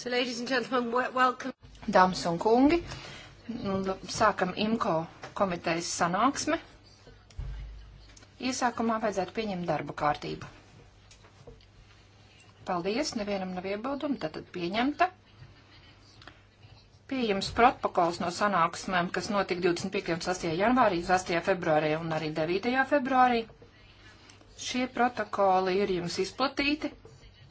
So, ladies and gentlemen, welcome. Dāmas un kungi, nu, sākam IMCO komitejas sanāksmi. Iesākumā vajadzētu pieņemt darba kārtību. Paldies, nevienam nav iebildumi, tātad pieņemta. Pieejams protokols no sanāksmēm, kas notika 25. un 6. janvārī, 8. februārī un arī 9. februārī. Šie protokoli ir jums izplatīti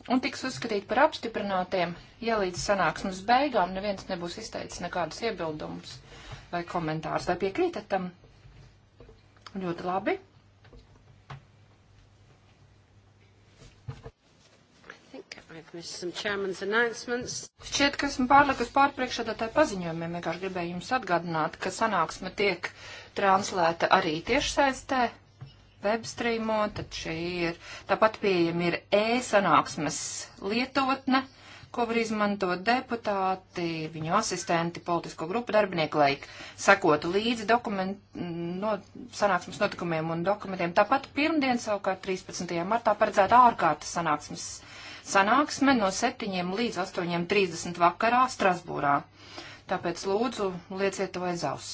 un tiks uzskatīt par apstiprinātiem, ja līdz sanāksmes beigām neviens nebūs izteicis nekādus iebildumus vai komentārus. Vai piekrītat tam? Ļoti labi. Šķiet, ka esmu pārlikus pārpriekšādātāju paziņojumiem, vienkārši gribēju jums atgādināt, ka sanāksme tiek translēta arī tiešsaistē webstreamo, tad šī ir tāpat pieejama ir e-sanāksmes lietotne, ko var izmantot deputāti, viņu asistenti, politisko grupu darbinieki, lai sekotu līdzi dokumentu, no, sanāksmes notikumiem un dokumentiem. Tāpat pirmdien savukārt 13. martā paredzēta ārkārtas sanāksmes sanāksme no 7 līdz 8.30 vakarā Strasbūrā. Tāpēc lūdzu lieciet to aiz auss.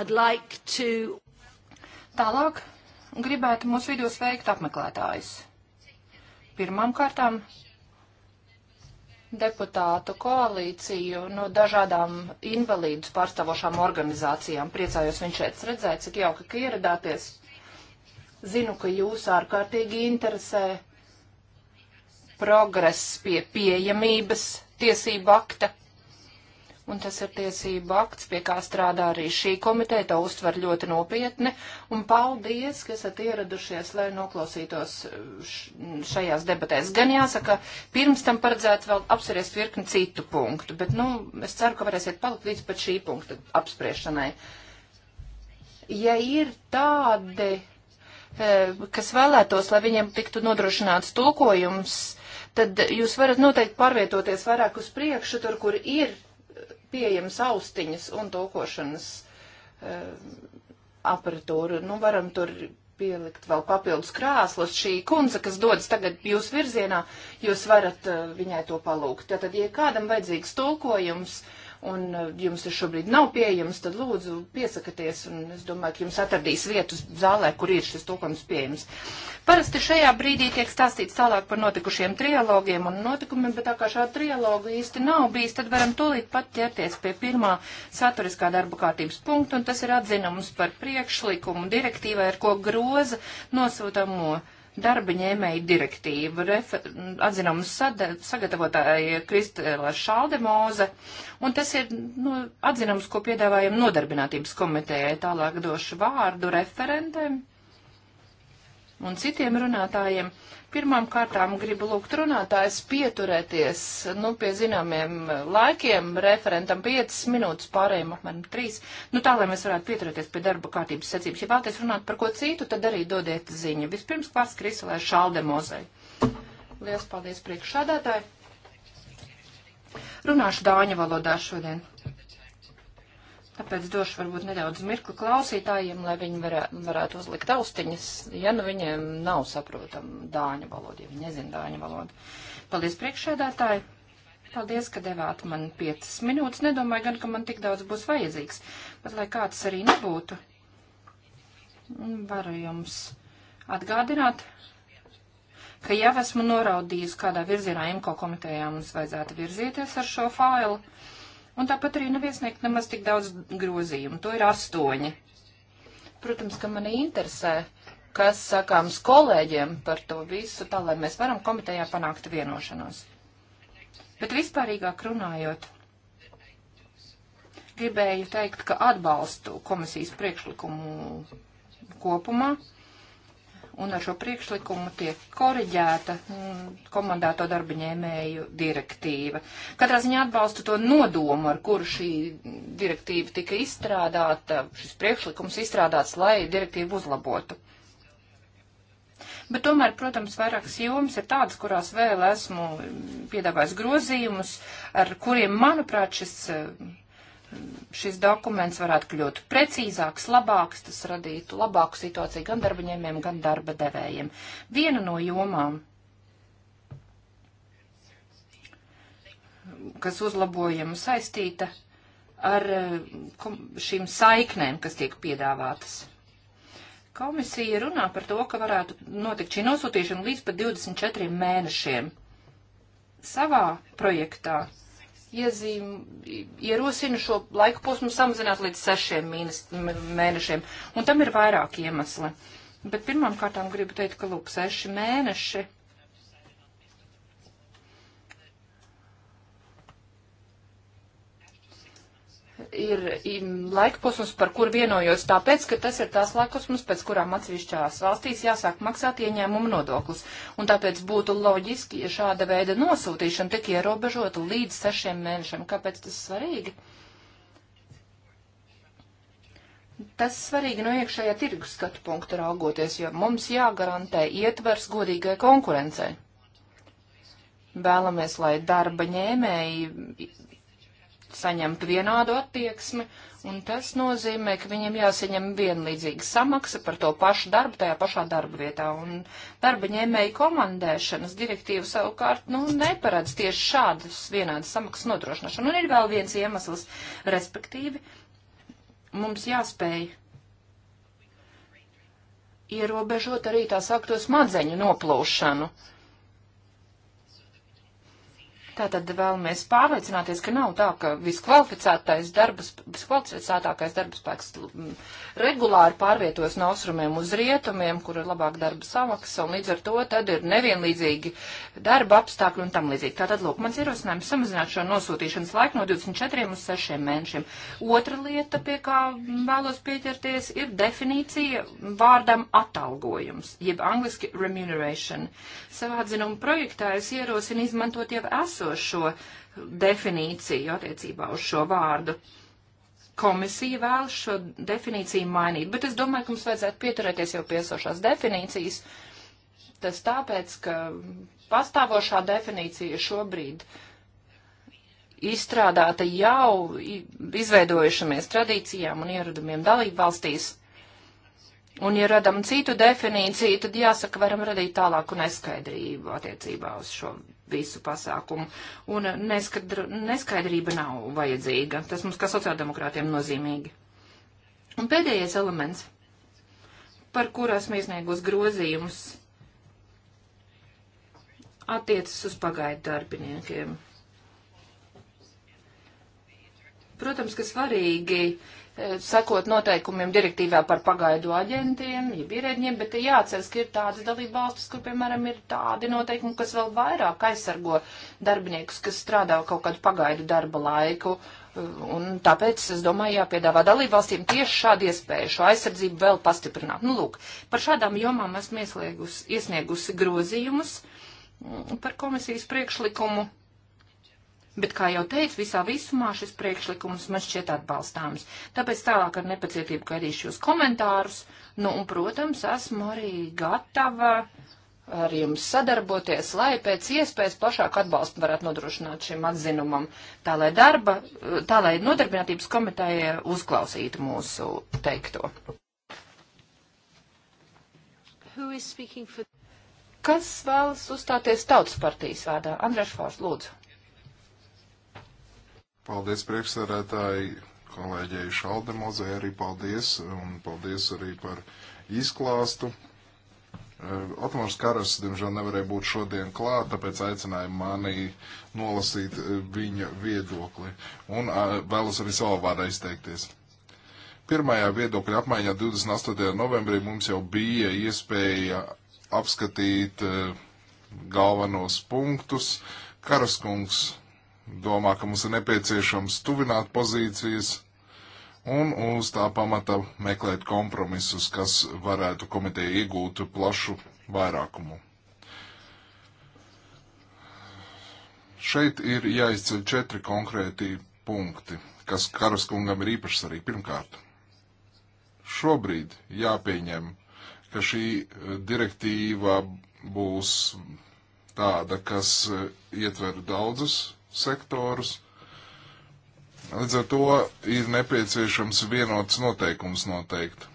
I'd like to... Tālāk gribētu mūsu vidū sveikt apmeklētājus. Pirmām kārtām deputātu koalīciju no dažādām invalīdus pārstāvošām organizācijām. Priecājos viņš šeit redzēt, cik jauki, ka ieradāties. Zinu, ka jūs ārkārtīgi interesē progress pie pieejamības tiesību akta un tas ir tiesību akts, pie kā strādā arī šī komiteja, to uztver ļoti nopietni, un paldies, ka esat ieradušies, lai noklausītos eh, šajās debatēs. Gan jāsaka, pirms tam paredzētu vēl apspriest virkni citu punktu, bet, nu, es ceru, ka varēsiet palikt līdz pat šī punkta apspriešanai. Ja ir tādi, eh, kas vēlētos, lai viņiem tiktu nodrošināts tulkojums, tad jūs varat noteikti pārvietoties vairāk uz priekšu, tur, kur ir pieejamas austiņas un tulkošanas uh, aparatūra. Nu, varam tur pielikt vēl papildus krāslus. Šī kundze, kas dodas tagad jūsu virzienā, jūs varat uh, viņai to palūgt. Tātad, ja kādam vajadzīgs tulkojums, uh, un eh, jums ir šobrīd nav pieejams, tad lūdzu piesakaties, un es domāju, ka jums atradīs vietu zālē, kur ir šis tulkums pieejams. Parasti šajā brīdī tiek stāstīts tālāk par notikušiem trialogiem un notikumiem, bet tā kā šāda trialoga īsti nav bijis, tad varam tūlīt pat ķerties pie pirmā saturiskā darba kārtības punkta, un tas ir atzinums par priekšlikumu direktīvai, ar ko groza nosūtamo darba ņēmēju direktīvu. Atzinums sagatavotāja Kristēla Šaldemoze, un tas ir nu, atzinums, ko piedāvājam nodarbinātības komitejai. Tālāk došu vārdu referentēm un citiem runātājiem. Pirmām kārtām gribu lūgt runātājs pieturēties, nu, pie zināmiem laikiem, referentam 5 minūtes, pārējiem apmēram 3, nu, tā, lai mēs varētu pieturēties pie darba kārtības secības. Ja vēlaties runāt par ko citu, tad arī dodiet ziņu. Vispirms klāsts Kriselē Šaldemozai. Lielas paldies priekšsādātāji. Runāšu dāņu valodā šodien. Tāpēc došu varbūt nedaudz mirkli klausītājiem, lai viņi varē, varētu uzlikt austiņas, ja nu viņiem nav saprotama dāņu valoda, ja viņi nezina dāņu valodu. Paldies priekšēdētāji! Paldies, ka devāt man piecas minūtes. Nedomāju gan, ka man tik daudz būs vajadzīgs, bet lai kāds arī nebūtu, varu jums atgādināt, ka jau esmu noraudījis, kādā virzienā IMCO komitejā mums vajadzētu virzīties ar šo failu. Un tāpat arī nav iesniegt nemaz tik daudz grozījumu. To ir astoņi. Protams, ka mani interesē, kas sakāms kolēģiem par to visu, tā lai mēs varam komitejā panākt vienošanos. Bet vispārīgāk runājot, gribēju teikt, ka atbalstu komisijas priekšlikumu kopumā un ar šo priekšlikumu tiek koriģēta mm, komandēto darba ņēmēju direktīva. Katrā ziņā atbalstu to nodomu, ar kuru šī direktīva tika izstrādāta, šis priekšlikums izstrādāts, lai direktīvu uzlabotu. Bet tomēr, protams, vairākas jomas ir tādas, kurās vēl esmu piedāvājis grozījumus, ar kuriem, manuprāt, šis šis dokuments varētu kļūt precīzāks, labāks, tas radītu labāku situāciju gan darbaņēmiem, gan darba devējiem. Viena no jomām, kas uzlabojama saistīta ar eh, šīm saiknēm, kas tiek piedāvātas. Komisija runā par to, ka varētu notikt šī nosūtīšana līdz pat 24 mēnešiem. Savā projektā iezīm, ierosina šo laika posmu samazināt līdz sešiem mīnes, mēnešiem, un tam ir vairāki iemesli. Bet pirmām kārtām gribu teikt, ka lūk, seši mēneši ir laikposms, par kur vienojos, tāpēc, ka tas ir tās laikposms, pēc kurām atsevišķās valstīs jāsāk maksāt ieņēmumu nodoklis. Un tāpēc būtu loģiski, ja šāda veida nosūtīšana tik ierobežota līdz sešiem mēnešiem. Kāpēc tas svarīgi? Tas svarīgi no iekšējā tirgus skatu punkta raugoties, jo mums jāgarantē ietvers godīgai konkurencei. Vēlamies, lai darba ņēmēji saņemtu vienādu attieksmi, un tas nozīmē, ka viņiem jāsaņem vienlīdzīga samaksa par to pašu darbu tajā pašā darba vietā, un darba ņēmēja komandēšanas direktīva savukārt, nu, neparedz tieši šādas vienādas samaksas nodrošināšanu. Un ir vēl viens iemesls, respektīvi, mums jāspēj ierobežot arī tā saukto smadzeņu noplūšanu. Uh, Tātad vēlamies pārliecināties, ka nav tā, ka viskvalificētais darbas, viskvalificētākais darbspēks regulāri pārvietojas no austrumiem uz rietumiem, kur ir labāk darba samaksa, un līdz ar to tad ir nevienlīdzīgi darba apstākļi un tam līdzīgi. Tātad, lūk, mans ierosinājums samazināt šo nosūtīšanas laiku no 24 uz 6 mēnešiem. Otra lieta, pie kā vēlos pieķerties, ir definīcija vārdam atalgojums, jeb angliski remuneration. Savā atzinuma projektā es ierosinu izmantot jau esu esošo definīciju attiecībā uz šo vārdu. Komisija vēl šo definīciju mainīt, bet es domāju, ka mums vajadzētu pieturēties jau piesošās definīcijas. Tas tāpēc, ka pastāvošā definīcija šobrīd izstrādāta jau izveidojušamies tradīcijām un ieradumiem dalību valstīs Un, ja radam citu definīciju, tad jāsaka, varam radīt tālāku neskaidrību attiecībā uz šo visu pasākumu. Un neskaidr, neskaidrība nav vajadzīga. Tas mums kā sociāldemokrātiem nozīmīgi. Un pēdējais elements, par kuru esmu iesniegus grozījumus, attiecas uz pagaidu darbiniekiem. Protams, ka svarīgi uh, Eh, sekot noteikumiem direktīvā par pagaidu aģentiem, ja bierēģiem, bet jāatceras, ka ir tādas dalība valstis, kur, piemēram, ir tādi noteikumi, kas vēl vairāk aizsargo darbiniekus, kas strādā kaut kādu pagaidu darba laiku. Eh, un tāpēc, es domāju, jāpiedāvā dalībvalstīm tieši šādu iespēju šo aizsardzību vēl pastiprināt. Nu, lūk, par šādām jomām esmu iesniegusi grozījumus mm, par komisijas priekšlikumu Bet, kā jau teicu, visā visumā šis priekšlikums man šķiet atbalstāms. Tāpēc tālāk ar nepacietību gaidīšu jūs komentārus. Nu, un, protams, esmu arī gatava ar jums sadarboties, lai pēc iespējas plašāk atbalstu varētu nodrošināt šim atzinumam, tā lai darba, tā lai nodarbinātības komiteja uzklausītu mūsu teikto. For... Kas vēlas uzstāties tautas partijas vārdā? Andrēš Fārs, lūdzu. Paldies priekšsēdētāji kolēģei Šaldemozē arī paldies, un paldies arī par izklāstu. Eh, Otmārs Karas, diemžēl, nevarēja būt šodien klāt, tāpēc aicināja mani nolasīt eh, viņa viedokli, un eh, vēlas arī savā vārdā izteikties. Pirmajā viedokļa apmaiņā 28. novembrī mums jau bija iespēja apskatīt galvenos punktus. Karaskungs domā, ka mums ir nepieciešams tuvināt pozīcijas un uz tā pamata meklēt kompromisus, kas varētu komiteja iegūt plašu vairākumu. Šeit ir jāizceļ četri konkrēti punkti, kas karaskungam ir īpašs arī. Pirmkārt, šobrīd jāpieņem, ka šī eh, direktīva būs tāda, kas eh, ietver daudzas sektorus. Līdz ar to ir nepieciešams vienots noteikums noteikti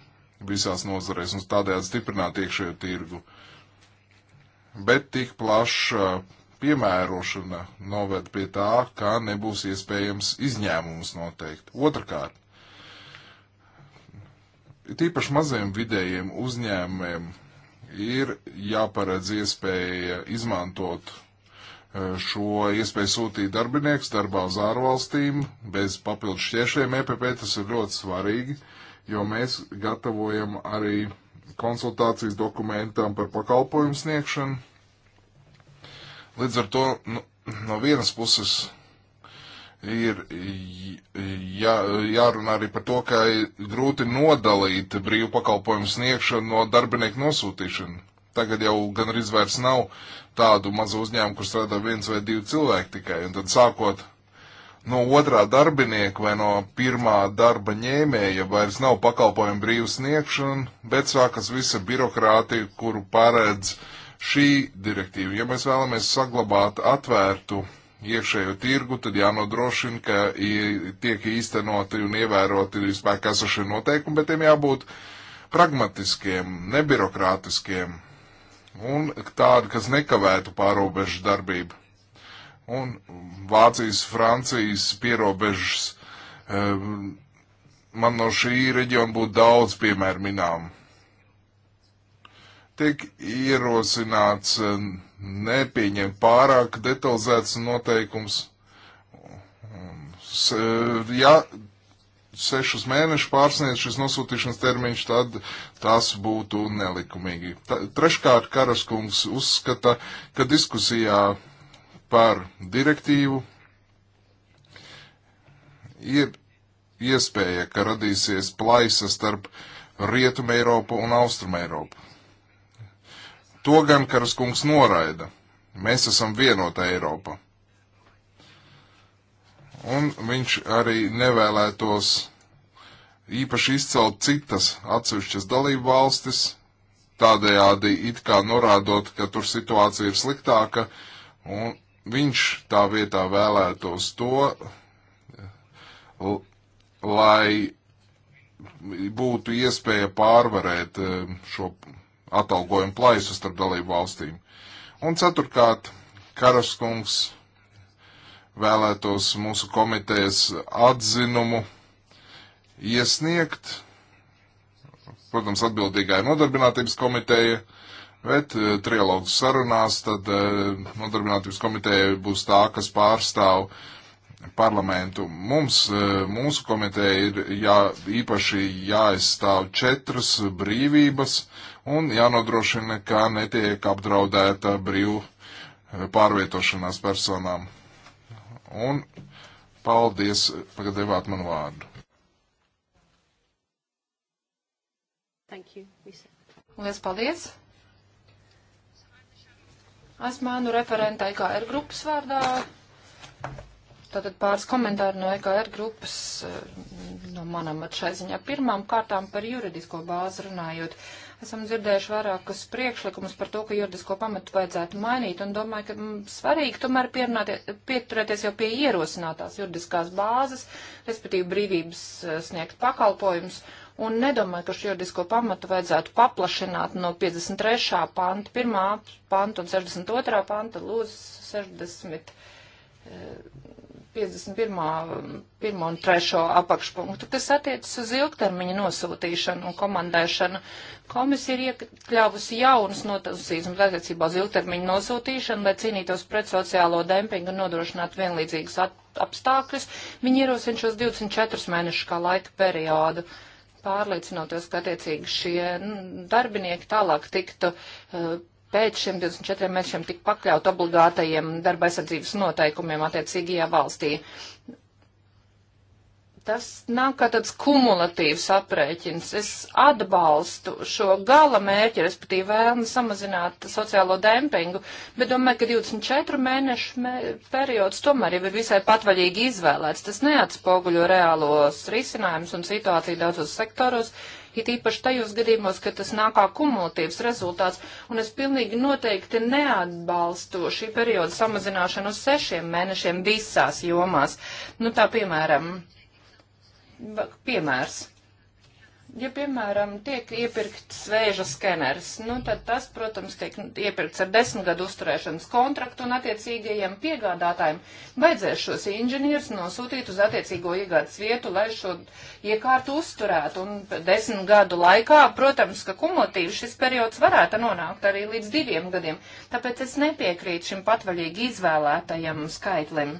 visās nozarēs un tādējādi stiprināt iekšējo tirgu. Bet tik plaša piemērošana noved pie tā, ka nebūs iespējams izņēmumus noteikt. Otrakārt, tīpaši maziem vidējiem uzņēmumiem ir jāparedz iespēja izmantot šo iespēju sūtīt darbinieks darbā uz ārvalstīm bez papildus šķēršļiem EPP. Tas ir ļoti svarīgi, jo mēs gatavojam arī konsultācijas dokumentam par pakalpojumu sniegšanu. Līdz ar to nu, no vienas puses ir jā, jārunā arī par to, ka grūti nodalīt brīvu pakalpojumu sniegšanu no darbinieku nosūtīšanu tagad jau gan arī vairs nav tādu mazu uzņēmumu, kur strādā viens vai divi cilvēki tikai. Un tad sākot no otrā darbinieka vai no pirmā darba ņēmēja vairs nav pakalpojumu brīvu sniegšanu, bet sākas visa birokrātija, kuru paredz šī direktīva. Ja mēs vēlamies saglabāt atvērtu iekšējo tirgu, tad jānodrošina, ka tiek īstenoti un ievēroti spēkā esošie noteikumi, bet tiem jābūt pragmatiskiem, nebirokrātiskiem un tādi, kas nekavētu pārobežu darbību. Un Vācijas, Francijas pierobežas, e, man no šī reģiona būtu daudz piemēru minām. Tiek ierosināts e, nepieņemt pārāk detalizētas noteikums. E, ja sešus mēnešus pārsniedz šis nosūtīšanas termiņš, tad tas būtu nelikumīgi. Ta, treškārt, Karaskungs uzskata, ka diskusijā par direktīvu ir iespēja, ka radīsies plaisa starp Rietumu Eiropu un Austrumu Eiropu. To gan Karaskungs noraida. Mēs esam vienota Eiropa un viņš arī nevēlētos īpaši izcelt citas atsevišķas dalību valstis, tādējādi it kā norādot, ka tur situācija ir sliktāka, un viņš tā vietā vēlētos to, lai būtu iespēja pārvarēt eh, šo atalgojumu plaisu starp dalību valstīm. Un ceturkārt, Karaskungs vēlētos mūsu komitejas atzinumu iesniegt. Protams, atbildīgā ir nodarbinātības komiteja, bet eh, trialogu sarunās tad eh, nodarbinātības komiteja būs tā, kas pārstāv parlamentu. Mums, eh, mūsu komiteja ir jā, īpaši jāizstāv četras brīvības un jānodrošina, ka netiek apdraudēta brīvu pārvietošanās personām. Un paldies, ka devāt man vārdu. Lielas paldies! Esmu ēnu referenta EKR grupas vārdā. Tātad pāris komentāri no EKR grupas, eh, no manam atšai ziņā. Pirmām kārtām par juridisko bāzi runājot. Uh, Esam dzirdējuši vairākus priekšlikumus par to, ka juridisko pamatu vajadzētu mainīt, un domāju, ka mm, svarīgi tomēr pieturēties jau pie ierosinātās juridiskās bāzes, respektīvi brīvības eh, sniegt pakalpojumus, un nedomāju, ka šo juridisko pamatu vajadzētu paplašināt no 53. panta, 1. panta un 62. panta, lūdzu 60. 51. 1. un 3. apakšpunktu, kas attiecas uz ilgtermiņa nosūtīšanu un komandēšanu. Komisija ir iekļāvusi jaunas notasījums attiecībā uz ilgtermiņa nosūtīšanu, lai cīnītos pret sociālo dempingu un nodrošinātu vienlīdzīgus apstākļus. Viņi ierosina šos 24 mēnešus kā laika periodu pārliecinoties, ka attiecīgi šie nu, darbinieki tālāk tiktu uh, pēc šiem 24 mēnešiem tik pakļaut obligātajiem darba aizsardzības noteikumiem attiecīgajā valstī. Tas nav kā tāds kumulatīvs aprēķins. Es atbalstu šo gala mērķi, respektīvi vēlmi samazināt sociālo dempingu, bet domāju, ka 24 mēnešu mē periods tomēr jau ir visai patvaļīgi izvēlēts. Tas neatspoguļo reālos risinājumus un situāciju daudzos sektoros, uh, it īpaši tajos gadījumos, ka tas nāk kā kumulatīvs rezultāts, un es pilnīgi noteikti neatbalstu šī perioda samazināšanu uz sešiem mēnešiem visās jomās. Nu tā piemēram, piemērs Ja, piemēram, tiek iepirkts vēža skeners, nu, tad tas, protams, tiek iepirkts ar desmit gadu uzturēšanas kontraktu un attiecīgajiem piegādātājiem vajadzēs šos inženierus nosūtīt uz attiecīgo iegādes vietu, lai šo iekārtu uzturētu. Un desmit gadu laikā, protams, ka kumulatīvi šis periods varētu nonākt arī līdz diviem gadiem. Tāpēc es nepiekrītu šim patvaļīgi izvēlētajam skaitlim.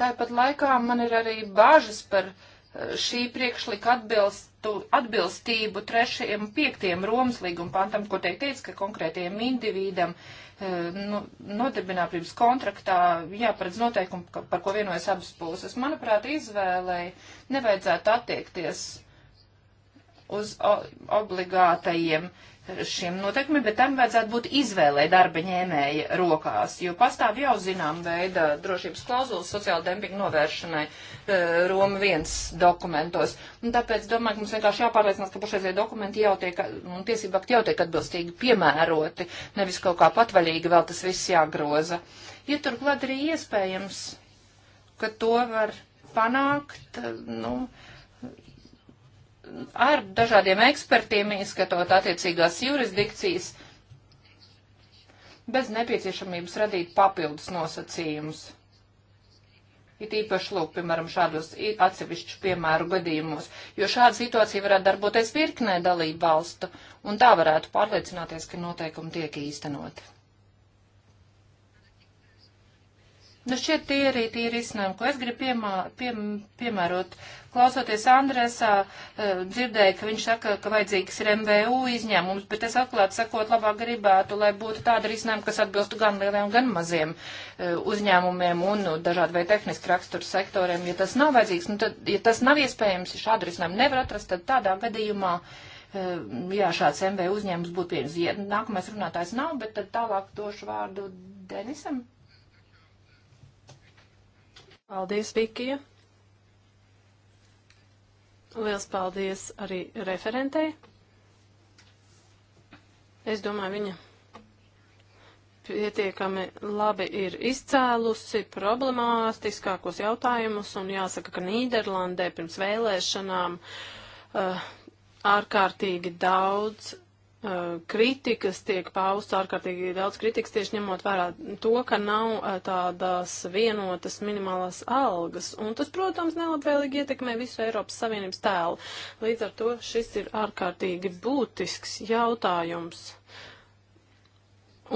Tāpat laikā man ir arī bažas par eh, šī priekšlika atbilstu, atbilstību trešajam piektiem Romas līguma pantam, ko tiek teica, ka konkrētajiem individam eh, nu, nodarbinātības kontraktā jāparedz noteikumi, ka, par ko vienojas abas puses. Manuprāt, izvēlei nevajadzētu attiekties uz obligātajiem uh, šiem noteikumiem, bet tam vajadzētu būt izvēlē darba ņēmēja rokās, jo pastāv jau zinām veida drošības klauzulas sociāla dempinga novēršanai eh, Roma 1 dokumentos. Un tāpēc domāju, ka mums vienkārši jāpārliecinās, ka pašreizie dokumenti jau tiek, un tiesība akti jau tiek atbilstīgi piemēroti, nevis kaut kā patvaļīgi vēl tas viss jāgroza. Ja turklāt arī iespējams, ka to var panākt, eh, nu, uh, ar dažādiem ekspertiem, izskatot attiecīgās jurisdikcijas, bez nepieciešamības radīt papildus nosacījumus. It īpaši, lūk, piemēram, šādos atsevišķu piemēru gadījumos, jo šāda situācija varētu darboties virknē dalību valstu, un tā varētu pārliecināties, ka noteikumi tiek īstenoti. Nu šķiet tie arī tie ir izcinājumi, ko es gribu piemā, piem, piemērot. Klausoties Andresā, eh, dzirdēju, ka viņš saka, ka vajadzīgs ir MVU izņēmums, bet es atklāt sakot labāk gribētu, lai būtu tāda risinājuma, kas atbilstu gan lieliem, gan maziem eh, uzņēmumiem un nu, dažādu vai tehnisku raksturu sektoriem. Ja tas nav vajadzīgs, nu tad, ja tas nav iespējams, ja šādu risinājumu nevar atrast, tad tādā gadījumā eh, jā, šāds MVU uzņēmums būtu pieņems. Ja nākamais runātājs nav, bet tad tālāk došu vārdu Denisam. Paldies, Vikija! Liels paldies arī referentei. Es domāju, viņa pietiekami labi ir izcēlusi problemātiskākos jautājumus, un jāsaka, ka Nīderlandē pirms vēlēšanām uh, ārkārtīgi daudz Uh, kritikas tiek pausta ārkārtīgi daudz kritikas tieši ņemot vērā to, ka nav uh, tādas vienotas minimālās algas. Un tas, protams, nelabvēlīgi ietekmē visu Eiropas Savienības tēlu. Līdz ar to šis ir ārkārtīgi būtisks jautājums.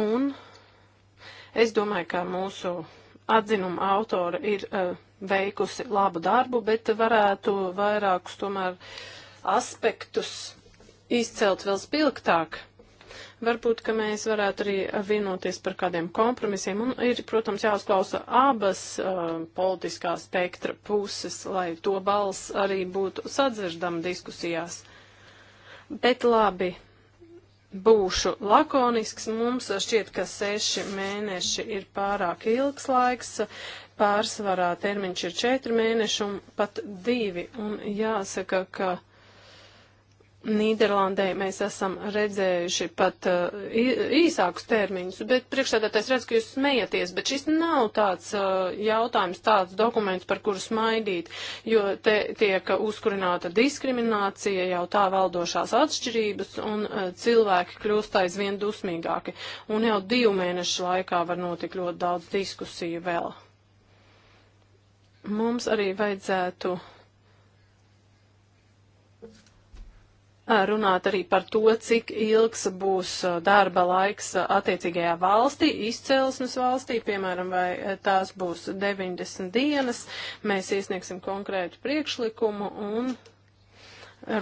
Un es domāju, ka mūsu atzinuma autora ir uh, veikusi labu darbu, bet varētu vairākus tomēr aspektus izcelt vēl spilgtāk. Varbūt, ka mēs varētu arī vienoties par kādiem kompromisiem. Un ir, protams, jāuzklausa abas uh, politiskā spektra puses, lai to balss arī būtu sadzirdama diskusijās. Bet labi, būšu lakonisks. Mums šķiet, ka seši mēneši ir pārāk ilgs laiks. Pārsvarā termiņš ir četri mēneši un pat divi. Un jāsaka, ka Nīderlandē mēs esam redzējuši pat uh, īsākus termiņus, bet priekšsēdētājs redz, ka jūs smejaties, bet šis nav tāds uh, jautājums, tāds dokuments, par kuru smaidīt, jo te tiek uzkurināta diskriminācija, jau tā valdošās atšķirības, un uh, cilvēki kļūst aizvien dusmīgāki. Un jau divu mēnešu laikā var notikt ļoti daudz diskusiju vēl. Mums arī vajadzētu. Uh, runāt arī par to, cik ilgs būs darba laiks attiecīgajā valstī, izcelsmes valstī, piemēram, vai tās būs 90 dienas. Mēs iesniegsim konkrētu priekšlikumu un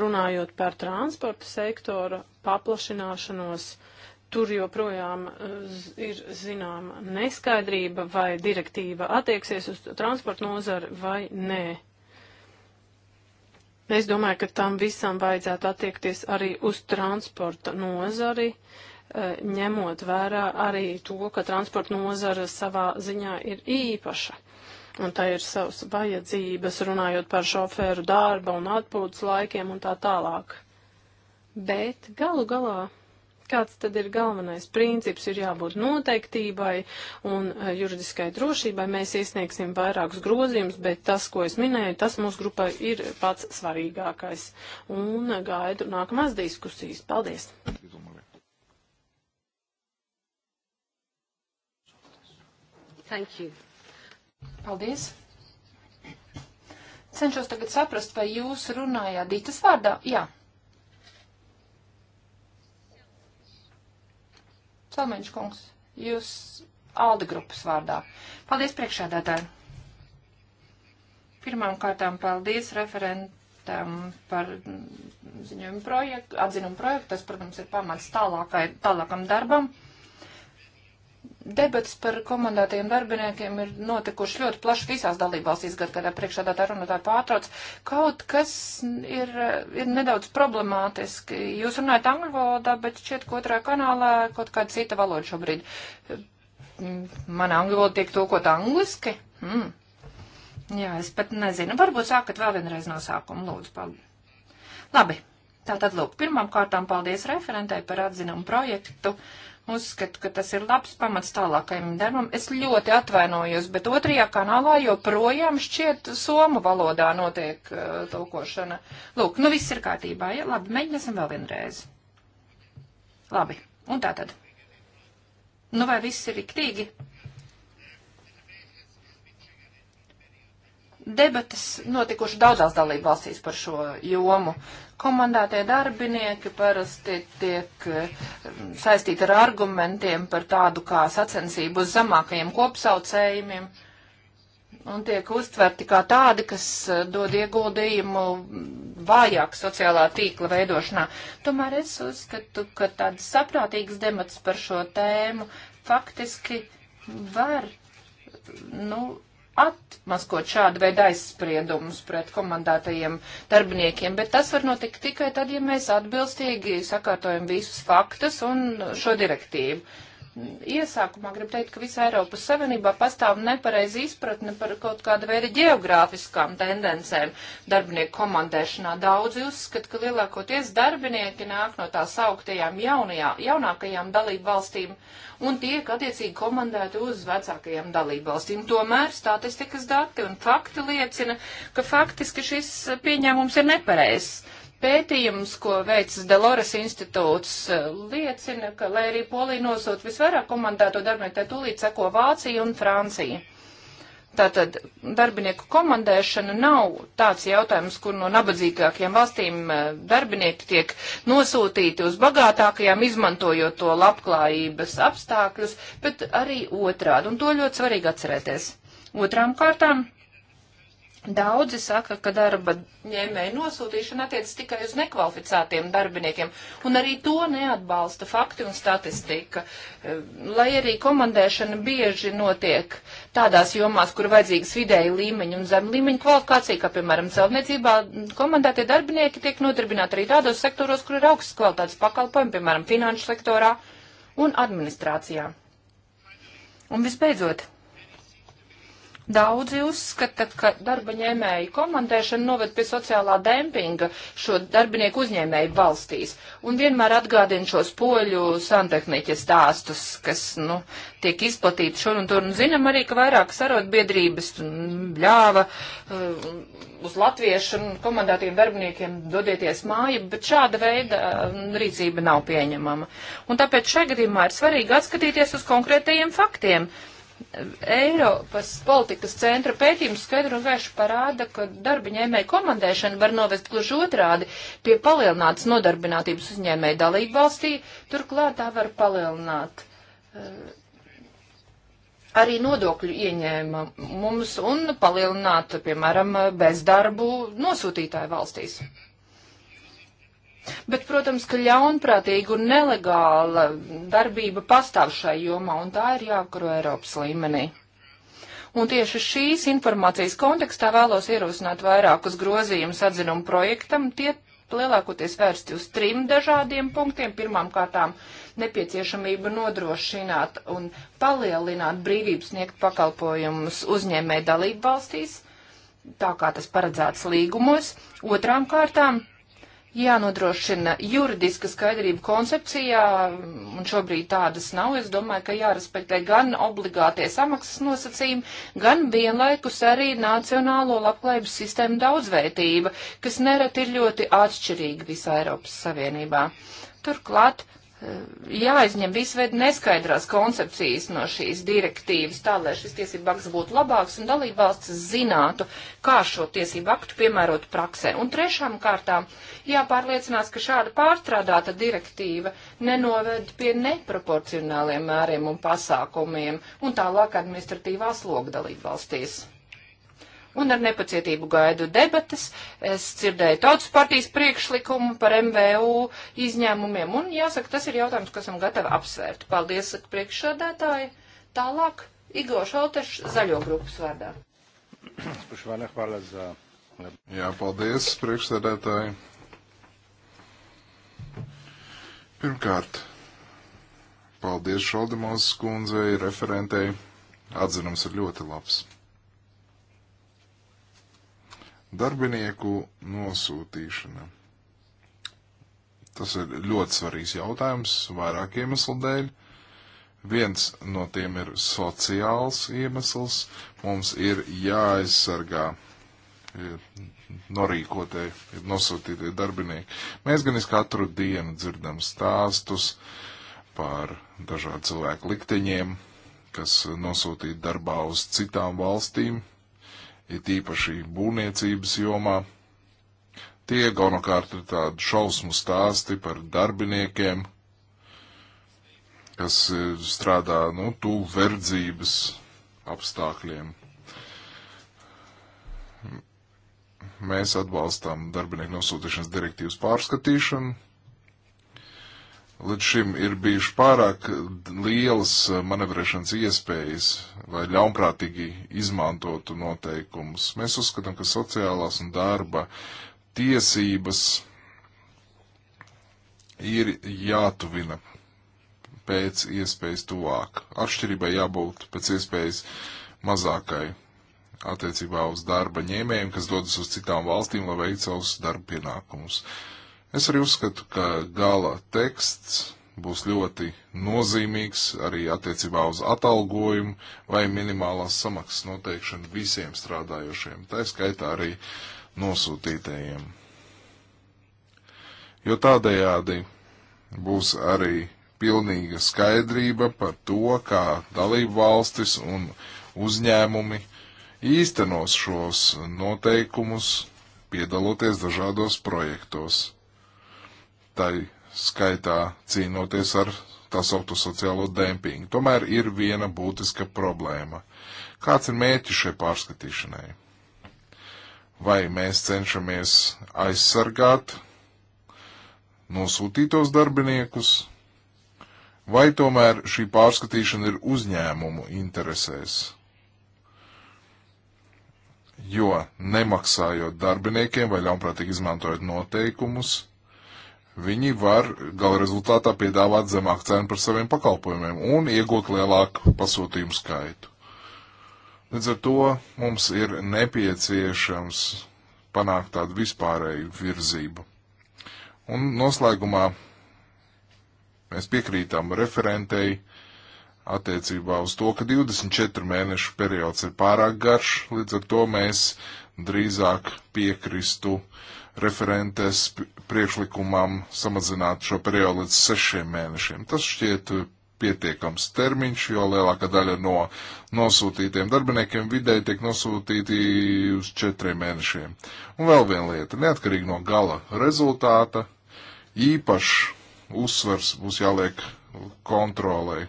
runājot par transporta sektora paplašināšanos. Tur joprojām ir zināma neskaidrība, vai direktīva attieksies uz transporta nozari vai nē. Es domāju, ka tam visam vajadzētu attiekties arī uz transporta nozari, eh, ņemot vērā arī to, ka transporta nozara savā ziņā ir īpaša. Un tā ir savas vajadzības, runājot par šoferu darba un atpūtas laikiem un tā tālāk. Bet galu galā kāds tad ir galvenais princips, ir jābūt noteiktībai un eh, juridiskai drošībai. Mēs iesniegsim vairākus grozījumus, bet tas, ko es minēju, tas mūsu grupai ir pats svarīgākais. Un eh, gaidu nākamās diskusijas. Paldies! Thank you. Paldies! Cenšos tagad saprast, vai jūs runājāt Dītas vārdā? Jā. Celmeņš kungs, jūs Alda grupas vārdā. Paldies priekšādātāji. Pirmām kārtām paldies referentam par ziņojumu projektu, atzinumu projektu. Tas, protams, ir pamats tālākai, tālākam darbam. Debats par komandētajiem darbiniekiem ir notikuši ļoti plaši visās dalībvalstīs, gad, kad priekšādā tā runātāja pārtrauc. Kaut kas ir, ir nedaudz problemātiski. Jūs runājat angļu valodā, bet šķiet, ka otrā kanālā kaut kāda cita valoda šobrīd. Mana angļu valoda tiek tulkot angliski? Mm. Jā, es pat nezinu. Varbūt sākat vēl vienreiz no sākuma, lūdzu. Paldies. Labi. Tātad, lūk, pirmām kārtām paldies referentai par atzinumu projektu. Uh, uzskatu, ka tas ir labs pamats tālākajam darbam. Es ļoti atvainojos, bet otrajā kanālā joprojām šķiet somu valodā notiek uh, tulkošana. Lūk, nu viss ir kārtībā, ja? Labi, mēģināsim vēl vienreiz. Labi, un tā tad. Nu vai viss ir riktīgi? debatas notikuši daudzās dalību valstīs par šo jomu. Komandētie darbinieki parasti tiek eh, saistīti ar argumentiem par tādu kā sacensību uz zemākajiem kopsaucējumiem un tiek uztverti kā tādi, kas eh, dod ieguldījumu vājāk sociālā tīkla veidošanā. Tomēr es uzskatu, ka tāds saprātīgs demats par šo tēmu faktiski var, nu, atmaskot šādu veidu aizspriedumus pret komandātajiem darbiniekiem, bet tas var notikt tikai tad, ja mēs atbilstīgi sakārtojam visus faktus un šo direktīvu iesākumā gribu teikt, ka visā Eiropas Savienībā pastāv nepareizi izpratne par kaut kāda veida geogrāfiskām tendencēm darbinieku komandēšanā. Daudzi uzskata, ka lielākoties darbinieki nāk no tās augtajām jaunajā, jaunākajām dalību valstīm un tiek attiecīgi komandēti uz vecākajām dalībvalstīm. Tomēr statistikas dati un fakti liecina, ka faktiski šis pieņēmums ir nepareizs. Pētījums, ko veicis Delores institūts, e, liecina, ka, lai arī Polija nosūt visvairāk komandēto darbinieku, tā tūlīt seko Vācija un Francija. Tātad darbinieku komandēšana nav tāds jautājums, kur no nabadzīgākajām valstīm e, darbinieki tiek nosūtīti uz bagātākajām, izmantojot to labklājības apstākļus, bet arī otrādi, un to ļoti svarīgi atcerēties. Otrām kārtām Daudzi saka, ka darba ņēmēja nosūtīšana attiec tikai uz nekvalificētiem darbiniekiem, un arī to neatbalsta fakti un statistika. E, lai arī komandēšana bieži notiek tādās jomās, kur vajadzīgas vidēja līmeņa un zem līmeņa kvalifikācija, kā piemēram celtniecībā, komandētie darbinieki tiek nodarbināti arī tādos sektoros, kur ir augsts kvalitātes pakalpojumi, piemēram, finanšu sektorā un administrācijā. Un visbeidzot, Daudzi uzskata, ka darba ņēmēju komandēšana noved pie sociālā dempinga šo darbinieku uzņēmēju valstīs. Un vienmēr atgādina šos poļu santehniķa stāstus, kas, nu, tiek izplatīti šur un tur. Un zinām arī, ka vairākas arotbiedrības ļāva uh, uz latviešu un komandētiem darbiniekiem dodieties māju, bet šāda veida uh, rīcība nav pieņemama. Un tāpēc šajā gadījumā ir svarīgi atskatīties uz konkrētajiem faktiem. Uh, Eiropas politikas centra pētījums skaidru un gaišu parāda, ka darba ņēmēja komandēšana var novest gluži otrādi pie palielinātas nodarbinātības uzņēmēja dalību valstī, turklāt tā var palielināt eh, arī nodokļu ieņēmumus un palielināt, piemēram, bezdarbu nosūtītāju valstīs. Bet, protams, ka ļaunprātīga un nelegāla darbība pastāv šai jomā, un tā ir jāapkaro Eiropas līmenī. Un tieši šīs informācijas kontekstā vēlos ierosināt vairākus grozījumus atzinumu projektam. Tie lielākoties vērsti uz trim dažādiem punktiem. Pirmām kārtām nepieciešamība nodrošināt un palielināt brīvības sniegt pakalpojumus uzņēmē dalību valstīs, tā kā tas paredzēts līgumos. Otrām kārtām jānodrošina juridiska skaidrība koncepcijā, un šobrīd tādas nav. Es domāju, ka jārespektē gan obligātie samaksas nosacījumi, gan vienlaikus arī nacionālo labklājības sistēmu daudzveitība, kas nereti ir ļoti atšķirīga visā Eiropas Savienībā. Turklāt Eh, jāizņem visveid neskaidrās koncepcijas no šīs direktīvas, tā lai šis tiesību akts būtu labāks un dalībvalsts zinātu, kā šo tiesību aktu piemērot praksē. Un trešām kārtām jāpārliecinās, ka šāda pārstrādāta direktīva nenoved pie neproporcionāliem mēriem un pasākumiem un tālāk administratīvā sloga dalībvalstīs un ar nepacietību gaidu debatas. Es dzirdēju tautas partijas priekšlikumu par MVU izņēmumiem, un jāsaka, tas ir jautājums, ko esam gatavi apsvērt. Paldies, priekšsādātāji. Tālāk Igor Šalteš, zaļo grupas vārdā. Jā, paldies, priekšsēdētāji. Pirmkārt, paldies Šaldemos skundzei, referentei. Atzinums ir ļoti labs. Darbinieku nosūtīšana. Tas ir ļoti svarīgs jautājums vairāk iemeslu dēļ. Viens no tiem ir sociāls iemesls. Mums ir jāaizsargā e, norīkotie, nosūtītie darbinieki. Mēs gan es katru dienu dzirdam stāstus par dažādu cilvēku likteņiem, kas nosūtīti darbā uz citām valstīm, it īpaši būvniecības jomā. Tie galvenokārt ir tādi šausmu stāsti par darbiniekiem, kas e, strādā, nu, tuvu verdzības apstākļiem. Mēs atbalstām darbinieku nosūtīšanas direktīvas pārskatīšanu Līdz šim ir bijuši pārāk lielas eh, manevrēšanas iespējas, lai ļaunprātīgi izmantotu noteikumus. Mēs uzskatām, ka sociālās un darba tiesības ir jātuvina pēc iespējas tuvāk. Atšķirībai jābūt pēc iespējas mazākai attiecībā uz darba ņēmējiem, kas dodas uz citām valstīm, lai veiktu savus darba pienākumus. Uh, Es arī uzskatu, ka gala teksts būs ļoti nozīmīgs arī attiecībā uz atalgojumu vai minimālās samaksas noteikšanu visiem strādājošiem, tā skaitā arī nosūtītajiem. Jo tādējādi būs arī pilnīga skaidrība par to, kā dalību valstis un uzņēmumi īstenos šos noteikumus, piedaloties dažādos projektos tai skaitā cīnoties ar tā sauktu sociālo dempingu. Tomēr ir viena būtiska problēma. Kāds ir mērķis šai pārskatīšanai? Vai mēs cenšamies aizsargāt nosūtītos darbiniekus, vai tomēr šī pārskatīšana ir uzņēmumu interesēs? Jo nemaksājot darbiniekiem vai ļaunprātīgi izmantojot noteikumus, Viņi var gala rezultātā piedāvāt zemāku cenu par saviem pakalpojumiem un iegūt lielāku pasūtījumu skaitu. Līdz ar to mums ir nepieciešams panākt tādu vispārēju virzību. Un noslēgumā mēs piekrītam referentei attiecībā uz to, ka 24 mēnešu periods ir pārāk garš, līdz ar to mēs drīzāk piekristu referentes priekšlikumam samazināt šo periodu līdz sešiem mēnešiem. Tas šķiet pietiekams termiņš, jo lielākā daļa no nosūtītiem darbiniekiem vidēji tiek nosūtīti uz četriem mēnešiem. Un vēl viena lieta, neatkarīgi no gala rezultāta, īpašs uzsvers būs jāliek kontrolē eh,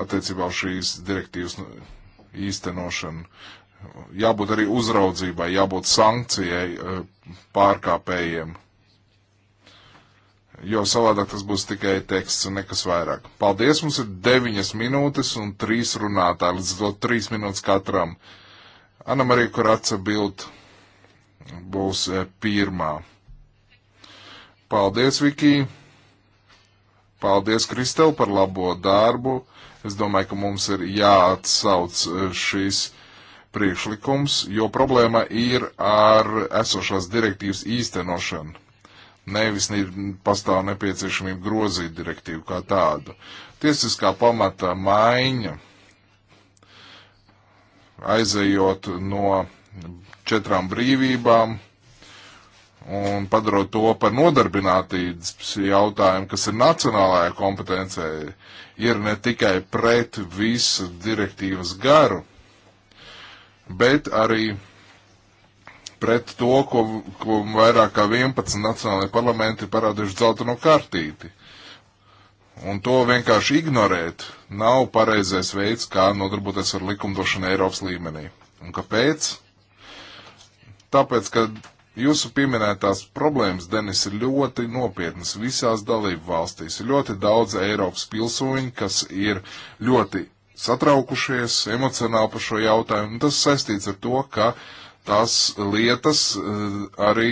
attiecībā uz šīs direktīvas īstenošanu jābūt arī uzraudzībai, jābūt sankcijai e, pārkāpējiem. Jo savādāk tas būs tikai teksts un nekas vairāk. Paldies, mums ir deviņas minūtes un trīs runātāji, līdz to trīs minūtes katram. Anna Marija Kuraca bild būs e, pirmā. Paldies, Viki! Paldies, Kristel, par labo darbu. Es domāju, ka mums ir jāatsauc e, šīs. Uh, priekšlikums, jo problēma ir ar esošās direktīvas īstenošanu. Nevis pastāv nepieciešamība grozīt direktīvu kā tādu. Tiesiskā pamata maiņa aizejot no četrām brīvībām un padarot to par nodarbinātības jautājumu, kas ir nacionālajā kompetencē, ir ne tikai pret visu direktīvas garu, bet arī pret to, ko, ko vairāk kā 11 nacionālajie parlamenti parādījuši dzelteno kartīti. Un to vienkārši ignorēt nav pareizais veids, kā nodarboties ar likumdošanu Eiropas līmenī. Un kāpēc? Tāpēc, ka jūsu pieminētās problēmas, Denis, ir ļoti nopietnas visās dalību valstīs. Ir ļoti daudz Eiropas pilsoņu, kas ir ļoti satraukušies emocionāli par šo jautājumu. Tas saistīts ar to, ka tās lietas eh, arī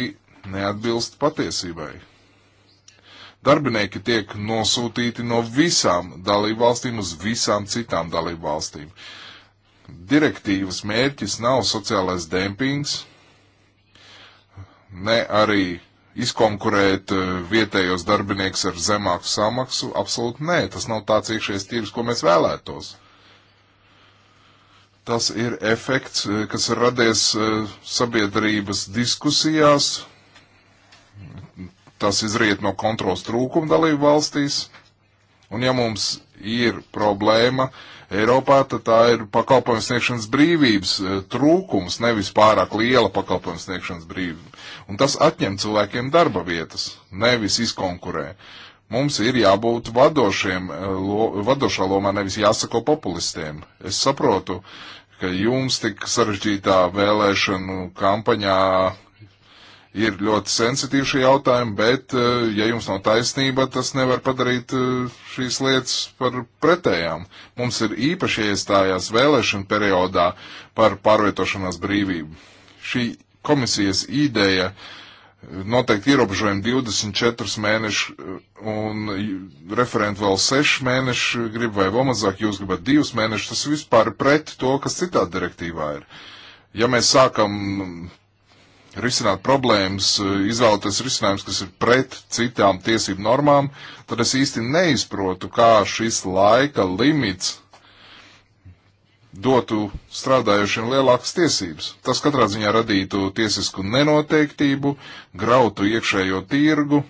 neatbilst patiesībai. Darbinieki tiek nosūtīti no visām dalībvalstīm uz visām citām dalībvalstīm. Direktīvas mērķis nav sociālais dempings, ne arī izkonkurēt eh, vietējos darbinieks ar zemāku samaksu. Absolūti nē, tas nav tāds iekšējais tirgus, ko mēs vēlētos. Tas ir efekts, eh, kas radies eh, sabiedrības diskusijās. Tas izriet no kontrols trūkuma dalību valstīs. Un ja mums ir problēma Eiropā, tad tā ir pakalpojums sniegšanas brīvības eh, trūkums, nevis pārāk liela pakalpojums sniegšanas brīvība. Un tas atņem cilvēkiem darba vietas, nevis izkonkurē. Mums ir jābūt vadošiem, eh, lo, vadošā lomā, nevis jāsako populistiem. Es saprotu, ka jums tik sarežģītā vēlēšanu kampaņā ir ļoti sensitīvi šie jautājumi, bet, eh, ja jums nav taisnība, tas nevar padarīt eh, šīs lietas par pretējām. Mums ir īpaši iestājās vēlēšana periodā par pārvietošanās brīvību. Šī komisijas ideja uh, noteikti ierobežojumi 24 mēneši eh, un referenti vēl 6 mēneši grib vai vēl mazāk, jūs gribat 2 mēnešus, tas vispār pret to, kas citā direktīvā ir. Ja mēs sākam mm, risināt problēmas, eh, izvēlēties risinājums, kas ir pret citām tiesību normām, tad es īsti neizprotu, kā šis laika limits dotu strādājušiem lielākas tiesības. Tas katrā ziņā radītu tiesisku nenoteiktību, grautu iekšējo tirgu.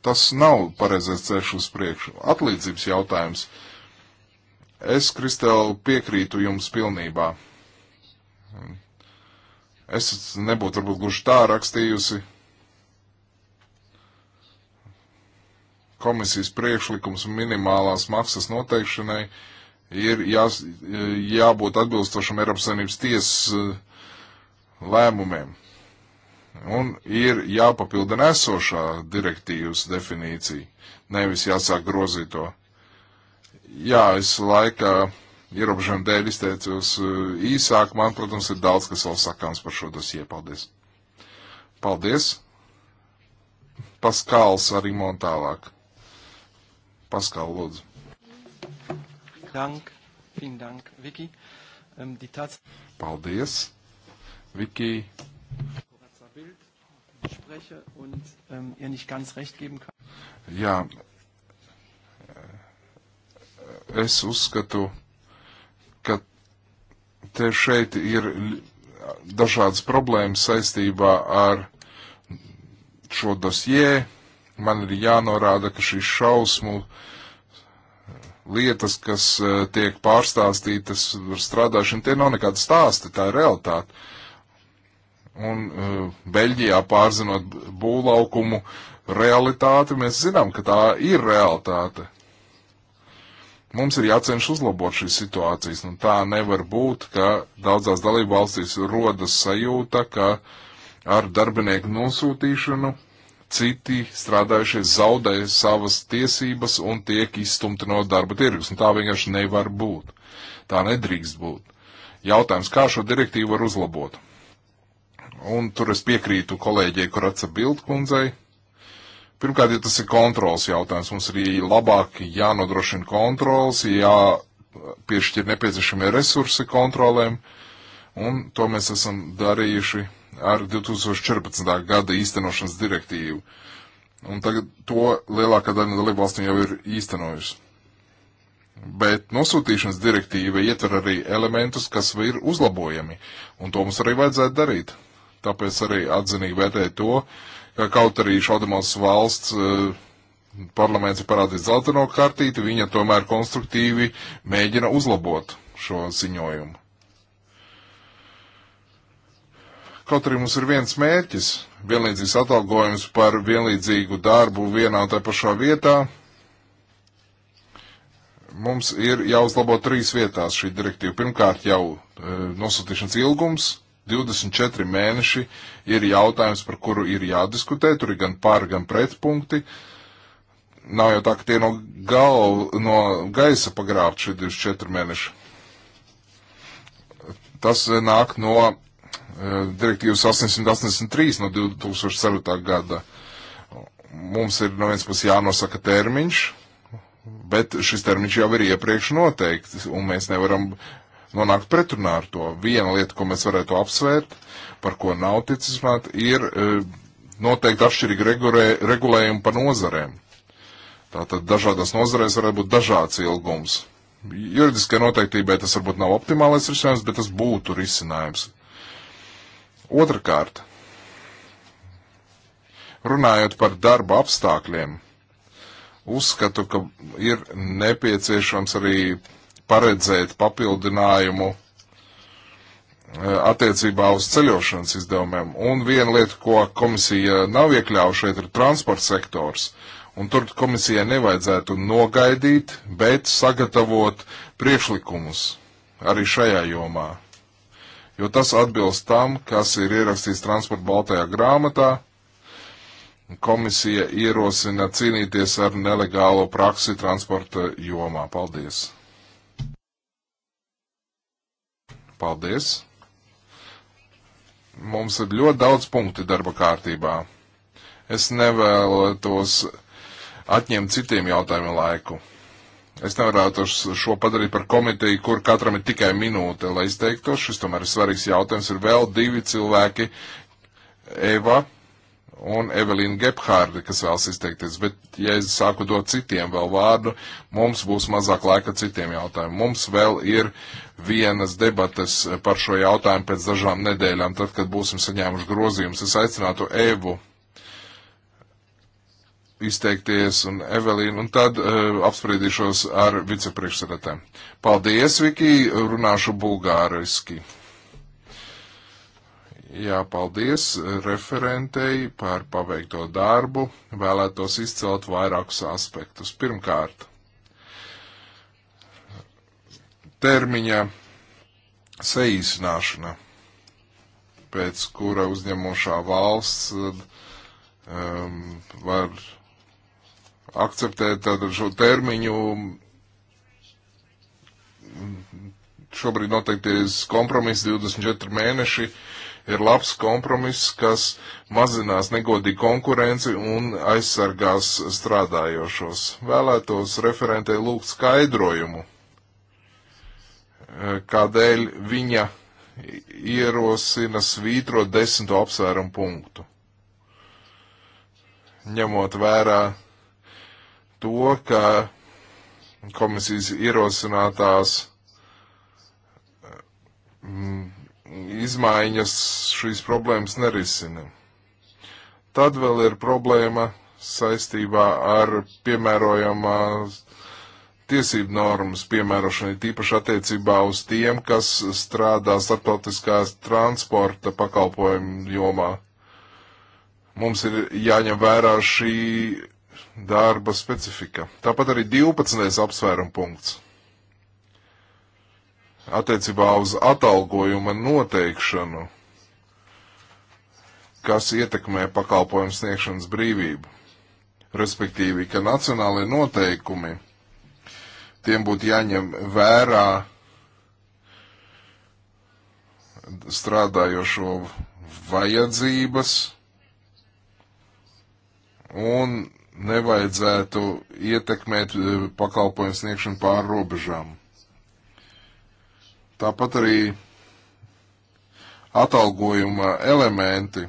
Tas nav pareizais ceļš uz priekšu. Atlīdzības jautājums. Es, Kristēl, piekrītu jums pilnībā. Es nebūtu varbūt gluži tā rakstījusi, komisijas priekšlikums minimālās maksas noteikšanai ir jās, jābūt atbilstošam Eiropas Savienības tiesas eh, lēmumiem. Un ir jāpapildina esošā direktīvas definīcija, nevis jāsāk grozīt to. Jā, es laikā ierobežojumu dēļ izteicos eh, īsāk. Man, protams, ir daudz, kas vēl sakāms par šo dosie. Paldies! Paldies! Paskāls arī montālāk. Paskal, lūdzu. Dank, fin dank, Viki. Um, ähm, tats... Paldies, Viki. Und, um, ihr nicht ganz recht geben kann. Jā, es uzskatu, ka te šeit ir dažādas problēmas saistībā ar šo dosjē, man ir jānorāda, ka šīs šausmu lietas, kas eh, tiek pārstāstītas ar strādāšanu, tie nav nekādi stāsti, tā ir realitāte. Un eh, Beļģijā pārzinot būvlaukumu realitāti, mēs zinām, ka tā ir realitāte. Mums ir jācenš uzlabot šīs situācijas, un tā nevar būt, ka daudzās dalību valstīs rodas sajūta, ka ar darbinieku nosūtīšanu citi strādājušie zaudē savas tiesības un tiek izstumti no darba tirgus. Un tā vienkārši nevar būt. Tā nedrīkst būt. Jautājums, kā šo direktīvu var uzlabot? Un tur es piekrītu kolēģei Koraca Bildkundzei. Pirmkārt, ja tas ir kontrols jautājums, mums ir labāk jānodrošina kontrols, jāpiešķir nepieciešamie resursi kontrolēm, un to mēs esam darījuši ar 2014. gada īstenošanas direktīvu. Un tagad to lielākā daļa dalībvalstu jau ir īstenojusi. Bet nosūtīšanas direktīva ietver arī elementus, kas ir uzlabojami, un to mums arī vajadzētu darīt. Tāpēc arī atzinīgi vērtēju to, ka kaut arī šodienos valsts uh, parlaments ir parādījis zeltaino kartīti, viņa tomēr konstruktīvi mēģina uzlabot šo ziņojumu. Kaut arī mums ir viens mērķis - vienlīdzīgs atalgojums par vienlīdzīgu darbu vienā un tā pašā vietā. Mums ir jāuzlabo trīs vietās šī direktīva. Pirmkārt, jau e, nosūtīšanas ilgums 24 mēneši ir jautājums, par kuru ir jādiskutē. Tur ir gan pār, gan pretpunkti. Nav jau tā, ka tie no, galv, no gaisa pagrābt šie 24 mēneši. Tas e, nāk no direktīvas 883 no 2004. gada. Mums ir no viens puses jānosaka termiņš, bet šis termiņš jau ir iepriekš noteikts, un mēs nevaram nonākt pretrunā ar to. Viena lieta, ko mēs varētu apsvērt, par ko nav ticis runāt, ir e, noteikti atšķirīgi regulē, regulējumi pa nozarēm. Tātad dažādās nozarēs varētu būt dažāds ilgums. Juridiskai noteiktībai tas varbūt nav optimālais risinājums, bet tas būtu risinājums Otrakārt, runājot par darba apstākļiem, uzskatu, ka ir nepieciešams arī paredzēt papildinājumu e, attiecībā uz ceļošanas izdevumiem. Un viena lieta, ko komisija nav iekļāvuši šeit, ir transporta sektors. Un tur komisijai nevajadzētu nogaidīt, bet sagatavot priekšlikumus arī šajā jomā jo tas atbilst tam, kas ir ierakstīts transporta baltajā grāmatā. Komisija ierosina cīnīties ar nelegālo praksi transporta jomā. Paldies! Paldies! Mums ir ļoti daudz punkti darba kārtībā. Es nevēlētos atņemt citiem jautājumiem laiku. Es nevarētu šo padarīt par komiteju, kur katram ir tikai minūte, lai izteiktos. Šis tomēr ir svarīgs jautājums. Ir vēl divi cilvēki, Eva un Evelīna Gephārdi, kas vēlas izteikties. Bet, ja es sāku dot citiem vēl vārdu, mums būs mazāk laika citiem jautājumiem. Mums vēl ir vienas debates par šo jautājumu pēc dažām nedēļām, tad, kad būsim saņēmuši grozījumus. Es aicinātu Evu izteikties, un Evelīna, un tad uh, apspriedīšos ar vicepriekšsēdētājiem. Paldies, Viki, runāšu bulgāriski. Jā, paldies referentei par paveikto darbu. Vēlētos izcelt vairākus aspektus. Pirmkārt, termiņa saīsināšana, pēc kura uzņemošā valsts um, var akceptēt šo termiņu. Šobrīd noteikties kompromiss 24 mēneši ir labs kompromiss, kas mazinās negodīgu konkurenci un aizsargās strādājošos. Vēlētos referentē lūgt skaidrojumu, eh, kādēļ viņa ierosina svītro desmito apsvērumu punktu. Ņemot vērā to, ka komisijas ierosinātās mm, izmaiņas šīs problēmas nerisina. Tad vēl ir problēma saistībā ar piemērojamās tiesību normas piemērošanai, tīpaši attiecībā uz tiem, kas strādā starptautiskās transporta pakalpojumu jomā. Mums ir jāņem vērā šī darba specifika. Tāpat arī 12. apsvērumu punkts attiecībā uz atalgojuma noteikšanu, kas ietekmē pakalpojumu sniegšanas brīvību. Respektīvi, ka nacionālajie noteikumi tiem būtu jāņem vērā strādājošo vajadzības un nevajadzētu ietekmēt e, pakalpojumu sniegšanu pāri robežām. Tāpat arī atalgojuma elementi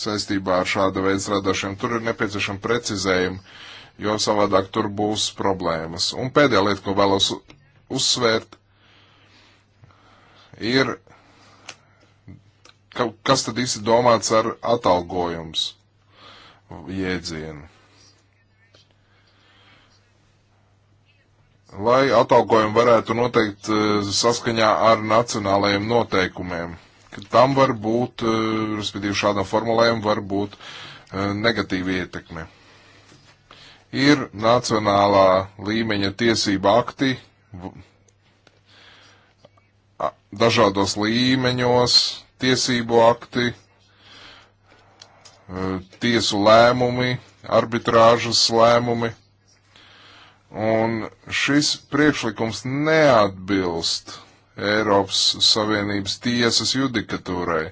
saistībā ar šāda veida strādāšanu. Tur ir nepieciešama precizējuma, jo savādāk tur būs problēmas. Un pēdējā lieta, ko vēlos uzsvērt, ir, ka, kas tad īsti domāts ar atalgojums jēdzienu. lai atalgojumu varētu noteikt e, saskaņā ar nacionālajiem noteikumiem. Tam var būt, e, respektīvi šādam formulējumam var būt e, negatīva ietekme. Ir nacionālā līmeņa tiesība akti dažādos līmeņos, tiesību akti, tiesu lēmumi, arbitrāžas lēmumi Un šis priekšlikums neatbilst Eiropas Savienības tiesas judikatūrai,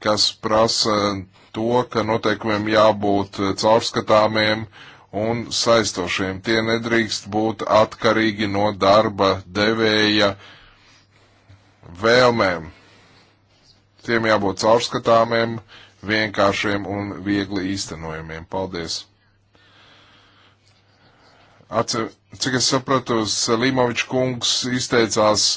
kas prasa to, ka noteikumiem jābūt caurskatāmiem un saistošiem. Tie nedrīkst būt atkarīgi no darba devēja vēlmēm. Tiem jābūt caurskatāmiem, vienkāršiem un viegli īstenojumiem. Paldies! Atce, cik es sapratu, Līmovičs kungs izteicās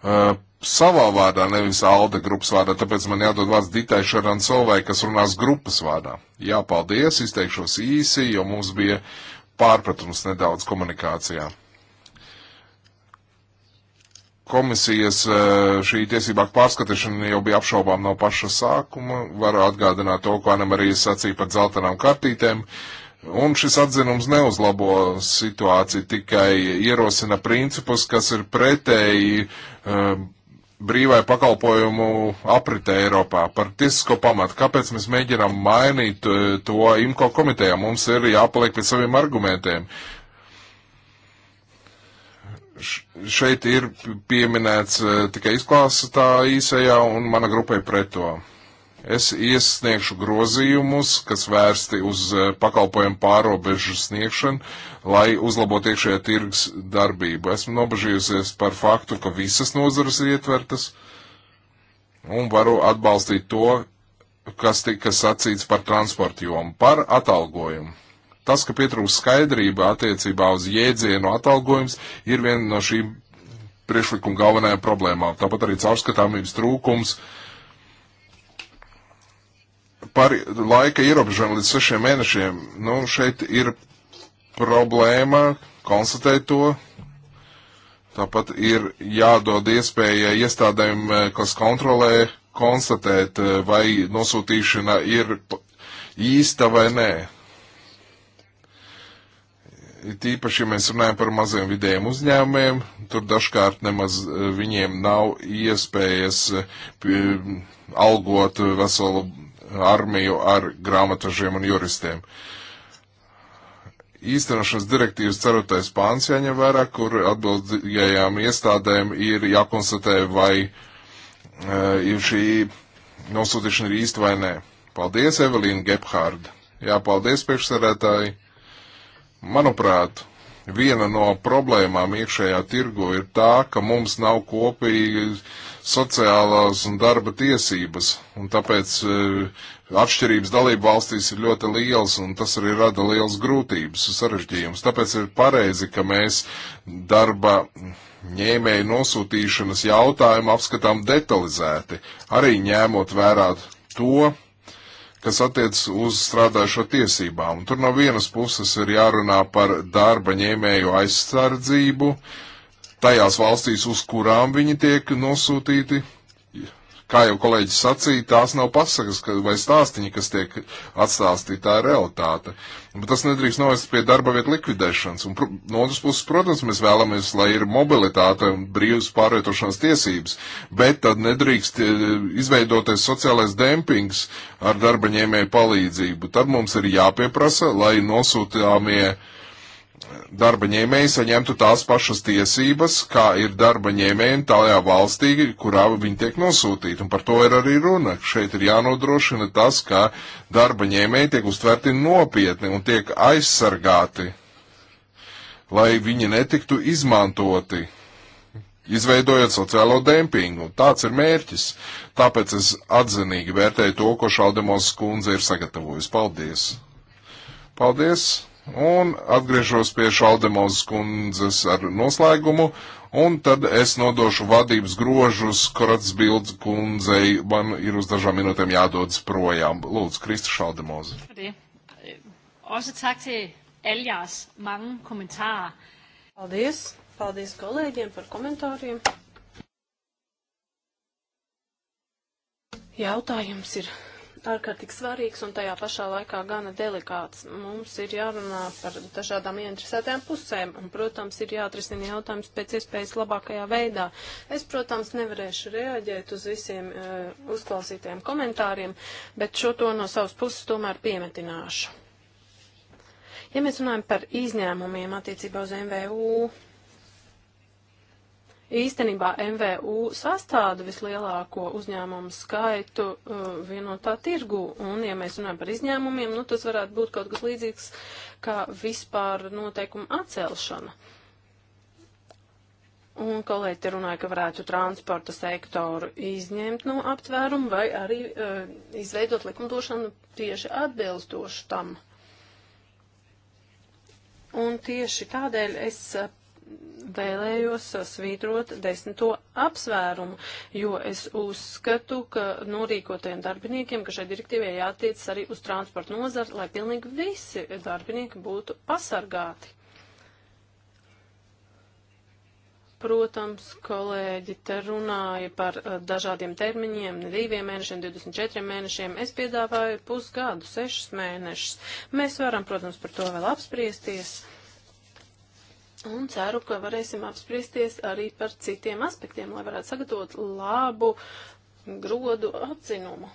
uh, savā vārdā, nevis Alde grupas vārdā, tāpēc man jādod vārds Ditai Šarancovai, kas runās grupas vārdā. Jā, paldies, izteikšos īsi, jo mums bija pārpratums nedaudz komunikācijā. Komisijas uh, šī tiesībā pārskatīšana jau bija apšaubām no paša sākuma. Varu atgādināt to, ko Anamarija sacīja par dzeltenām kartītēm. Uh, Un šis atzinums neuzlabo situāciju, tikai ierosina principus, kas ir pretēji uh, brīvai pakalpojumu apritē Eiropā par tiesisko pamatu. Kāpēc mēs mēģinām mainīt eh, to IMCO komitejā? Mums ir jāpaliek pie saviem argumentiem. Šeit ir pieminēts eh, tikai izklāsts tā īsajā un mana grupai pret to. Es iesniegšu grozījumus, kas vērsti uz eh, pakalpojumu pārobežu sniegšanu, lai uzlabotu iekšējā tirgus darbību. Esmu nobežījusies par faktu, ka visas nozares ir ietvertas un varu atbalstīt to, kas tika sacīts par transportu jomu, par atalgojumu. Tas, ka pietrūkst skaidrība attiecībā uz jēdzienu atalgojums, ir viena no šīm priekšlikuma galvenajām problēmām. Tāpat arī caurskatāmības trūkums uh, par laika ierobežojumu līdz sešiem mēnešiem. Nu, šeit ir problēma konstatēt to. Tāpat ir jādod iespēja iestādēm, eh, kas kontrolē, konstatēt, eh, vai nosūtīšana ir īsta vai nē. It īpaši, ja mēs runājam par maziem vidējiem uzņēmumiem, tur dažkārt nemaz eh, viņiem nav iespējas algot veselu armiju ar grāmatažiem un juristiem. Īstenošanas direktīvas cerotais pāns jāņem vērā, kur atbildīgajām iestādēm ir jākonstatē, vai uh, šī nosūtīšana ir īsta vai nē. Paldies, Evelīna Gebhārda. Jā, paldies, priekšsarētāji. Manuprāt, viena no problēmām iekšējā tirgu ir tā, ka mums nav kopīgi sociālās un darba tiesības, un tāpēc e, atšķirības dalību valstīs ir ļoti liels, un tas arī rada liels grūtības un sarežģījums. Tāpēc ir pareizi, ka mēs darba ņēmēju nosūtīšanas jautājumu apskatām detalizēti, arī ņēmot vērā to, kas attiecas uz strādājušo tiesībām. Un tur no vienas puses ir jārunā par darba ņēmēju aizsardzību, uh, tajās valstīs, uz kurām viņi tiek nosūtīti. Kā jau kolēģis sacīja, tās nav pasakas ka, vai stāstiņi, kas tiek atstāstīti, tā ir realitāte. Bet tas nedrīkst novest pie darba vietu likvidēšanas. Un, no otras puses, protams, mēs vēlamies, lai ir mobilitāte un brīvas pārvietošanās tiesības, bet tad nedrīkst e, izveidoties sociālais dempings ar darba ņēmēju palīdzību. Tad mums ir jāpieprasa, lai nosūtāmie uh, darba ņēmēji saņemtu tās pašas tiesības, kā ir darba ņēmējiem tajā valstī, kurā viņi tiek nosūtīti. Un par to ir arī runa. Šeit ir jānodrošina tas, ka darba ņēmēji tiek uztverti nopietni un tiek aizsargāti, lai viņi netiktu izmantoti izveidojot sociālo dempingu. Tāds ir mērķis. Tāpēc es atzinīgi vērtēju to, ko Šaldemos kundze ir sagatavojusi. Paldies! Paldies! un atgriežos pie Šaldemozes kundzes ar noslēgumu, un tad es nodošu vadības grožus Korats Bildes kundzei. Man ir uz dažām minūtēm jādodas projām. Lūdzu, Krista Šaldemoze. Paldies! Paldies kolēģiem par komentāriem. Jautājums ir ārkārtīgi svarīgs un tajā pašā laikā gana delikāts. Mums ir jārunā par dažādām ieinteresētajām pusēm un, protams, ir jāatrisina jautājums pēc iespējas labākajā veidā. Es, protams, nevarēšu reaģēt uz visiem uh, uzklausītajiem komentāriem, bet šo to no savas puses tomēr piemetināšu. Ja mēs runājam par izņēmumiem attiecībā uz MVU, īstenībā MVU sastāda vislielāko uzņēmumu skaitu uh, vienotā tirgu. Un, ja mēs runājam par izņēmumiem, nu, tas varētu būt kaut kas līdzīgs kā vispār noteikuma atcelšana. Un kolēģi te runāja, ka varētu transporta sektoru izņemt no aptvērumu vai arī uh, izveidot likumdošanu tieši atbilstošu tam. Un tieši tādēļ es uh, vēlējos uh, svītrot desmito apsvērumu, jo es uzskatu, ka norīkotajiem darbiniekiem, ka šai direktīvai jātiec arī uz transporta nozaru, lai pilnīgi visi darbinieki būtu pasargāti. Protams, kolēģi te runāja par uh, dažādiem termiņiem, ne diviem mēnešiem, 24 mēnešiem. Es piedāvāju pusgadu, sešus mēnešus. Mēs varam, protams, par to vēl apspriesties. Uh, Un ceru, ka varēsim apspriesties arī par citiem aspektiem, lai varētu sagatavot labu grodu atzinumu.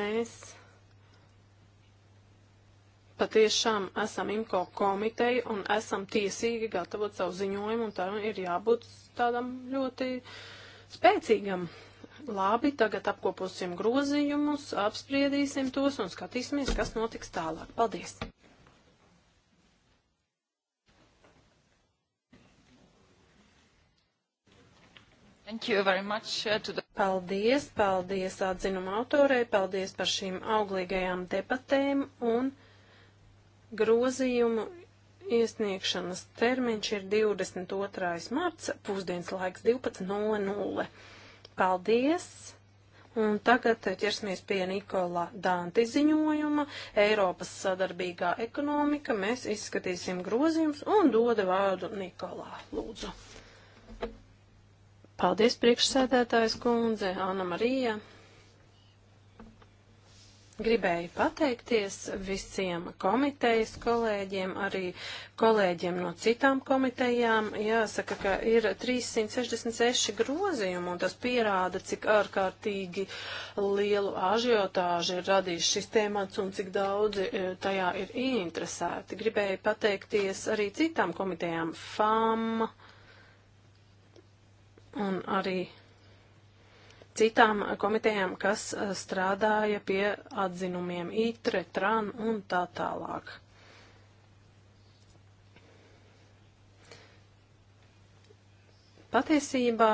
Mēs patiešām esam IMCO komiteja un esam tiesīgi gatavot savu ziņojumu, un tam ir jābūt tādam ļoti spēcīgam Labi, tagad apkoposim grozījumus, apspriedīsim tos un skatīsimies, kas notiks tālāk. Paldies! Uh, the... Paldies, paldies atzinuma autorei, paldies par šīm auglīgajām debatēm un grozījumu iesniegšanas termiņš ir 22. marts, pusdienas laiks 12.00. Paldies! Un tagad ķersimies pie Nikola Danti ziņojuma. Eiropas sadarbīgā ekonomika. Mēs izskatīsim grozījums un doda vārdu Nikolā. Lūdzu. Paldies, priekšsēdētājs kundze, Anna Marija. Gribēju pateikties visiem komitejas kolēģiem, arī kolēģiem no citām komitejām. Jāsaka, ka ir 366 grozījumi, un tas pierāda, cik ārkārtīgi lielu ažiotāžu ir radījis šis temats un cik daudzi e, tajā ir ieinteresēti. Gribēju pateikties arī citām komitejām FAM un arī citām komitejām, kas eh, strādāja pie atzinumiem ITRE, TRAN un tā tālāk. Patiesībā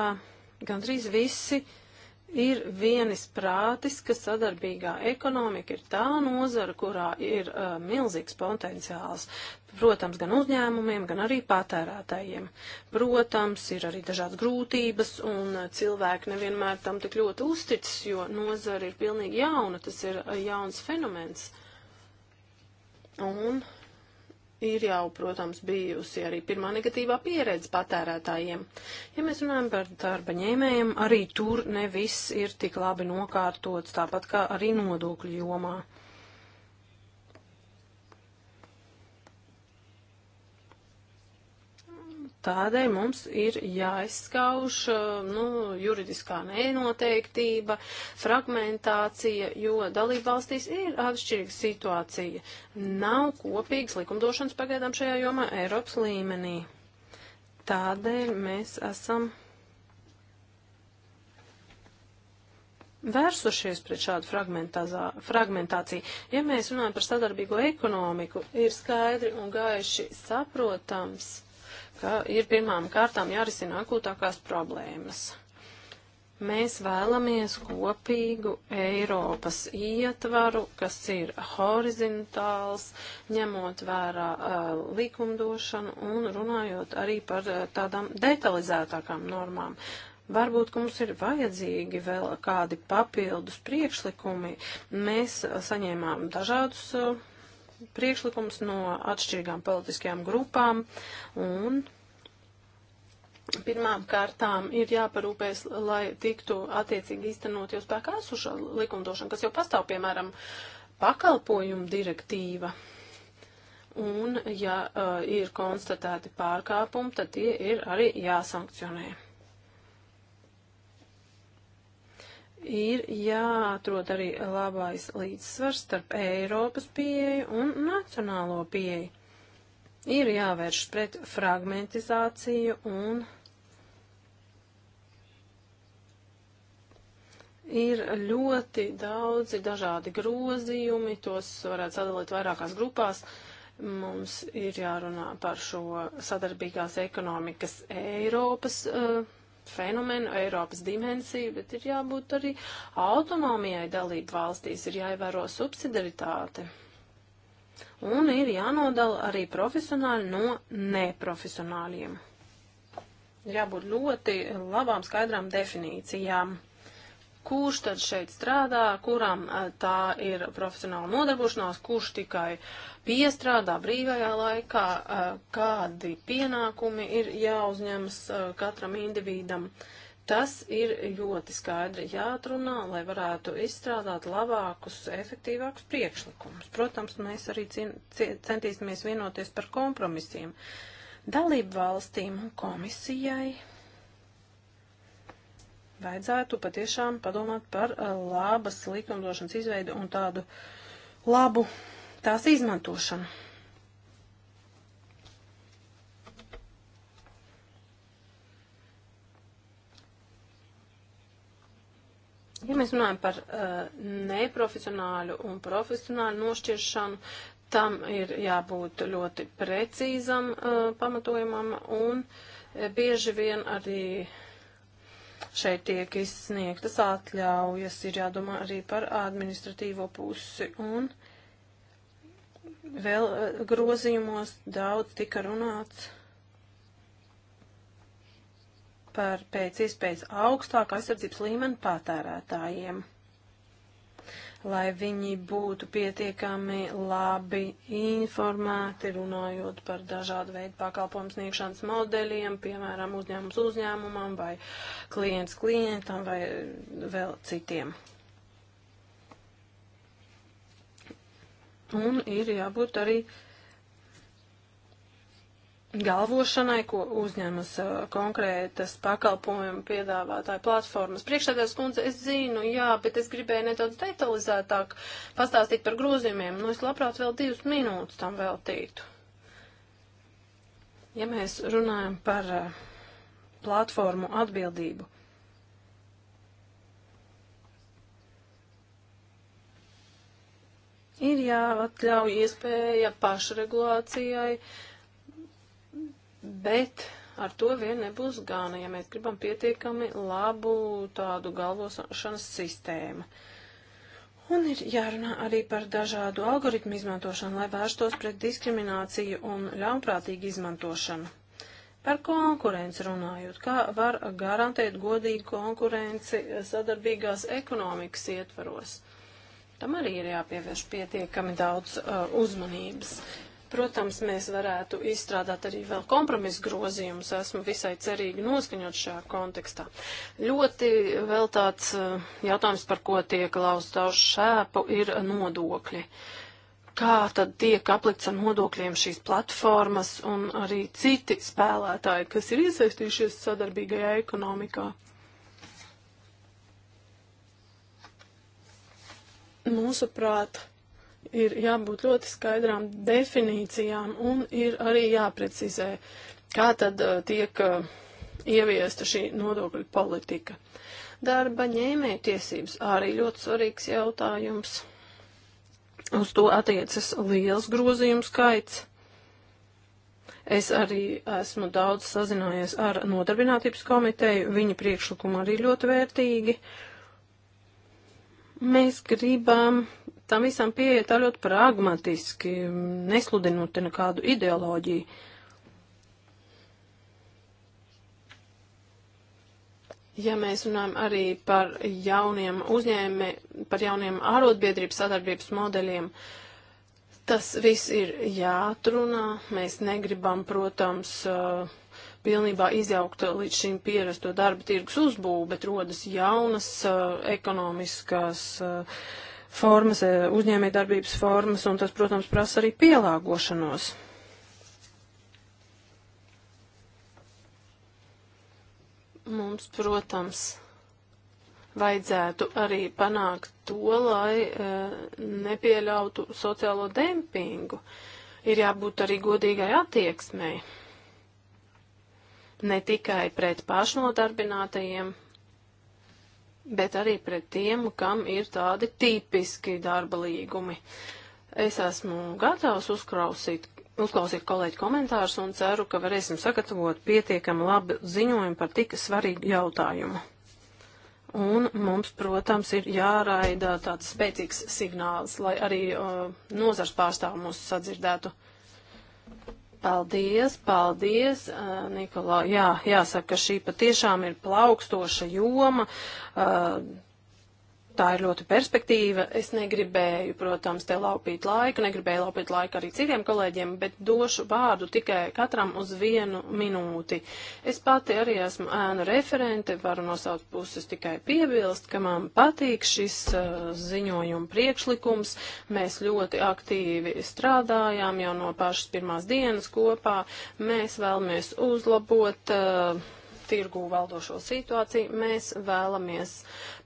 gandrīz visi uh, ir vienis prātis, ka sadarbīgā ekonomika ir tā nozara, kurā ir uh, milzīgs potenciāls. Protams, gan uzņēmumiem, gan arī patērētājiem. Protams, ir arī dažādas grūtības, un uh, cilvēki nevienmēr tam tik ļoti uzticas, jo nozara ir pilnīgi jauna, tas ir uh, jauns fenomens. Un uh, ir jau, protams, bijusi arī pirmā negatīvā pieredze patērētājiem. Ja mēs runājam par darba ņēmējiem, arī tur ne viss ir tik labi nokārtots, tāpat kā arī nodokļu jomā. Tādēļ mums ir jāizskauž eh, nu, juridiskā nenoteiktība, fragmentācija, jo dalība valstīs ir atšķirīga situācija. Nav kopīgas likumdošanas pagaidām šajā jomā Eiropas līmenī. Tādēļ mēs esam vērsušies pret šādu fragmentāciju. Ja mēs runājam par sadarbīgo ekonomiku, ir skaidri un gaiši saprotams ka ir pirmām kārtām jārisina akūtākās problēmas. Mēs vēlamies kopīgu Eiropas ietvaru, kas ir horizontāls, ņemot vērā uh, likumdošanu un runājot arī par uh, tādām detalizētākām normām. Varbūt, ka mums ir vajadzīgi vēl kādi papildus priekšlikumi. Mēs uh, saņēmām dažādus uh, priekšlikums no atšķirīgām politiskajām grupām un pirmām kārtām ir jāparūpēs, lai tiktu attiecīgi īstenot jau spēkā esušā likumdošana, kas jau pastāv, piemēram, pakalpojumu direktīva. Un, ja uh, ir konstatēti pārkāpumi, tad tie ir arī jāsankcionē. ir jāatrod arī labais līdzsvars starp Eiropas pieeju un nacionālo pieeju. Ir jāvērš pret fragmentizāciju un ir ļoti daudzi dažādi grozījumi, tos varētu sadalīt vairākās grupās. Mums ir jārunā par šo sadarbīgās ekonomikas Eiropas uh, fenomenu, Eiropas dimensiju, bet ir jābūt arī autonomijai dalību valstīs, ir jāievēro subsidaritāte. Un ir jānodala arī profesionāļi no neprofesionāļiem. Ir jābūt ļoti labām, skaidrām definīcijām kurš tad šeit strādā, kuram eh, tā ir profesionāla nodarbošanās, kurš tikai piestrādā brīvajā laikā, eh, kādi pienākumi ir jāuzņemas eh, katram individam. Tas ir ļoti skaidri jāatrunā, lai varētu izstrādāt labākus, efektīvākus priekšlikumus. Protams, mēs arī centīsimies vienoties par kompromisiem. Dalību valstīm un komisijai vajadzētu patiešām padomāt par uh, labas likumdošanas izveidu un tādu labu tās izmantošanu. Ja mēs runājam par uh, neprofesionāļu un profesionāļu nošķiršanu, tam ir jābūt ļoti precīzam uh, pamatojumam un uh, bieži vien arī uh, Šeit tiek izsniegtas atļaujas, ir jādomā arī par administratīvo pusi un vēl eh, grozījumos daudz tika runāts par pēc iespējas augstāku aizsardzības līmeni patērētājiem lai viņi būtu pietiekami labi informēti, runājot par dažādu veidu pakalpojumu sniegšanas modeļiem, piemēram, uzņēmums uzņēmumam vai klients klientam vai vēl citiem. Un ir jābūt arī uh, galvošanai, ko uzņemas uh, konkrētas pakalpojumu piedāvātāja platformas. Priekšsēdās kundze, es zinu, jā, bet es gribēju nedaudz detalizētāk pastāstīt par grozījumiem. Nu, es labprāt vēl divas minūtes tam veltītu. Ja mēs runājam par uh, platformu atbildību. Ir jāatļauj iespēja pašregulācijai, uh, Bet ar to vien nebūs gana, ja mēs gribam pietiekami labu tādu galvošanas sistēmu. Un ir jārunā arī par dažādu algoritmu izmantošanu, lai vērstos pret diskrimināciju un ļaunprātīgu izmantošanu. Par konkurenci runājot, kā var garantēt godīgu konkurenci sadarbīgās ekonomikas ietvaros. Tam arī ir jāpievērš pietiekami daudz uh, uzmanības. Protams, mēs varētu izstrādāt arī vēl kompromisu grozījumus. Esmu visai cerīgi noskaņot šajā kontekstā. Ļoti vēl tāds eh, jautājums, par ko tiek lauztaus šēpu, ir nodokļi. Kā tad tiek aplikts ar nodokļiem šīs platformas un arī citi spēlētāji, kas ir iesaistījušies sadarbīgajā ekonomikā? Mūsuprāt, ir jābūt ļoti skaidrām definīcijām un ir arī jāprecizē, kā tad uh, tiek uh, ieviesta šī nodokļu politika. Darba ņēmēja tiesības arī ļoti svarīgs jautājums. Uz to attiecas liels grozījumu skaits. Es arī esmu daudz sazinājies ar nodarbinātības komiteju, viņa priekšlikuma arī ļoti vērtīgi. Mēs gribam tam visam pieeja tā ļoti pragmatiski, nesludinot te nekādu ideoloģiju. Ja mēs runājam arī par jauniem uzņēmē, par jauniem ārotbiedrības sadarbības modeļiem, tas viss ir jāatrunā. Mēs negribam, protams, uh, pilnībā izjaukt līdz šim pierasto darba tirgus uzbūvu, bet rodas jaunas ekonomiskās uh, formas, eh, uzņēmējdarbības formas, un tas, protams, prasa arī pielāgošanos. Mums, protams, vajadzētu arī panākt to, lai e, nepieļautu sociālo dempingu. Ir jābūt arī godīgai attieksmei. Ne tikai pret pašnodarbinātajiem, bet arī pret tiem, kam ir tādi tipiski darba līgumi. Es esmu gatavs uzklausīt, uzklausīt kolēģi komentārus un ceru, ka varēsim sagatavot pietiekami labu ziņojumu par tik svarīgu jautājumu. Un mums, protams, ir jāraida tāds spēcīgs signāls, lai arī uh, nozars pārstāv mūs sadzirdētu. Uh, Paldies, paldies, uh, Nikola. Jā, jāsaka, šī patiešām ir plaukstoša joma. Uh, tā ir ļoti perspektīva. Es negribēju, protams, te laupīt laiku, negribēju laupīt laiku arī citiem kolēģiem, bet došu vārdu tikai katram uz vienu minūti. Es pati arī esmu ēnu referente, varu no savas puses tikai piebilst, ka man patīk šis uh, ziņojuma priekšlikums. Mēs ļoti aktīvi strādājām jau no pašas pirmās dienas kopā. Mēs vēlamies uzlabot. Uh, tirgū valdošo situāciju. Mēs vēlamies,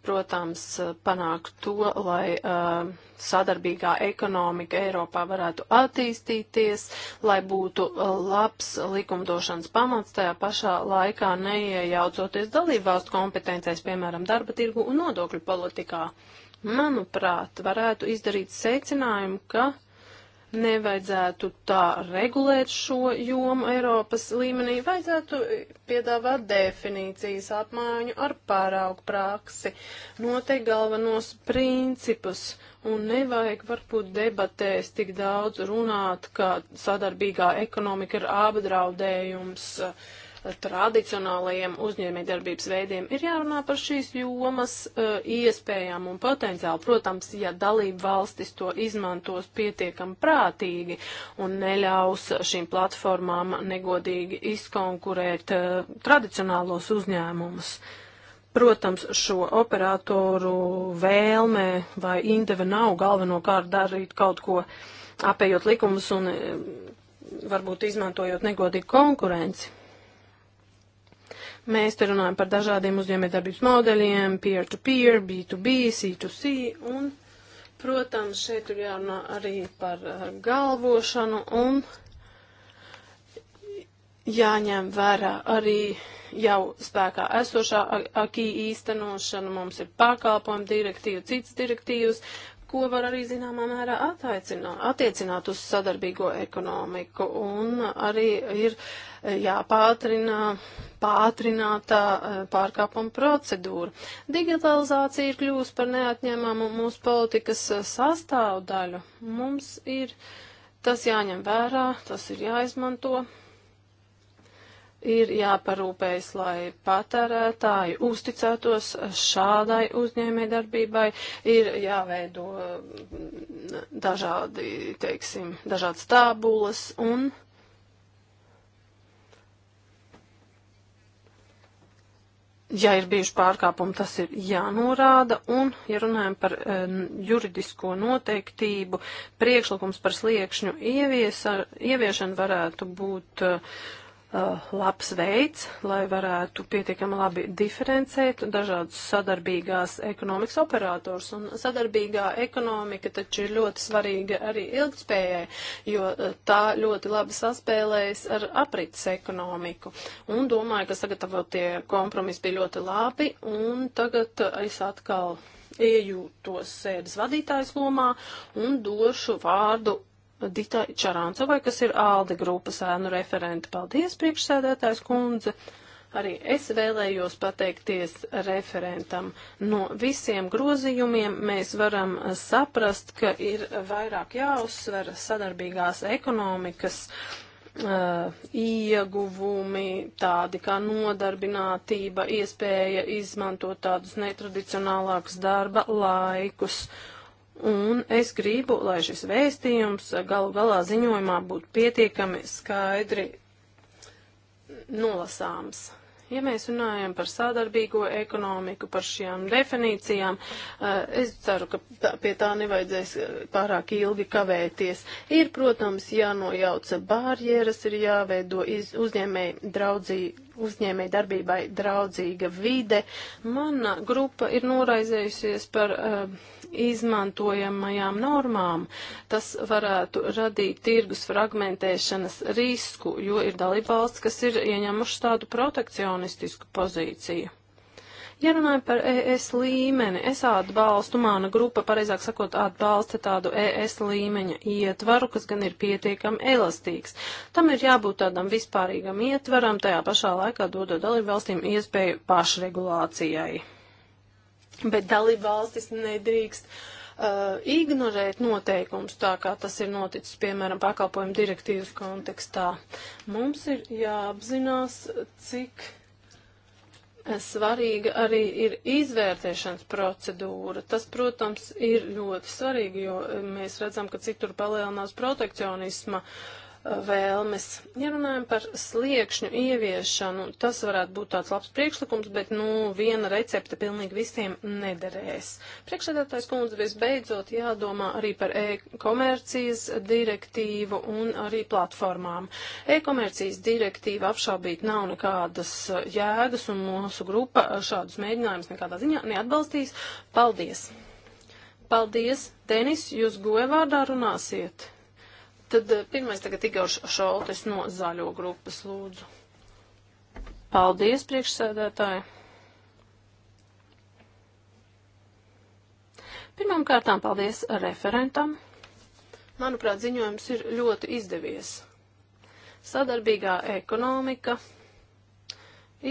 protams, panākt to, lai uh, sadarbīgā ekonomika Eiropā varētu attīstīties, lai būtu uh, labs likumdošanas pamats tajā pašā laikā neiejaucoties dalībvalstu kompetencēs, piemēram, darba tirgu un nodokļu politikā. Manuprāt, varētu izdarīt secinājumu, ka nevajadzētu tā regulēt šo jomu Eiropas līmenī, vajadzētu piedāvāt definīcijas apmaiņu ar pāraugu praksi, noteikti galvenos principus, un nevajag varbūt debatēs tik daudz runāt, ka sadarbīgā ekonomika ir apdraudējums. Uh, tradicionālajiem uzņēmējdarbības veidiem. Ir jārunā par šīs jomas uh, iespējām un potenciālu. Protams, ja dalība valstis to izmantos pietiekam prātīgi un neļaus šīm platformām negodīgi izkonkurēt uh, tradicionālos uzņēmumus. Protams, šo operatoru vēlme vai indeve nav galvenokārt darīt kaut ko apējot likumus un e, varbūt izmantojot negodīgu konkurenci. Mēs te runājam par dažādiem uzņēmējdarbības modeļiem, peer-to-peer, -peer, B2B, C2C un, protams, šeit ir jārunā arī par eh, galvošanu un jāņem vērā arī jau spēkā esošā akī īstenošana, mums ir pārkalpojuma direktīva, citas direktīvas, ko var arī zināmā mērā attiecināt uz sadarbīgo ekonomiku. Un arī ir eh, jāpātrina pātrinātā eh, pārkāpuma procedūra. Digitalizācija ir kļūst par neatņemamu mūsu politikas eh, sastāvdaļu. Mums ir tas jāņem vērā, tas ir jāizmanto ir jāparūpējas, lai patērētāji uzticētos šādai uzņēmējdarbībai, ir jāveido mm, dažādi, teiksim, dažādas tābulas un. Ja ir bijuši pārkāpumi, tas ir jānorāda, un, ja runājam par e, juridisko noteiktību, priekšlikums par sliekšņu ieviesa, ieviešanu varētu būt e, Uh, labs veids, lai varētu pietiekami labi diferencēt dažādus sadarbīgās ekonomikas operators. Un sadarbīgā ekonomika taču ir ļoti svarīga arī ilgspējai, jo uh, tā ļoti labi saspēlējas ar aprits ekonomiku. Un domāju, ka sagatavotie kompromisi bija ļoti labi, un tagad es atkal iejūtos sēdes vadītājs lomā un došu vārdu Ditai Čarāncovai, kas ir ALDE grupas ēnu referente. Paldies, priekšsēdētājs kundze! Arī es vēlējos pateikties referentam. No visiem grozījumiem mēs varam saprast, ka ir vairāk jāuzsver sadarbīgās ekonomikas uh, ieguvumi, tādi kā nodarbinātība, iespēja izmantot tādus netradicionālākus darba laikus. Uh, Un es gribu, lai šis vēstījums galu galā ziņojumā būtu pietiekami skaidri nolasāms. Ja mēs runājam par sādarbīgo ekonomiku, par šiem definīcijām, eh, es ceru, ka pie tā nevajadzēs eh, pārāk ilgi kavēties. Ir, protams, jānojauca barjeras, ir jāveido uzņēmēji draudzīgi uzņēmēji darbībai draudzīga vide. Mana grupa ir noraizējusies par uh, izmantojamajām normām. Tas varētu radīt tirgus fragmentēšanas risku, jo ir dalībvalsts, kas ir ieņemuši tādu protekcionistisku pozīciju. Ja runājam par ES līmeni, es atbalstu, mana grupa, pareizāk sakot, atbalsta tādu ES līmeņa ietvaru, kas gan ir pietiekami elastīgs. Tam ir jābūt tādam vispārīgam ietvaram, tajā pašā laikā dodot dalību valstīm iespēju pašregulācijai bet dalībvalstis nedrīkst uh, ignorēt noteikumus, tā kā tas ir noticis, piemēram, pakalpojumu direktīvas kontekstā. Mums ir jāapzinās, cik eh, svarīga arī ir izvērtēšanas procedūra. Tas, protams, ir ļoti svarīgi, jo eh, mēs redzam, ka citur palielinās protekcionisma uh, vēlmes. Ja runājam par sliekšņu ieviešanu, tas varētu būt tāds labs priekšlikums, bet nu, viena recepte pilnīgi visiem nederēs. Priekšsēdētājs kundze visbeidzot jādomā arī par e-komercijas direktīvu un arī platformām. E-komercijas direktīva apšaubīt nav nekādas jēgas un mūsu grupa šādus mēģinājumus nekādā ziņā neatbalstīs. Paldies! Paldies, Denis, jūs goevārdā runāsiet! Tad eh, pirmais tagad Igors Šoltes no zaļo grupas lūdzu. Paldies, priekšsēdētāji! Pirmām kārtām paldies referentam. Manuprāt, ziņojums ir ļoti izdevies. Sadarbīgā ekonomika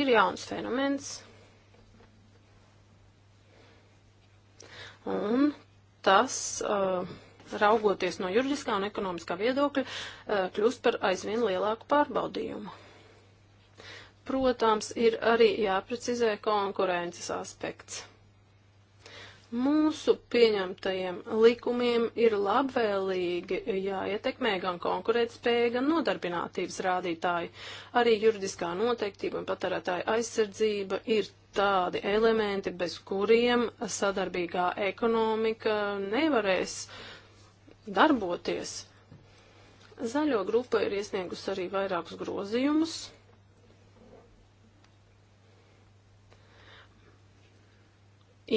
ir jauns fenomens. Un tas uh, raugoties no juridiskā un ekonomiskā viedokļa eh, kļūst par aizvien lielāku pārbaudījumu. Protams, ir arī jāprecizē konkurences aspekts. Mūsu pieņemtajiem likumiem ir labvēlīgi jāietekmē gan konkurētspēja, gan nodarbinātības rādītāji. Arī juridiskā noteiktība un patērētāja aizsardzība ir tādi elementi, bez kuriem sadarbīgā ekonomika nevarēs uh, darboties. Zaļo grupa ir iesniegusi arī vairākus grozījumus.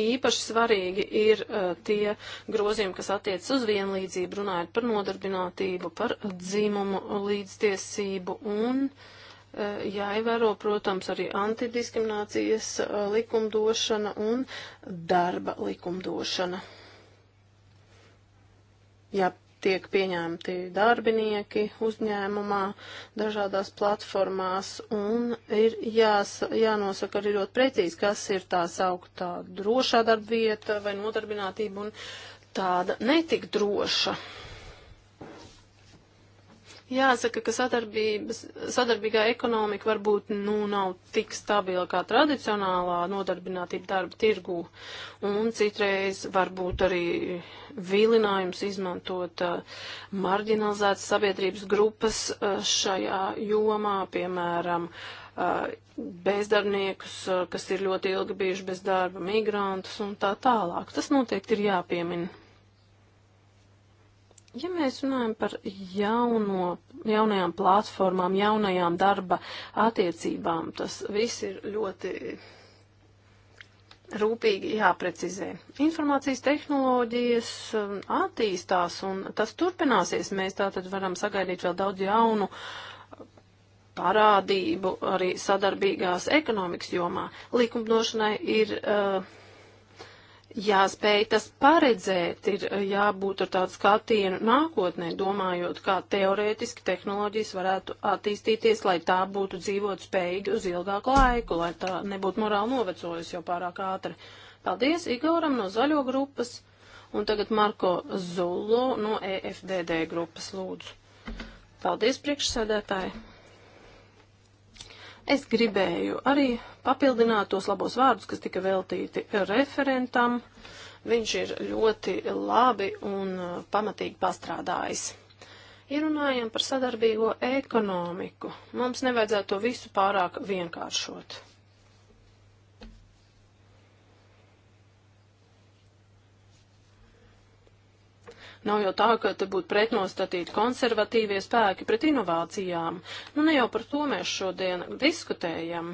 Īpaši svarīgi ir uh, tie grozījumi, kas attiecas uz vienlīdzību, runājot par nodarbinātību, par dzimumu līdztiesību un uh, jāievēro, protams, arī antidiskriminācijas uh, likumdošana un darba likumdošana ja tiek pieņemti darbinieki uzņēmumā, dažādās platformās, un ir jās, jānosaka arī ļoti precīzi, kas ir tā sauktā drošā darba vieta vai nodarbinātība un tāda netik droša. Jāsaka, ka sadarbīgā ekonomika varbūt nu nav tik stabila kā tradicionālā nodarbinātība darba tirgū, un citreiz varbūt arī vilinājums izmantot uh, marginalizētas sabiedrības grupas uh, šajā jomā, piemēram, uh, bezdarbniekus, uh, kas ir ļoti ilgi bijuši bez darba, migrantus un tā tālāk. Tas noteikti ir jāpiemina. Ja mēs runājam par jauno, jaunajām platformām, jaunajām darba attiecībām, tas viss ir ļoti rūpīgi jāprecizē. Informācijas tehnoloģijas um, attīstās un tas turpināsies. Mēs tātad varam sagaidīt vēl daudz jaunu parādību arī sadarbīgās ekonomikas jomā. Likumdošanai ir. Uh, jāspēj tas paredzēt, ir eh, jābūt ar tādu skatienu nākotnē, domājot, kā teorētiski tehnoloģijas varētu attīstīties, lai tā būtu dzīvot spējīga uz ilgāku laiku, lai tā nebūtu morāli novecojusi jau pārāk ātri. Paldies Igoram no zaļo grupas un tagad Marko Zullo no EFDD grupas lūdzu. Paldies priekšsēdētāji! Es gribēju arī papildināt tos labos vārdus, kas tika veltīti referentam. Viņš ir ļoti labi un uh, pamatīgi pastrādājis. Ja runājam par sadarbīgo ekonomiku, mums nevajadzētu to visu pārāk vienkāršot. Nav jau tā, ka te būtu pretnostatīti konservatīvie spēki pret inovācijām. Nu, ne jau par to mēs šodien diskutējam.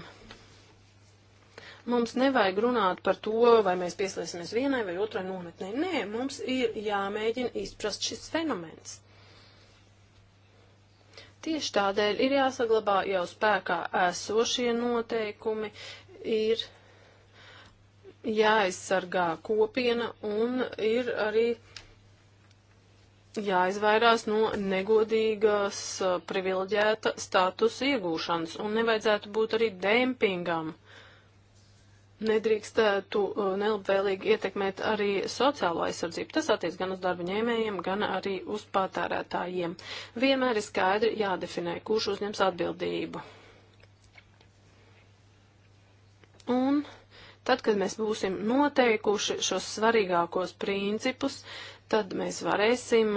Mums nevajag runāt par to, vai mēs pieslēsimies vienai vai otrai nometnē. Nē, mums ir jāmēģina izprast šis fenomens. Tieši tādēļ ir jāsaglabā jau spēkā esošie noteikumi, ir jāaizsargā kopiena un ir arī jāizvairās no negodīgas eh, privileģēta statusa iegūšanas un nevajadzētu būt arī dempingam. Nedrīkstētu eh, nelabvēlīgi ietekmēt arī sociālo aizsardzību. Tas attiec gan uz darba ņēmējiem, gan arī uz patērētājiem. Vienmēr ir skaidri jādefinē, kurš uzņems atbildību. Un tad, kad mēs būsim noteikuši šos svarīgākos principus, tad mēs varēsim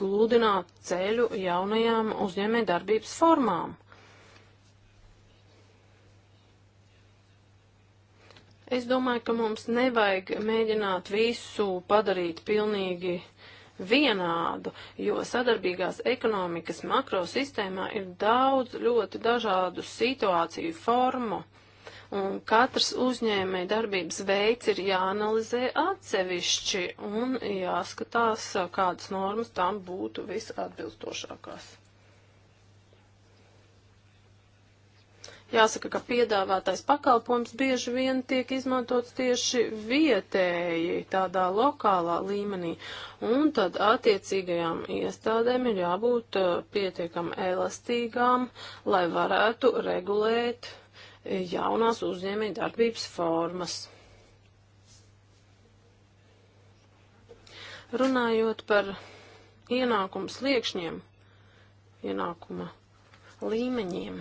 glūdināt ceļu jaunajām uzņēmē darbības formām. Es domāju, ka mums nevajag mēģināt visu padarīt pilnīgi vienādu, jo sadarbīgās ekonomikas makrosistēmā ir daudz ļoti dažādu situāciju formu. Un katrs uzņēmēja darbības veids ir jāanalizē atsevišķi un jāskatās, kādas normas tam būtu visatbilstošākās. Jāsaka, ka piedāvātais pakalpojums bieži vien tiek izmantots tieši vietēji, tādā lokālā līmenī, un tad attiecīgajām iestādēm ir jābūt pietiekam elastīgām, lai varētu regulēt jaunās uzņēmēja darbības formas. Runājot par ienākumu sliekšņiem, ienākuma līmeņiem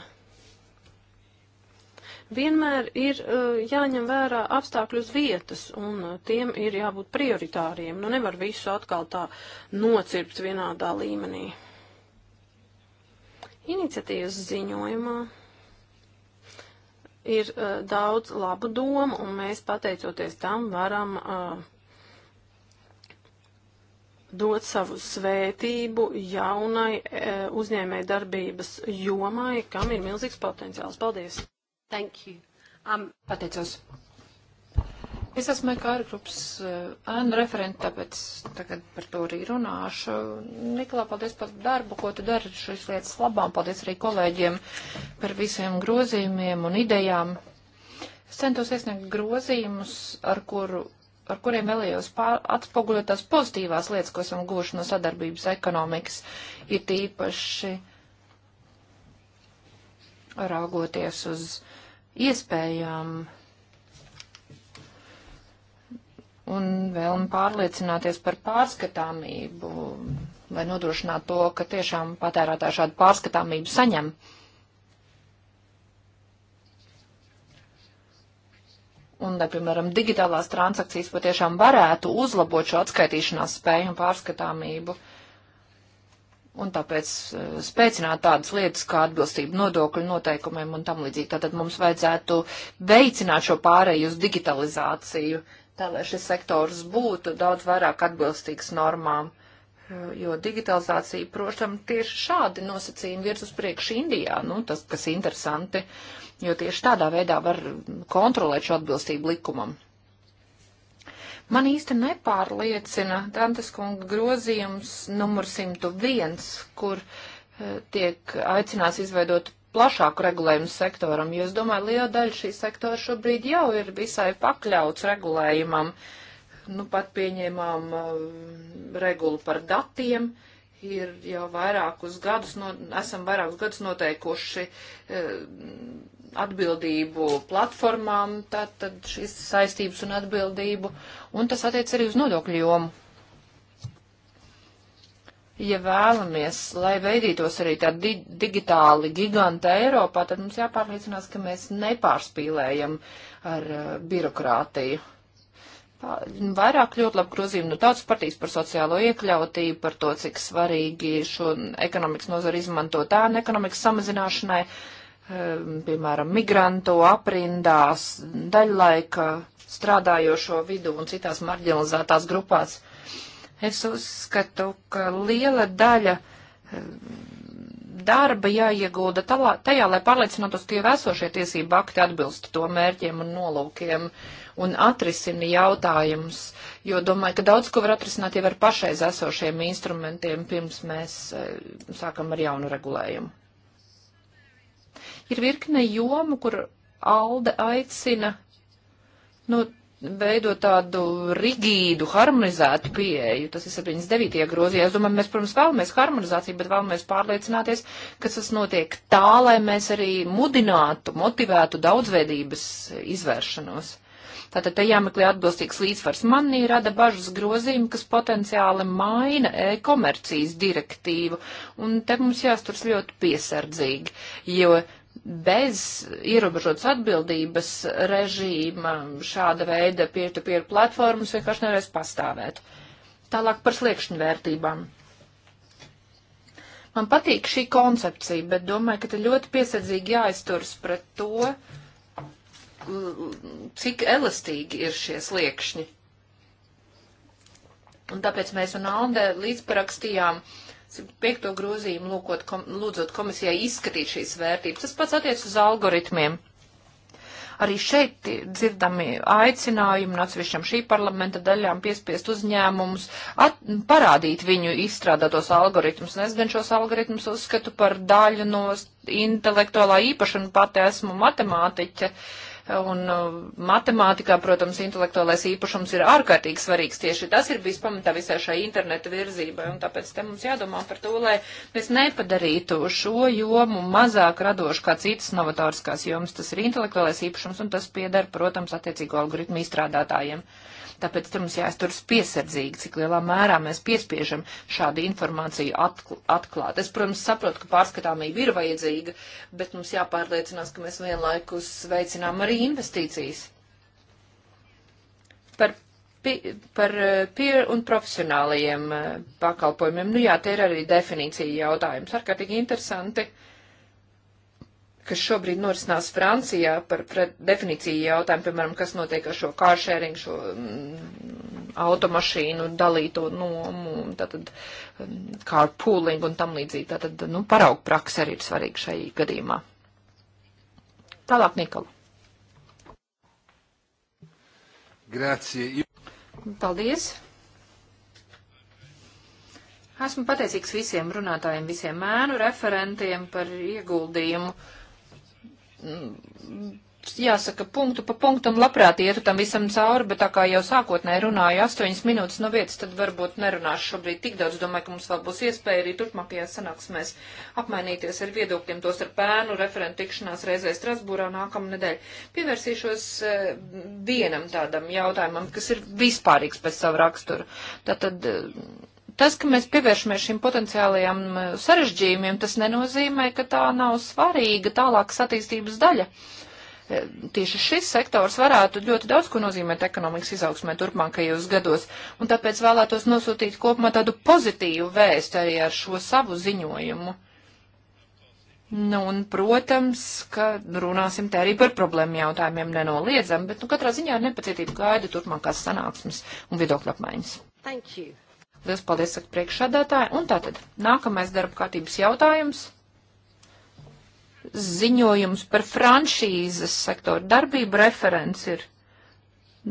vienmēr ir uh, jāņem vērā apstākļus vietas, un uh, tiem ir jābūt prioritāriem. Nu, nevar visu atkal tā nocirpt vienādā līmenī. Iniciatīvas ziņojumā ir uh, daudz labu domu, un mēs pateicoties tam varam uh, dot savu svētību jaunai uh, eh, uzņēmēji darbības jomai, kam ir milzīgs potenciāls. Paldies! Thank you. Um, Pateicos. Es esmu Ekāra grupas eh, ēnu referenta, tāpēc tagad par to arī runāšu. Niklā, paldies par darbu, ko tu dari šīs lietas labām. Paldies arī kolēģiem par visiem grozījumiem un idejām. Es centos iesniegt grozījumus, ar, kuru, ar kuriem vēlējos atspoguļot tās pozitīvās lietas, ko esam guvuši no sadarbības ekonomikas. Ir tīpaši raugoties uz iespējām un vēlmi pārliecināties par pārskatāmību, lai nodrošinātu to, ka tiešām patērētāji šādu pārskatāmību saņem. Un, lai, piemēram, digitālās transakcijas patiešām varētu uzlabot šo atskaitīšanās spēju un pārskatāmību. Un tāpēc eh, spēcināt tādas lietas kā atbilstību nodokļu noteikumiem un tam līdzīgi. Tātad mums vajadzētu veicināt šo pārēju uz digitalizāciju. Uh, tā lai šis sektors būtu daudz vairāk atbilstīgs normām. Jo digitalizācija, protams, tieši šādi nosacījumi virs uz priekšu Indijā, nu, tas, kas interesanti, jo tieši tādā veidā var kontrolēt šo atbilstību likumam. Man īsti nepārliecina Dantes kunga grozījums numur 101, kur eh, tiek aicināts izveidot plašāku regulējumu sektoram, jo es domāju, liela daļa šī sektora šobrīd jau ir visai pakļauts regulējumam. Nu, pat pieņēmām uh, regulu par datiem, ir jau vairākus gadus, no, esam vairākus gadus noteikuši uh, atbildību platformām, tātad šīs saistības un atbildību, un tas attiec arī uz nodokļu jomu ja vēlamies, lai veidītos arī tā di digitāli giganta Eiropā, tad mums jāpārliecinās, ka mēs nepārspīlējam ar uh, birokrātiju. Pā, vairāk ļoti labi grozījumi no tautas partijas par sociālo iekļautību, par to, cik svarīgi šo ekonomikas nozari izmantot ēnu ekonomikas samazināšanai, um, piemēram, migrantu aprindās, daļlaika strādājošo vidu un citās marginalizētās grupās Es uzskatu, ka liela daļa eh, darba jāiegulda talā, tajā, lai pārliecinātos, ka jau esošie tiesība akti atbilst to mērķiem un nolūkiem un atrisina jautājumus, jo domāju, ka daudz ko var atrisināt jau ar pašreiz esošiem instrumentiem, pirms mēs eh, sākam ar jaunu regulējumu. Ir virkne jomu, kur Alde aicina nu, veidot tādu rigīdu, harmonizētu pieeju. Tas ir 79. grozījā. Es domāju, mēs, protams, vēlamies harmonizāciju, bet vēlamies pārliecināties, ka tas notiek tā, lai mēs arī mudinātu, motivētu daudzveidības izvēršanos. Tātad te jāmeklē atbilstīgs līdzsvars. Manī rada bažas grozījumi, kas potenciāli maina e-komercijas direktīvu, un te mums jāsturs ļoti piesardzīgi, jo bez ierobežotas atbildības režīma šāda veida peer-to-peer platformas vienkārši nevarēs pastāvēt. Tālāk par sliekšņu vērtībām. Man patīk šī koncepcija, bet domāju, ka te ļoti piesardzīgi jāizturas pret to, cik elastīgi ir šie sliekšņi. Un tāpēc mēs un Alde līdzparakstījām uh, piekto grozījumu lūkot, kom, lūdzot komisijai izskatīt šīs vērtības. Tas pats attiec uz algoritmiem. Arī šeit dzirdami aicinājumi no atsevišķam šī parlamenta daļām piespiest uzņēmumus, at, parādīt viņu izstrādātos algoritmus. Un es gan šos algoritmus uzskatu par daļu no intelektuālā īpašuma, pati esmu matemātiķa. Uh, Un uh, matemātikā, protams, intelektuālais īpašums ir ārkārtīgi svarīgs. Tieši tas ir bijis pamatā visai šai interneta virzībai. Un tāpēc te mums jādomā par to, lai mēs nepadarītu šo jomu mazāk radošu kā citas novatoriskās jomas. Tas ir intelektuālais īpašums un tas piedara, protams, attiecīgo algoritmu izstrādātājiem. Uh, Tāpēc tur mums jāizturas piesardzīgi, cik lielā mērā mēs piespiežam šādu informāciju atkl atklāt. Es, protams, saprotu, ka pārskatāmība ir vajadzīga, bet mums jāpārliecinās, ka mēs vienlaikus veicinām arī investīcijas. Par par eh, peer un profesionālajiem eh, pakalpojumiem. Nu jā, te ir arī definīcija jautājums. Ārkārtīgi interesanti. Uh, kas šobrīd norisinās Francijā par definīciju jautājumu, piemēram, kas notiek ar šo kāršēringu, šo mm, automašīnu dalīto nomu, tātad kārpūlingu mm, un tam līdzīgi. Tātad, nu, paraugu praksa arī ir svarīga šai gadījumā. Tālāk Nikola. Grācie. Paldies. Esmu pateicīgs visiem runātājiem, visiem mēnu referentiem par ieguldījumu Mm, jāsaka, punktu pa punktam labprāt ietu tam visam cauri, bet tā kā jau sākotnē runāju astoņas minūtes no vietas, tad varbūt nerunāšu šobrīd tik daudz. Domāju, ka mums vēl būs iespēja arī turpmākajās sanāksmēs apmainīties ar viedokļiem, tos ar pēnu, referentu tikšanās reizē Strasbūrā nākamnedēļ. Pievērsīšos eh, vienam tādam jautājumam, kas ir vispārīgs pēc savu raksturu. Tātad eh, Tas, ka mēs pievēršamies šīm potenciālajām sarežģījumiem, tas nenozīmē, ka tā nav svarīga tālākas attīstības daļa. E, tieši šis sektors varētu ļoti daudz ko nozīmēt ekonomikas izaugsmē turpmākajos gados, un tāpēc vēlētos nosūtīt kopumā tādu pozitīvu vēstu arī ar šo savu ziņojumu. Nu, un, protams, ka runāsim te arī par problēmu jautājumiem nenoliedzam, bet, nu, katrā ziņā nepacietību gaida turpmākās sanāksmes un viedokļu apmaiņas. Thank you. Liels paldies, saka priekšsādātāji. Un tātad nākamais darba kārtības jautājums. Ziņojums par franšīzes sektoru darbību referents ir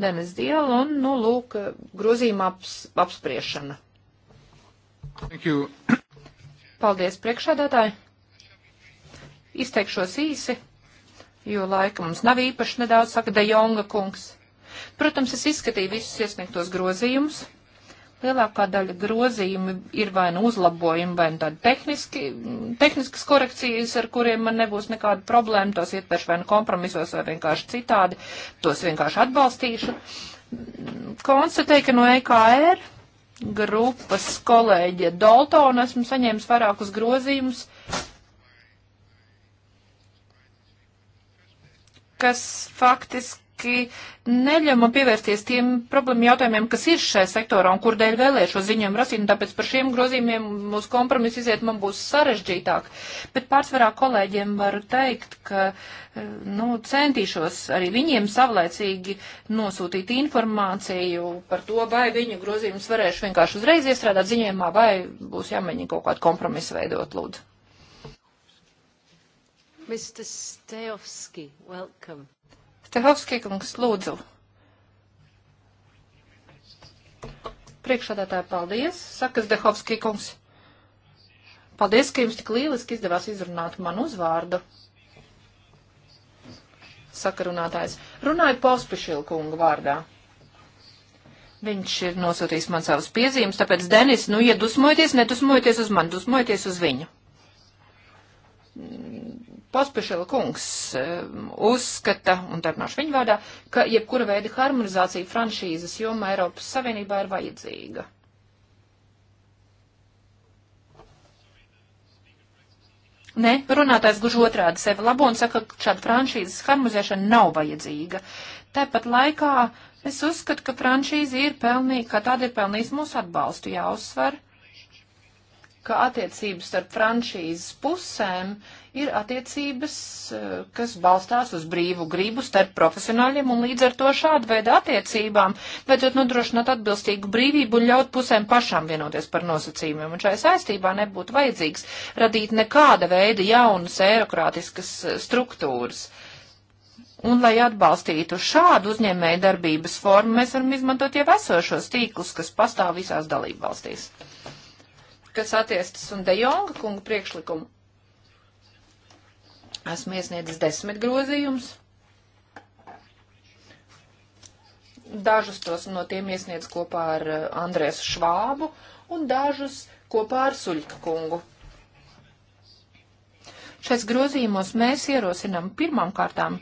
Denis Diela un, nu, lūk, grozījuma aps, apspriešana. Thank you. Paldies, priekšsādātāji. Izteikšos īsi, jo laika mums nav īpaši nedaudz, saka De Jonga kungs. Protams, es izskatīju visus iesniegtos grozījumus Lielākā daļa grozījumi ir vai nu uzlabojumi, vai nu tādi tehniski, tehniskas korekcijas, ar kuriem man nebūs nekāda problēma, tos ietveršu vai nu kompromisos, vai vienkārši citādi, tos vienkārši atbalstīšu. Konstatēju, ka no EKR grupas kolēģe Daltona esmu saņēmis vairākus grozījumus, kas faktiski faktiski neļauma pievērsties tiem problēmu jautājumiem, kas ir šai sektorā un kur dēļ vēlēšos ziņojumu rasīt, un tāpēc par šiem grozījumiem uz kompromisu iziet man būs sarežģītāk. Bet pārsvarā kolēģiem varu teikt, ka eh, nu, centīšos arī viņiem savlaicīgi nosūtīt informāciju par to, vai viņu grozījumus varēšu vienkārši uzreiz iestrādāt ziņojumā, vai būs jāmēģina kaut kādu kompromisu veidot, lūdzu. Mr. Stejovski, welcome. Tehovski kungs, lūdzu. Priekšādātāji, paldies, saka Zdehovski kungs. Paldies, ka jums tik lieliski izdevās izrunāt manu uzvārdu. Saka runātājs. Runāju Pospišilu kungu vārdā. Viņš ir nosūtījis man savas piezīmes, tāpēc, Denis, nu, ja dusmojoties, nedusmojoties uz mani, dusmojoties uz viņu. Pospišela kungs ehm, uzskata, un tarpināšu viņu vārdā, ka jebkura veida harmonizācija franšīzes jomā Eiropas Savienībā ir vajadzīga. Nē, runātājs guž otrādi sevi labo un saka, ka šāda franšīzes harmonizēšana nav vajadzīga. Tāpat laikā es uzskatu, ka franšīze ir pelnīga, ka tāda ir pelnījusi mūsu atbalstu jāuzsver, ka attiecības starp franšīzes pusēm uh, ir attiecības, eh, kas balstās uz brīvu gribu starp profesionāļiem, un līdz ar to šāda veida attiecībām vajadzētu nodrošināt atbilstīgu brīvību un ļaut pusēm pašām vienoties par nosacījumiem. Un šai saistībā nebūtu vajadzīgs radīt nekāda veida jaunas eirokrātiskas eh, struktūras. Un, lai atbalstītu šādu uzņēmēju darbības formu, mēs varam izmantot jau esošos tīklus, kas pastāv visās dalībvalstīs. Kas attiestas un De Jonga kunga priekšlikumu Esmu iesniedzis desmit grozījumus. Dažus tos no tiem iesniedz kopā ar eh, Andrēsu Švābu un dažus kopā ar Suļka kungu. Šais grozījumos mēs ierosinām pirmām kārtām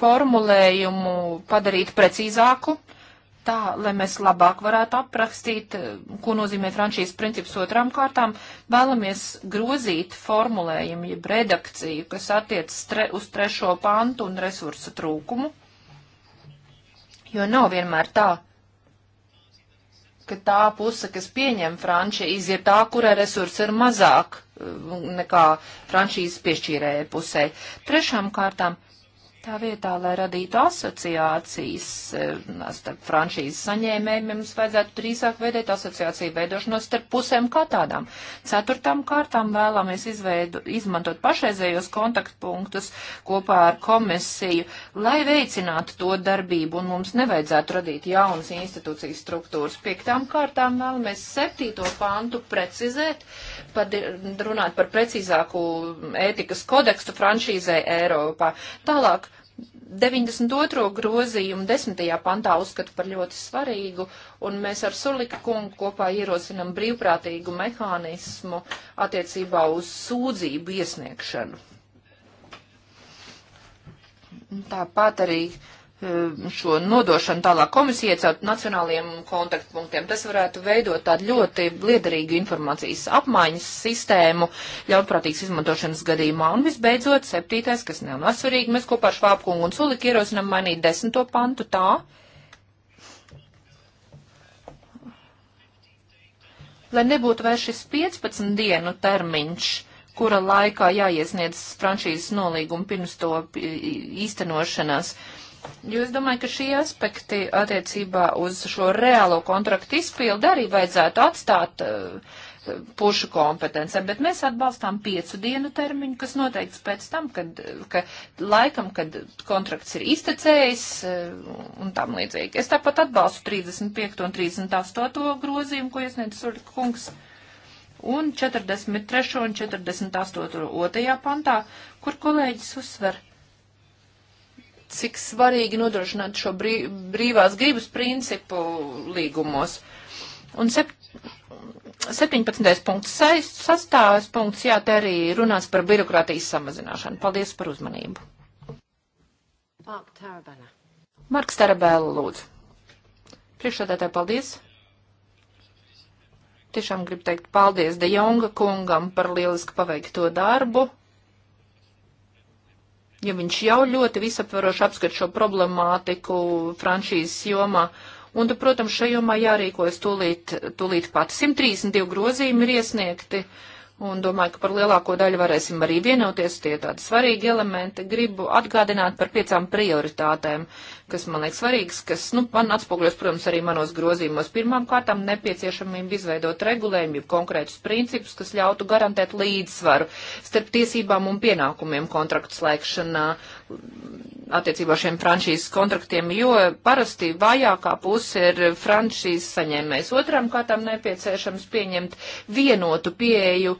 formulējumu padarīt precīzāku, tā, lai mēs labāk varētu aprakstīt, eh, ko nozīmē Frančijas princips otrām kārtām, vēlamies grozīt formulējumu, jeb redakciju, kas attiec tre, uz trešo pantu un resursa trūkumu, jo nav vienmēr tā, ka tā puse, kas pieņem franšīzi, ir tā, kurai resursi ir mazāk eh, nekā franšīzes piešķīrēja pusē. Trešām kārtām Tā vietā, lai radītu asociācijas eh, starp franšīzes saņēmējiem, mums vajadzētu drīzāk veidot asociāciju veidošanos starp pusēm kā tādām. Ceturtām kārtām vēlamies izveidu, izmantot pašreizējos kontaktpunktus kopā ar komisiju, lai veicinātu to darbību un mums nevajadzētu radīt jaunas institūcijas struktūras. Piektām kārtām vēlamies septīto pantu precizēt, par, runāt par precīzāku ētikas kodekstu franšīzē Eiropā. Tālāk 92. grozījumu 10. pantā uzskatu par ļoti svarīgu, un mēs ar Sulika kungu kopā ierosinam brīvprātīgu mehānismu attiecībā uz sūdzību iesniegšanu. Tāpat arī uh, Um, šo nodošanu tālāk komisijai caur nacionāliem kontaktpunktiem. Tas varētu veidot tādu ļoti liederīgu informācijas apmaiņas sistēmu ļaunprātīgas izmantošanas gadījumā. Un visbeidzot, septītais, kas nav nesvarīgi, mēs kopā ar Švābkungu un Suliku ierosinām mainīt desmito pantu tā, lai nebūtu vairs šis 15 dienu termiņš kura laikā jāiesniedz franšīzes nolīguma pirms to īstenošanās. Uh, Jūs domājat, ka šie aspekti attiecībā uz šo reālo kontraktu izpildu arī vajadzētu atstāt uh, pušu kompetencē, bet mēs atbalstām piecu dienu termiņu, kas noteikts pēc tam, kad, ka laikam, kad kontrakts ir iztecējis eh, un tam līdzīgi. Es tāpat atbalstu 35 un 38 grozījumu, ko iesniedz Surika kungs, un 43 un 48 otrajā pantā, kur kolēģis uzsver cik svarīgi nodrošināt šo brī, brīvās gribas principu līgumos. Un sept, 17. punkts sastāvis punkts, jā, te arī runās par birokrātijas samazināšanu. Paldies par uzmanību. Mark Tarabella. Marks Tarabella, lūdzu. Priekšsādātāji, paldies. Tiešām gribu teikt paldies De Jonga kungam par lieliski paveikto darbu jo viņš jau ļoti visaptvaroši apskat šo problemātiku franšīzes jomā. Un, tu, protams, šajā jomā jārīkojas tūlīt, tūlīt pat. 132 grozījumi ir iesniegti, un domāju, ka par lielāko daļu varēsim arī vienoties. Tie tādi svarīgi elementi. Gribu atgādināt par piecām prioritātēm kas man liekas svarīgs, kas, nu, man atspoguļos, protams, arī manos grozījumos. Pirmām kārtām nepieciešamība izveidot regulējumu, jau konkrētus principus, kas ļautu garantēt līdzsvaru starp tiesībām un pienākumiem kontraktu slēgšanā attiecībā šiem franšīzes kontraktiem, jo parasti vājākā puse ir franšīzes saņēmējs. Otram kārtām nepieciešams pieņemt vienotu pieeju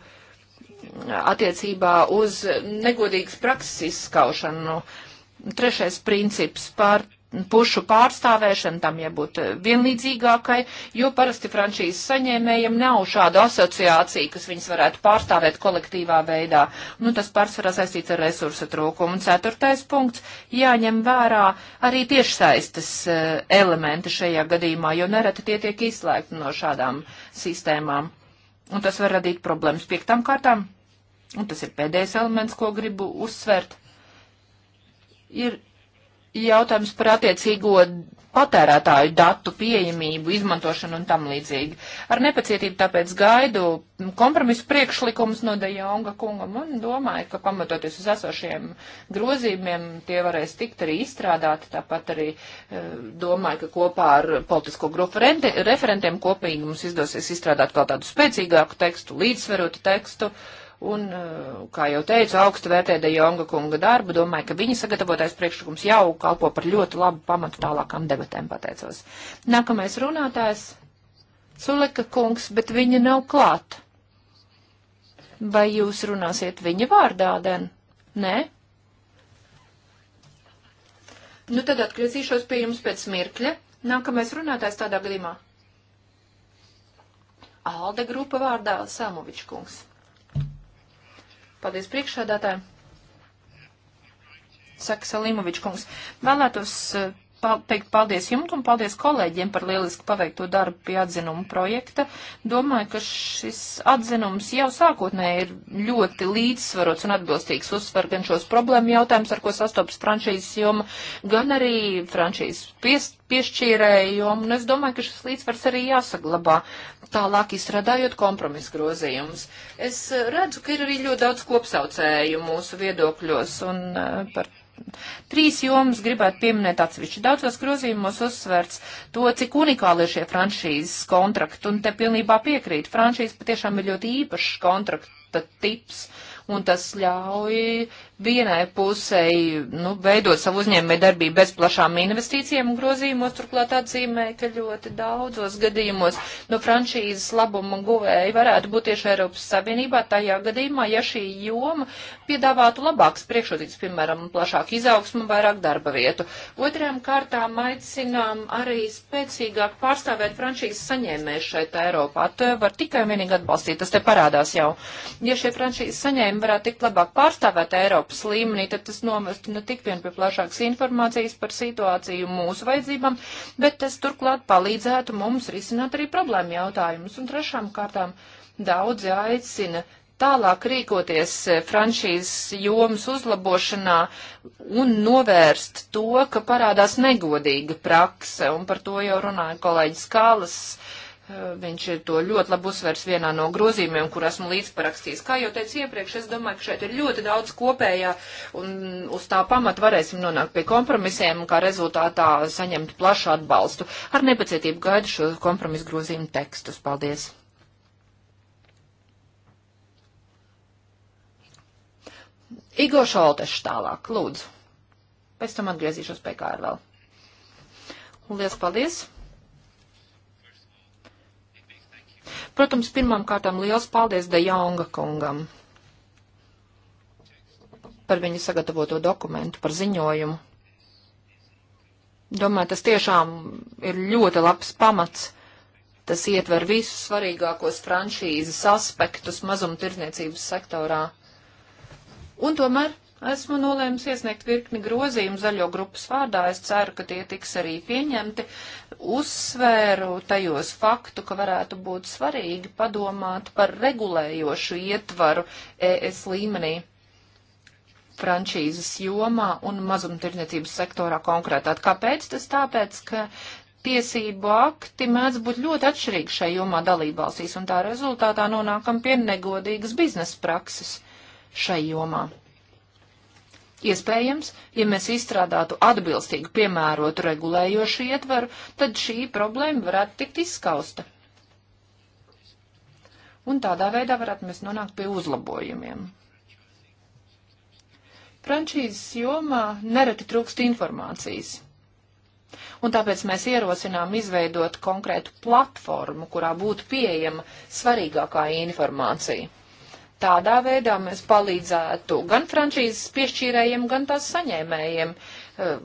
attiecībā uz negodīgas prakses izskaušanu. Uh, Trešais princips par pušu pārstāvēšana tam jābūt vienlīdzīgākai, jo parasti franšīzes saņēmējiem nav šādu asociāciju, kas viņas varētu pārstāvēt kolektīvā veidā. Nu, tas pārsvarā saistīts ar resursa trūkumu. Un ceturtais punkts - jāņem vērā arī tiešsaistes eh, elementi šajā gadījumā, jo nereti tie tiek izslēgti no šādām sistēmām. Un tas var radīt problēmas piektām kārtām. Un tas ir pēdējais elements, ko gribu uzsvērt ir jautājums par attiecīgo patērētāju datu pieejamību, izmantošanu un tam līdzīgi. Ar nepacietību tāpēc gaidu kompromisu priekšlikumus no Dejonga kungam un domāju, ka pamatoties uz esošiem grozījumiem tie varēs tikt arī izstrādāti. Tāpat arī eh, domāju, ka kopā ar politisko grupu referentiem kopīgi mums izdosies izstrādāt kaut tādu spēcīgāku tekstu, līdzsverotu tekstu. Uh, Un, eh, kā jau teicu, augstu vērtē De Jonga kunga darbu, domāju, ka viņa sagatavotais priekšlikums jau kalpo par ļoti labu pamatu tālākām debatēm, pateicos. Nākamais runātājs - Sulika kungs, bet viņa nav klāt. Vai jūs runāsiet viņa vārdā, Den? Nē? Nu, tad atgriezīšos pie jums pēc mirkļa. Nākamais runātājs tādā gadījumā. Alde grupa vārdā Samovičs kungs. Paldies priekšādātājiem! Saka Salimovičs kungs. Vēlētos uh, teikt paldies jums un paldies kolēģiem par lielisku paveikto darbu pie atzinuma projekta. Domāju, ka šis atzinums jau sākotnē ir ļoti līdzsvarots un atbilstīgs uzsver gan šos problēmu jautājumus, ar ko sastopas franšīzes joma, gan arī franšīzes piest, piešķīrēja jomu. Un es domāju, ka šis līdzsvars arī jāsaglabā tālāk izstrādājot kompromisu grozījumus. Es redzu, ka ir arī ļoti daudz kopsaucēju mūsu viedokļos un eh, par Trīs jomas gribētu pieminēt atsevišķi. Daudzos grozījumos uzsverts to, cik unikāli ir šie franšīzes kontrakti, un te pilnībā piekrīt. Franšīzes patiešām ir ļoti īpašs kontrakta tips, un tas ļauj vienai pusei nu, veidot savu uzņēmēju darbību bez plašām investīcijām un grozījumos, turklāt atzīmē, ka ļoti daudzos gadījumos no franšīzes labuma guvēji varētu būt tieši Eiropas Savienībā tajā gadījumā, ja šī joma piedāvātu labākas priekšrocības, piemēram, plašāku izaugsmu un vairāk darba vietu. Otrām kārtām aicinām arī spēcīgāk pārstāvēt franšīzes saņēmēju šeit Eiropā. To var tikai un vienīgi atbalstīt, tas te parādās jau. Ja šie franšīzes saņēmumi varētu tikt labāk pārstāvēt Eiropā, Eiropas līmenī, tad tas novestu ne tik vien pie plašākas informācijas par situāciju mūsu vajadzībām, bet tas turklāt palīdzētu mums risināt arī problēmu jautājumus. Un trešām kārtām daudzi aicina tālāk rīkoties eh, franšīzes jomas uzlabošanā un novērst to, ka parādās negodīga prakse, un par to jau runāja kolēģis Kālas Viņš ir to ļoti labi uzsvers vienā no grozījumiem, kur esmu līdzparakstījis. Kā jau teicu iepriekš, es domāju, ka šeit ir ļoti daudz kopējā un uz tā pamata varēsim nonākt pie kompromisiem un kā rezultātā saņemt plašu atbalstu. Ar nepacietību gaidu šo kompromisu grozījumu tekstus. Paldies! Igor Šoltešs tālāk, lūdzu. Pēc tam atgriezīšos pie kā ar vēl. Lielas paldies! Protams, pirmām kārtām liels paldies De Jonga kungam par viņa sagatavoto dokumentu, par ziņojumu. Domāju, tas tiešām ir ļoti labs pamats. Tas ietver visus svarīgākos franšīzes aspektus mazumtirdzniecības sektorā. Un tomēr esmu nolēmis iesniegt virkni grozījumu zaļo grupas vārdā. Es ceru, ka tie tiks arī pieņemti uzsvēru tajos faktu, ka varētu būt svarīgi padomāt par regulējošu ietvaru ES līmenī frančīzes jomā un mazumtirdzniecības sektorā konkrētāt. Kāpēc? Tas tāpēc, ka tiesību akti mēdz būt ļoti atšķirīgi šai jomā dalībvalstīs, un tā rezultātā nonākam pie negodīgas biznesa prakses šai jomā. Iespējams, ja mēs izstrādātu atbilstīgu piemērotu regulējošu ietvaru, tad šī problēma varētu tikt izskausta. Un tādā veidā varētu mēs nonākt pie uzlabojumiem. Frančīzes jomā nereti trūkst informācijas. Un tāpēc mēs ierosinām izveidot konkrētu platformu, kurā būtu pieejama svarīgākā informācija. Tādā veidā mēs palīdzētu gan frančīzes piešķīrējiem, gan tās saņēmējiem, eh,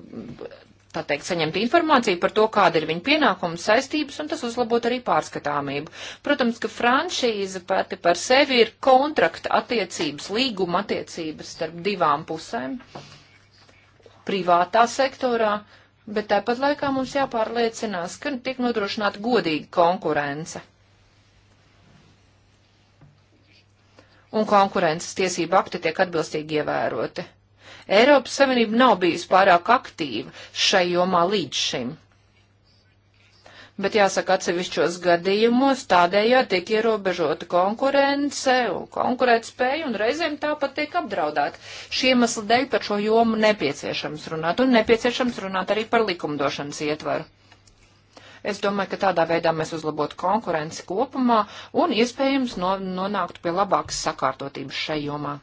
tā teikt, saņemt informāciju par to, kāda ir viņa pienākuma saistības, un tas uzlabot arī pārskatāmību. Protams, ka franšīze pati par sevi ir kontrakta attiecības, līguma attiecības starp divām pusēm privātā sektorā, bet tāpat laikā mums jāpārliecinās, ka tiek nodrošināta godīga konkurence. un konkurences tiesību akti tiek atbilstīgi ievēroti. Eiropas Savienība nav bijusi pārāk aktīva šai jomā līdz šim. Bet jāsaka, atsevišķos gadījumos tādējādi tiek ierobežota konkurence un konkurētspēja, un reizēm tāpat tiek apdraudēta. Šie iemesli dēļ par šo jomu nepieciešams runāt, un nepieciešams runāt arī par likumdošanas ietvaru. Es domāju, ka tādā veidā mēs uzlabotu konkurenci kopumā un iespējams no, nonāktu pie labākas sakārtotības šai jomā.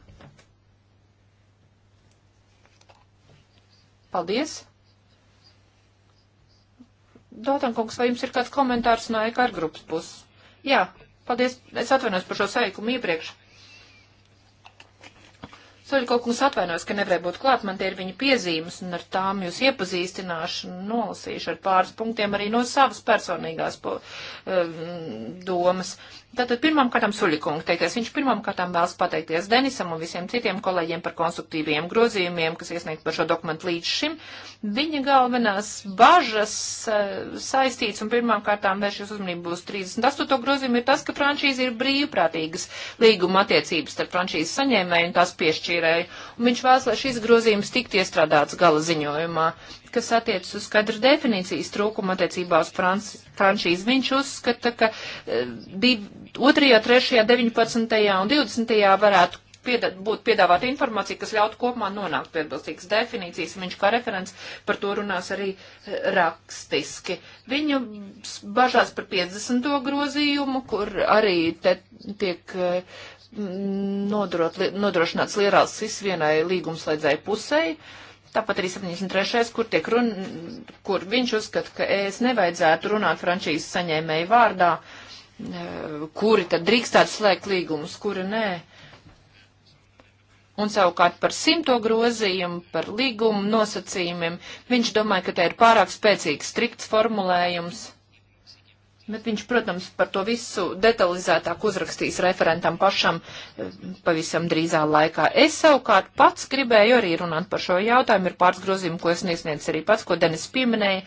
Paldies! Dotankungs, vai jums ir kāds komentārs no EKR grupas puses? Jā, paldies. Es atvainojos par šo saikumu iepriekš. Soļko kungs atvainojas, ka nevarēja būt klāt, man tie ir viņa piezīmes, un ar tām jūs iepazīstināšu, nolasīšu ar pāris punktiem arī no savas personīgās po, um, domas. Tātad pirmām kārtām Suļikunga teikties. Viņš pirmām kārtām vēlas pateikties Denisam un visiem citiem kolēģiem par konstruktīviem grozījumiem, kas iesniegt par šo dokumentu līdz šim. Viņa galvenās bažas eh, saistīts un pirmām kārtām vēršas uzmanību uz 38. grozījumu ir tas, ka franšīze ir brīvprātīgas līguma attiecības starp franšīzes saņēmēju un tās piešķīrēju. Un viņš vēlas, lai šis grozījums tiktu iestrādāts gala ziņojumā kas attiecas uz skaidru definīcijas trūkumu attiecībā uz franšīzi. Viņš uzskata, ka 2, 3, 19 un 20 varētu pieda būt piedāvāta informācija, kas ļautu kopumā nonākt pie atbilstīgas definīcijas. Viņš kā referents par to runās arī eh, rakstiski. Viņu bažās par 50. grozījumu, kur arī te tiek eh, nodrošināts lielās izvienai līgumslēdzēju pusēji. Tāpat arī 73. kur, tiek run, kur viņš uzskata, ka es nevajadzētu runāt frančīzes saņēmēju vārdā, e, kuri tad drīkstētu slēgt līgumus, kuri nē. Un savukārt par simto grozījumu, par līgumu nosacījumiem, viņš domāja, ka te ir pārāk spēcīgs, strikts formulējums Bet viņš, protams, par to visu detalizētāk uzrakstīs referentam pašam pavisam drīzā laikā. Es savukārt pats gribēju arī runāt par šo jautājumu. Ir pāris grozījumi, ko es niesniedzu arī pats, ko Denis pieminēja.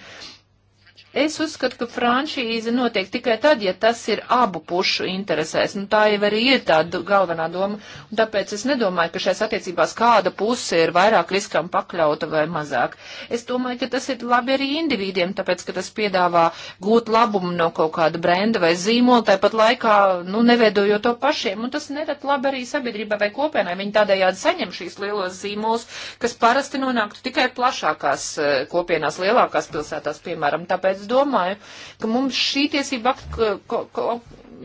Es uzskatu, ka franšīze notiek tikai tad, ja tas ir abu pušu interesēs. Nu, tā jau arī ir tā galvenā doma. Un tāpēc es nedomāju, ka šajās attiecībās kāda puse ir vairāk riskam pakļauta vai mazāk. Es domāju, ka tas ir labi arī individiem, tāpēc, ka tas piedāvā gūt labumu no kaut kāda brenda vai zīmola, tāpat laikā, nu, neveidojot to pašiem. Un tas nerat labi arī sabiedrībai vai kopienai. Viņi tādējādi saņem šīs lielos zīmolus, kas parasti nonāktu tikai plašākās eh, kopienās, lielākās pilsētās, piemēram. Tāpēc tāpēc domāju, ka mums šī tiesība akta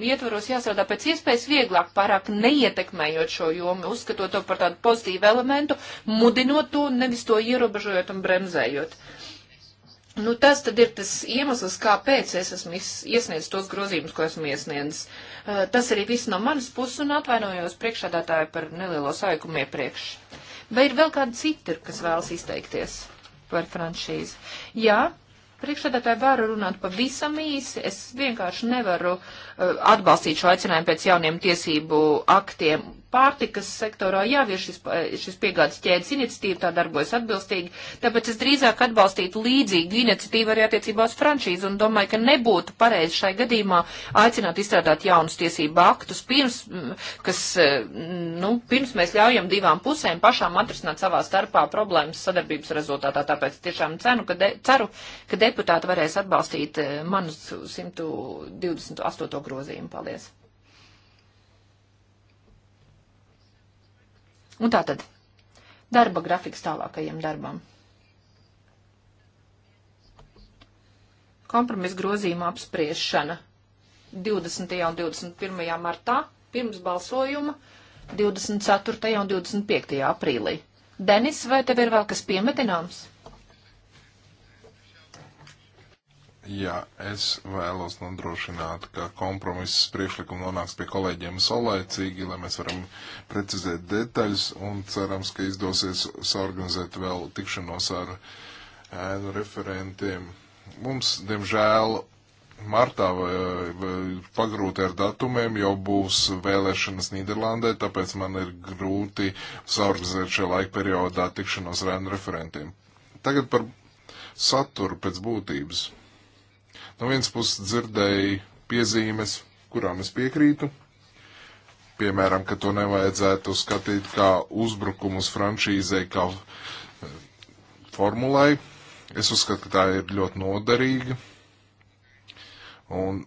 ietvaros jāstrādā pēc iespējas vieglāk, pārāk neietekmējot šo jomu, uzskatot to par tādu pozitīvu elementu, mudinot to, nevis to ierobežojot un bremzējot. Nu, tas tad ir tas iemesls, kāpēc es esmu iesniedzis tos grozījumus, ko esmu iesniedzis. Uh, tas arī viss no manas puses un atvainojos priekšādātāju par nelielo saikumu iepriekš. Vai ir vēl kādi citi, kas vēlas izteikties par franšīzi? Jā, Priekšsēdētāji varu runāt pavisam īsi. Es vienkārši nevaru uh, atbalstīt šo aicinājumu pēc jauniem tiesību aktiem pārtikas sektorā jau ir šis, šis piegādes ķēdes iniciatīva, tā darbojas atbilstīgi, tāpēc es drīzāk atbalstītu līdzīgu iniciatīvu arī attiecībā uz franšīzi un domāju, ka nebūtu pareizi šai gadījumā aicināt izstrādāt jaunus tiesību aktus, pirms, kas, e, nu, pirms mēs ļaujam divām pusēm pašām atrisināt savā starpā problēmas sadarbības rezultātā, tāpēc tiešām cenu, ka de, ceru, ka deputāti varēs atbalstīt e, manus 128 grozījumu. Paldies! Un tā tad darba grafiks tālākajiem darbam. Kompromisa grozījuma apspriešana 20. un 21. martā pirms balsojuma 24. un 25. aprīlī. Denis, vai tev ir vēl kas piemetināms? Ja es vēlos nodrošināt, ka kompromiss priekšlikumi nonāks pie kolēģiem saulēcīgi, lai mēs varam precizēt detaļas un cerams, ka izdosies saorganizēt vēl tikšanos ar ēnu referentiem. Mums, diemžēl, martā vai, vai pagrūti ar datumiem, jo būs vēlēšanas Nīderlandē, tāpēc man ir grūti saorganizēt šajā laika periodā tikšanos ar referentiem. Tagad par saturu pēc būtības. No vienas puses dzirdēju piezīmes, kurām es piekrītu, piemēram, ka to nevajadzētu skatīt kā uzbrukumu uz franšīzei, kā eh, formulai. Es uzskatu, ka tā ir ļoti noderīga un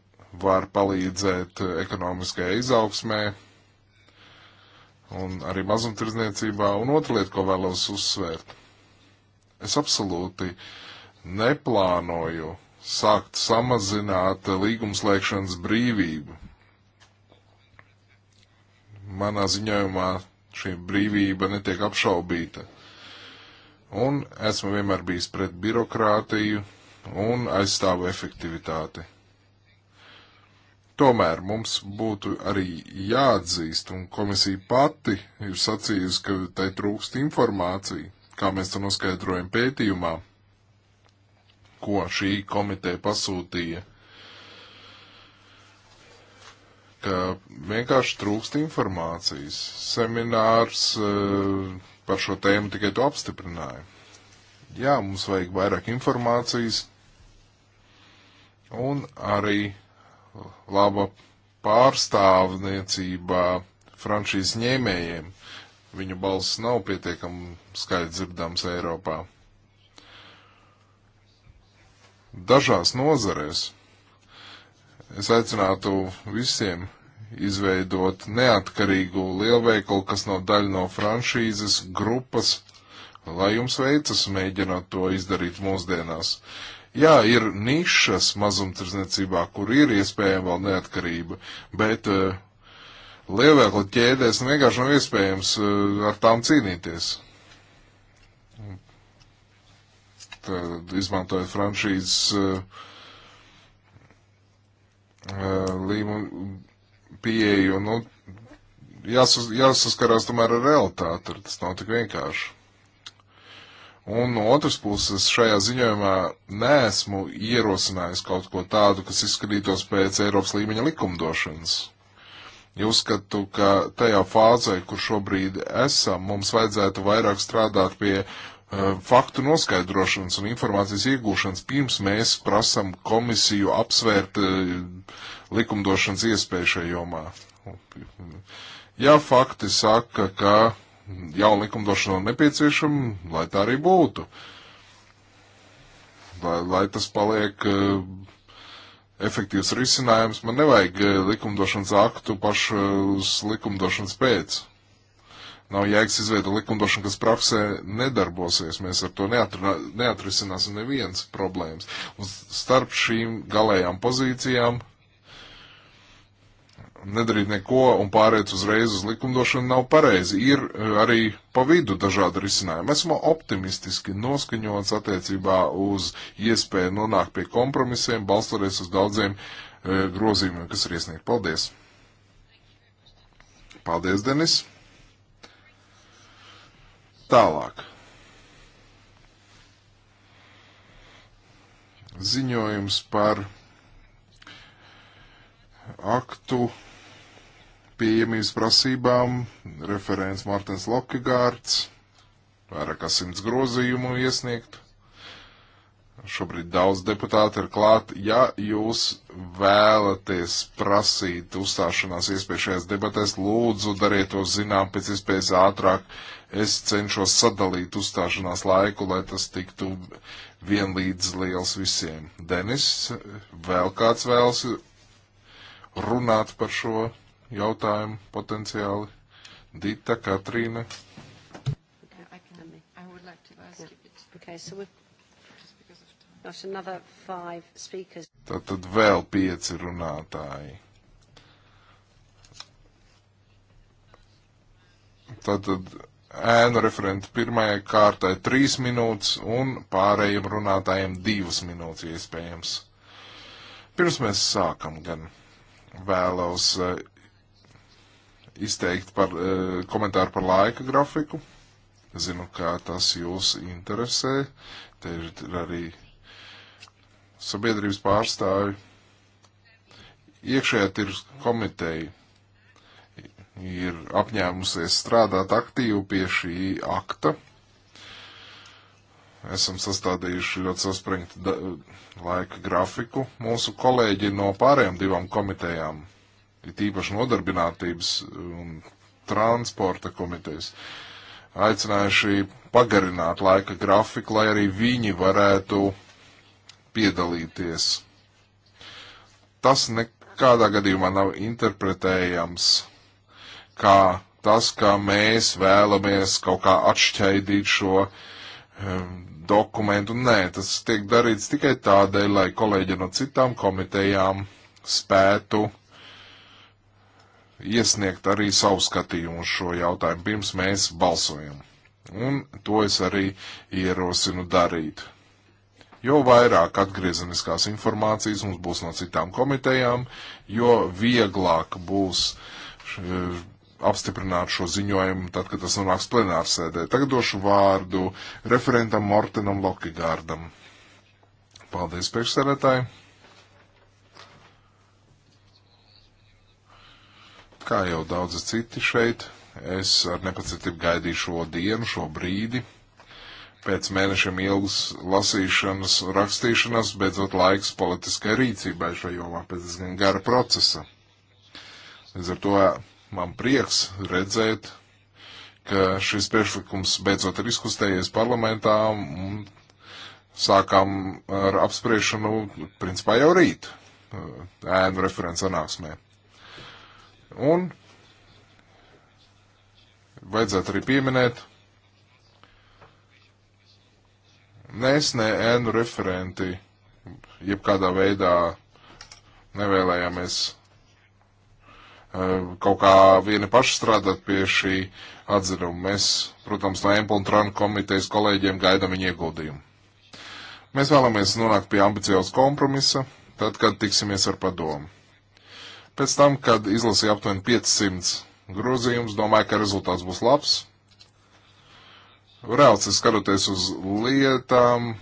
var palīdzēt ekonomiskajai izaugsmē un arī mazumtirdzniecībā. Un otra lieta, ko vēlos uzsvērt, es absolūti neplānoju sākt samazināt līgumslēgšanas brīvību. Manā ziņojumā šī brīvība netiek apšaubīta. Un esmu vienmēr bijis pret birokrātiju un aizstāvu efektivitāti. Tomēr mums būtu arī jāatzīst, un komisija pati ir sacījusi, ka tai trūkst informācija, kā mēs to noskaidrojam pētījumā, ko šī komiteja pasūtīja, ka vienkārši trūkst informācijas. Seminārs eh, par šo tēmu tikai to apstiprināja. Jā, mums vajag vairāk informācijas un arī laba pārstāvniecībā franšīz ņēmējiem. Viņu balss nav pietiekami skaidrs dzirdams Eiropā dažās nozarēs. Es aicinātu visiem izveidot neatkarīgu lielveikalu, kas nav daļa no franšīzes grupas, lai jums veicas mēģināt to izdarīt mūsdienās. Jā, ir nišas mazumtirdzniecībā, kur ir iespējama vēl neatkarība, bet uh, eh, lielveikalu ķēdēs vienkārši nav iespējams uh, ar tām cīnīties. izmantojot franšīzes eh, eh, līmumu pieeju. Nu, jāsas, jāsaskarās tomēr ar realitāti, tas nav tik vienkārši. Un no otras puses, šajā ziņojumā neesmu ierosinājis kaut ko tādu, kas izskatītos pēc Eiropas līmeņa likumdošanas. Ja uzskatu, ka tajā fāzē, kur šobrīd esam, mums vajadzētu vairāk strādāt pie Eh, faktu noskaidrošanas un informācijas iegūšanas pirms mēs prasam komisiju apsvērt eh, likumdošanas iespēju šajā jomā. Ja fakti saka, ka jauna likumdošana nav nepieciešama, lai tā arī būtu, lai, lai tas paliek eh, efektīvs risinājums, man nevajag likumdošanas aktu pašas likumdošanas pēc. Nav jēgas izveidot likumdošanu, kas praksē nedarbosies. Mēs ar to neatra, neatrisināsim neviens problēmas. Un starp šīm galējām pozīcijām nedarīt neko un pāriet uzreiz uz likumdošanu nav pareizi. Ir eh, arī pa vidu dažādi risinājumi. Esmu optimistiski noskaņots attiecībā uz iespēju nonākt pie kompromisiem, balstoties uz daudziem e, grozījumiem, kas ir iesniegti. Paldies! Paldies, Denis! Tālāk. Ziņojums par aktu pieejamības prasībām, referents Martins Lokigārds, vairāk kā simts grozījumu iesniegt. Šobrīd daudz deputāti ir klāt. Ja jūs vēlaties prasīt uzstāšanās iespēju šajās debatēs, lūdzu dariet to zinām pēc iespējas ātrāk, es cenšos sadalīt uzstāšanās laiku, lai tas tiktu vienlīdz liels visiem. Denis, vēl kāds vēlas runāt par šo jautājumu potenciāli? Dita, Katrīna. Tātad vēl pieci runātāji. Tātad ēnu referentu pirmajai kārtai trīs minūtes un pārējiem runātājiem divas minūtes iespējams. Pirms mēs sākam gan vēlos uh, izteikt par, uh, komentāru par laika grafiku. Zinu, kā tas jūs interesē. Te ir arī sabiedrības pārstāvi. Iekšējā tirgus komiteja ir apņēmusies strādāt aktīvi pie šī akta. Esam sastādījuši ļoti saspringtu laika grafiku. Mūsu kolēģi no pārējām divām komitejām, ir tīpaši nodarbinātības un transporta komitejas, aicinājuši pagarināt laika grafiku, lai arī viņi varētu piedalīties. Tas nekādā gadījumā nav interpretējams kā tas, ka mēs vēlamies kaut kā atšķaidīt šo um, dokumentu. Nē, tas tiek darīts tikai tādēļ, lai kolēģi no citām komitejām spētu iesniegt arī savu skatījumu uz šo jautājumu, pirms mēs balsojam. Un to es arī ierosinu darīt. Jo vairāk atgriezeniskās informācijas mums būs no citām komitejām, jo vieglāk būs š, uh, apstiprināt šo ziņojumu, tad, kad tas nonāks plenārsēdē. Tagad došu vārdu referentam Mortenam Lokigārdam. Paldies, priekšsēdētāji! Kā jau daudzi citi šeit, es ar nepacietību gaidīju šo dienu, šo brīdi. Pēc mēnešiem ilgas lasīšanas, rakstīšanas, beidzot laiks politiskai rīcībai šajā jomā pēc diezgan gara procesa. Līdz ar to man prieks redzēt, ka šis priekšlikums beidzot ir izkustējies parlamentā un sākām ar apspriešanu principā jau rīt ēnu referents sanāksmē. Un vajadzētu arī pieminēt, mēs ne ēnu referenti jebkādā veidā nevēlējāmies Eh, kaut kā vieni paši strādāt pie šī atzinuma. Mēs, protams, no Empel un Tran komitejas kolēģiem gaidām viņu ieguldījumu. Mēs vēlamies nonākt pie ambiciozas kompromisa, tad, kad tiksimies ar padomu. Pēc tam, kad izlasīju aptuveni 500 grozījumus, domāju, ka rezultāts būs labs. Reāls ir skatoties uz lietām,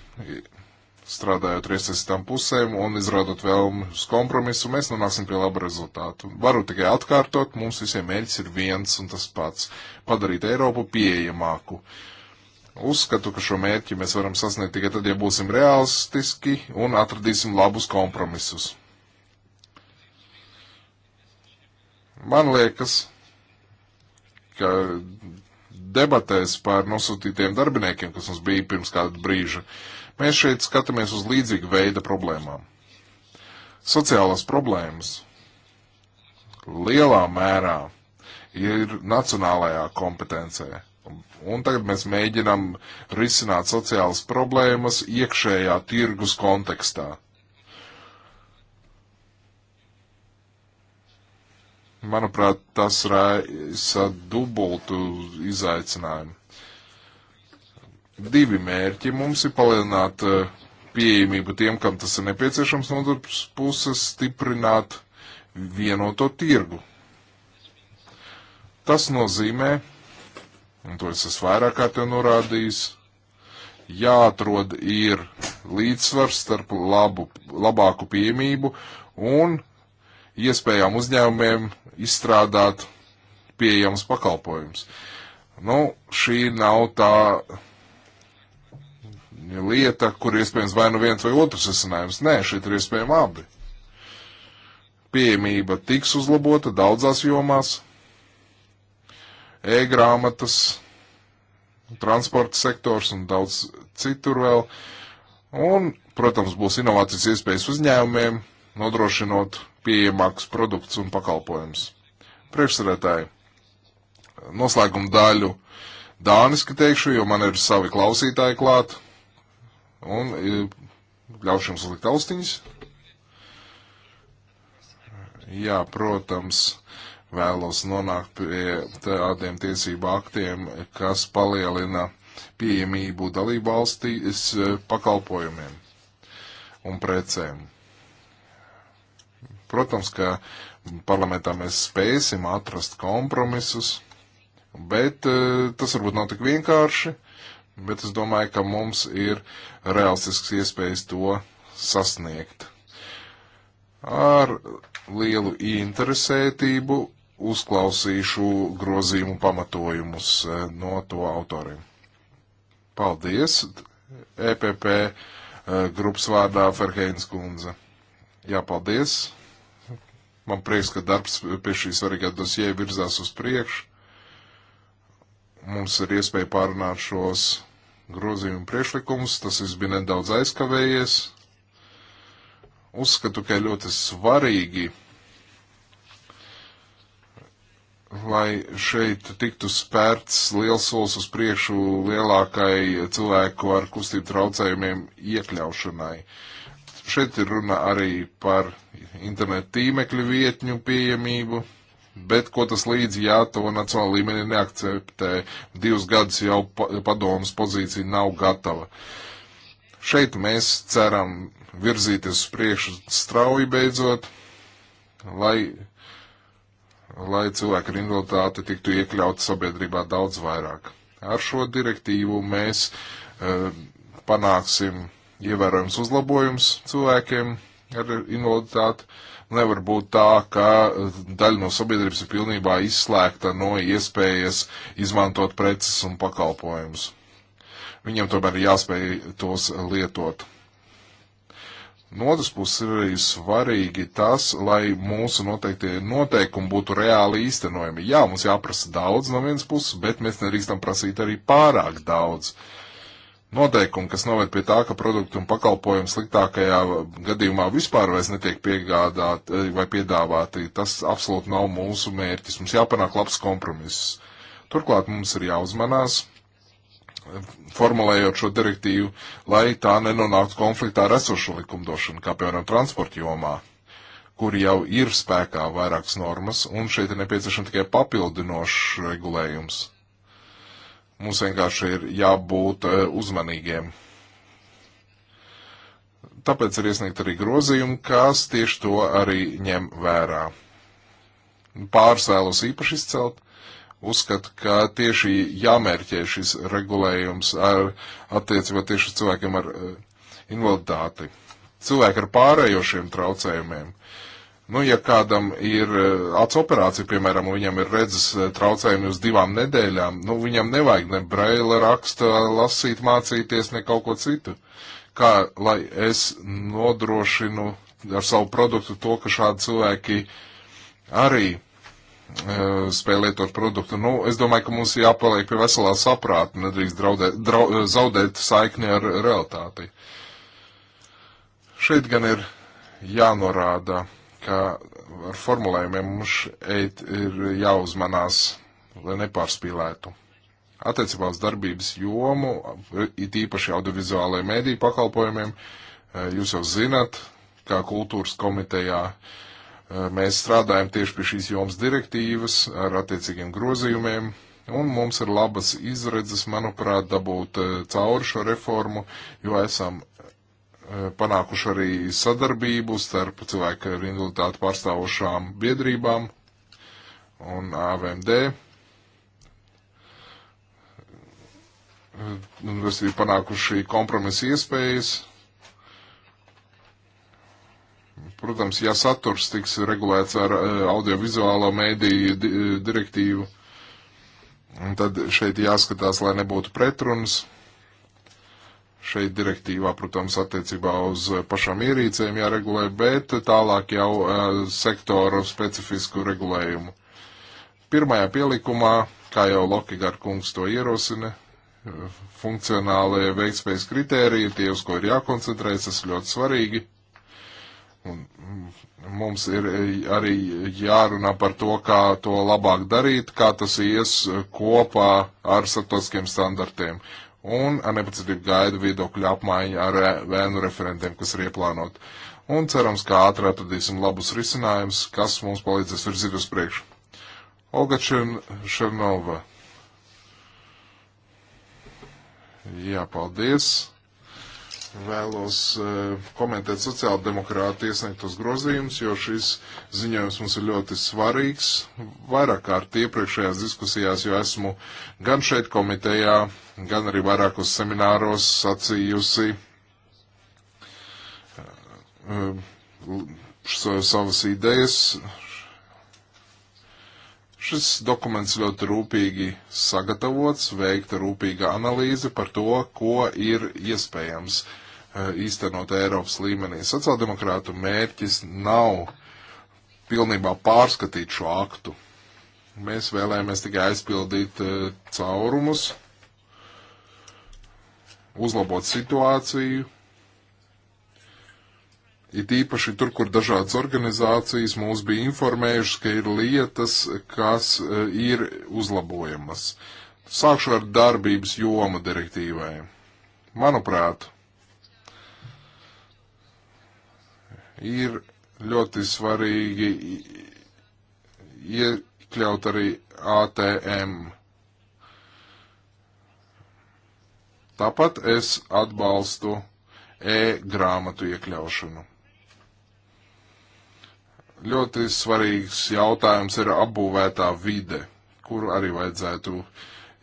strādājot ar iesaistītām pusēm un izrādot vēlmu uz kompromisu, mēs nonāksim pie laba rezultātu. Varu tikai atkārtot, mums visiem mērķis ir viens un tas pats - padarīt Eiropu pieejamāku. Uzskatu, ka šo mērķi mēs varam sasniegt tikai tad, ja būsim realistiski un atradīsim labus kompromisus. Man liekas, ka debatēs par nosūtītiem darbiniekiem, kas mums bija pirms kāda brīža, uh, Mēs šeit skatāmies uz līdzīgu veidu problēmām. Sociālās problēmas lielā mērā ir nacionālajā kompetencē. Un tagad mēs mēģinam risināt sociālas problēmas iekšējā tirgus kontekstā. Manuprāt, tas raisa dubultu izaicinājumu divi mērķi. Mums ir palielināt eh, pieejamību tiem, kam tas ir nepieciešams, no otras puses stiprināt vienoto tirgu. Tas nozīmē, un to es esmu vairāk kārt jau norādījis, jāatrod ir līdzsvars starp labu, labāku pieejamību un iespējām uzņēmumiem izstrādāt pieejams pakalpojums. Nu, šī nav tā lieta, kur iespējams vai nu viens vai otrs risinājums. Nē, šeit ir iespējami abi. Pieejamība tiks uzlabota daudzās jomās, e-grāmatas, transporta sektors un daudz citur vēl. Un, protams, būs inovācijas iespējas uzņēmumiem, nodrošinot pieejamākus produktus un pakalpojumus. Priekšsēdētāji, noslēguma daļu dāniski teikšu, jo man ir savi klausītāji klāt. Un e, ļaušu jums likt austiņas. Jā, protams, vēlos nonākt pie tādiem tiesību aktiem, kas palielina pieejamību dalību valstīs e, pakalpojumiem un precēm. Protams, ka parlamentā mēs spēsim atrast kompromisus, bet e, tas varbūt nav tik vienkārši bet es domāju, ka mums ir realistisks iespējas to sasniegt. Ar lielu interesētību uzklausīšu grozījumu pamatojumus eh, no to autoriem. Paldies! EPP eh, grupas vārdā Ferheins kundze. Jā, paldies! Man prieks, ka darbs pie šī svarīgā dosie virzās uz priekšu. Mums ir iespēja pārunāt šos grozījumu priešlikums, tas viss bija nedaudz aizkavējies. Uzskatu, ka ļoti svarīgi, lai šeit tiktu spērts liels solis uz priekšu lielākai cilvēku ar kustību traucējumiem iekļaušanai. Šeit ir runa arī par internetu tīmekļu vietņu pieejamību, bet ko tas līdzi, ja to nacionāla līmenī neakceptē, divus gadus jau padomas pozīcija nav gatava. Šeit mēs ceram virzīties uz priekšu strauji beidzot, lai, lai cilvēki ar invaliditāti tiktu iekļauti sabiedrībā daudz vairāk. Ar šo direktīvu mēs uh, panāksim ievērojams uzlabojums cilvēkiem ar invaliditāti. Uh, Nevar būt tā, ka daļa no sabiedrības ir pilnībā izslēgta no iespējas izmantot preces un pakalpojumus. Viņiem tomēr ir jāspēj tos lietot. No otras puses ir arī svarīgi tas, lai mūsu noteiktie noteikumi būtu reāli īstenojami. Jā, mums jāprasa daudz no vienas puses, bet mēs nedrīkstam prasīt arī pārāk daudz. Uh, noteikumi, kas noved pie tā, ka produktu un pakalpojumu sliktākajā gadījumā vispār vairs netiek piegādāti eh, vai piedāvāti, tas absolūti nav mūsu mērķis. Mums jāpanāk labs kompromiss. Turklāt mums ir jāuzmanās, formulējot šo direktīvu, lai tā nenonāktu konfliktā ar esošu likumdošanu, kā piemēram transporta jomā kur jau ir spēkā vairākas normas, un šeit ir nepieciešams tikai papildinošs regulējums Mums vienkārši ir jābūt e, uzmanīgiem. Tāpēc ir iesniegt arī grozījumi, kas tieši to arī ņem vērā. Pārsēlus īpaši izcelt, uzskatu, ka tieši jāmērķē šis regulējums ar attiecībā tieši uz cilvēkiem ar e, invaliditāti. Cilvēki ar pārējošiem traucējumiem. Uh, Nu, ja kādam ir eh, acu operācija, piemēram, un viņam ir redzes eh, traucējumi uz divām nedēļām, nu, viņam nevajag ne braila raksta, lasīt, mācīties, ne kaut ko citu. Kā lai es nodrošinu ar savu produktu to, ka šādi cilvēki arī eh, spēlēt ar produktu. Nu, es domāju, ka mums jāpaliek pie veselā saprāta, nedrīkst draudēt, drau, zaudēt saikni ar realitāti. Šeit gan ir jānorāda ka ar formulējumiem mums šeit ir jāuzmanās, lai nepārspīlētu. Attiecībā uz darbības jomu, it īpaši audiovizuālajiem mēdīju pakalpojumiem, eh, jūs jau zinat, kā kultūras komitejā eh, mēs strādājam tieši pie šīs jomas direktīvas ar attiecīgiem grozījumiem, un mums ir labas izredzes, manuprāt, dabūt eh, cauri šo reformu, jo esam Eh, panākuši arī sadarbību starp cilvēku ar invaliditāti pārstāvošām biedrībām un AVMD. Tas ir panākuši kompromisa iespējas. Protams, ja saturs tiks regulēts ar eh, audiovizuālo mēdīju eh, direktīvu, tad šeit jāskatās, lai nebūtu pretrunas šeit direktīvā, protams, attiecībā uz eh, pašām ierīcēm jāregulē, bet tālāk jau uh, eh, sektoru specifisku regulējumu. Pirmajā pielikumā, kā jau Lokigār kungs to ierosina, eh, funkcionālie veiktspējas kritēriji, tie, uz ko ir jākoncentrējas, tas ir ļoti svarīgi. Un mm, mums ir arī jārunā par to, kā to labāk darīt, kā tas ies kopā ar starptautiskiem standartiem un ar nepacietību gaidu viedokļu apmaiņu ar vēnu referentiem, kas ir ieplānot. Un cerams, ka ātri atradīsim labus risinājumus, kas mums palīdzēs virzīt uz priekšu. Olga Černova. Jā, paldies vēlos eh, komentēt sociāldemokrāti iesniegtos grozījumus, jo šis ziņojums mums ir ļoti svarīgs. Vairāk kārt iepriekšējās diskusijās, jo esmu gan šeit komitejā, gan arī vairākos semināros sacījusi eh, savas idejas. Šis dokuments ļoti rūpīgi sagatavots, veikta rūpīga analīze par to, ko ir iespējams Eh, īstenot Eiropas līmenī. Sociāldemokrātu mērķis nav pilnībā pārskatīt šo aktu. Mēs vēlējāmies tikai aizpildīt eh, caurumus, uzlabot situāciju, It īpaši tur, kur dažādas organizācijas mūs bija informējušas, ka ir lietas, kas eh, ir uzlabojamas. Sākšu ar darbības jomu direktīvai. Manuprāt, ir ļoti svarīgi iekļaut arī ATM. Tāpat es atbalstu e-grāmatu iekļaušanu. Ļoti svarīgs jautājums ir apbūvētā vide, kuru arī vajadzētu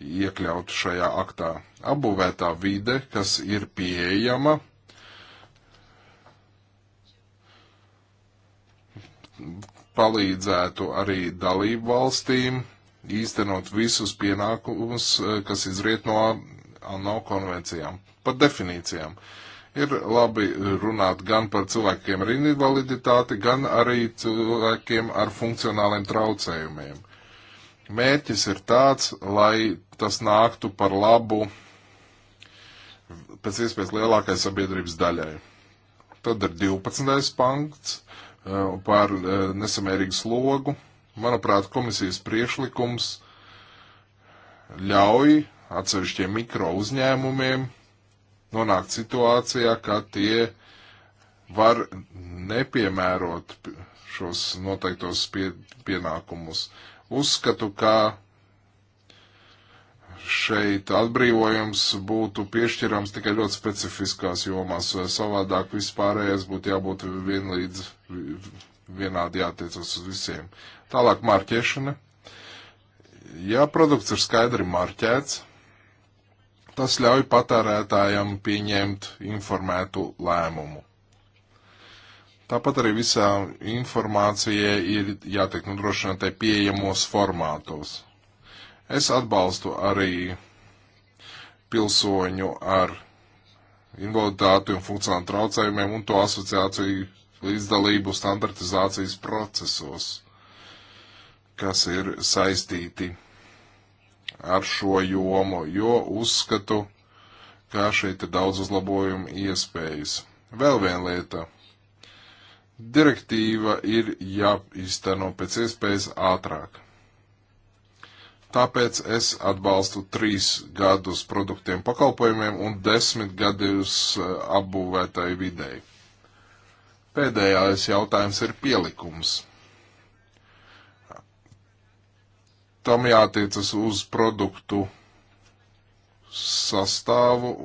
iekļaut šajā aktā. Apbūvētā vide, kas ir pieejama palīdzētu arī dalību valstīm īstenot visus pienākumus, eh, kas izriet no ANO konvencijām, par definīcijām. Ir labi runāt gan par cilvēkiem ar invaliditāti, gan arī cilvēkiem ar funkcionāliem traucējumiem. Mērķis ir tāds, lai tas nāktu par labu pēc iespējas lielākai sabiedrības daļai. Tad ir 12. punkts, Uh, pār uh, nesamērīgu slogu. Manuprāt, komisijas priekšlikums ļauj atsevišķiem mikro uzņēmumiem nonākt situācijā, ka tie var nepiemērot šos noteiktos pie, pienākumus. Uzskatu, ka šeit atbrīvojums būtu piešķirams tikai ļoti specifiskās jomās. Savādāk vispārējais būtu jābūt vienlīdz vienādi jātiecas uz visiem. Tālāk marķēšana. Ja produkts ir skaidri marķēts, tas ļauj patērētājam pieņemt informētu lēmumu. Tāpat arī visā informācijai ir jātiek nodrošinātai pieejamos formātos. Es atbalstu arī pilsoņu ar invaliditāti un funkcionālu traucējumiem un to asociāciju līdzdalību standartizācijas procesos, kas ir saistīti ar šo jomu, jo uzskatu, ka šeit ir daudz uzlabojumu iespējas. Vēl viena lieta. Direktīva ir jāizteno pēc iespējas ātrāk. Tāpēc es atbalstu trīs gadus produktiem pakalpojumiem un desmit gadus eh, apbūvētai videi. Pēdējais jautājums ir pielikums. Tam jātiecas uz produktu sastāvu,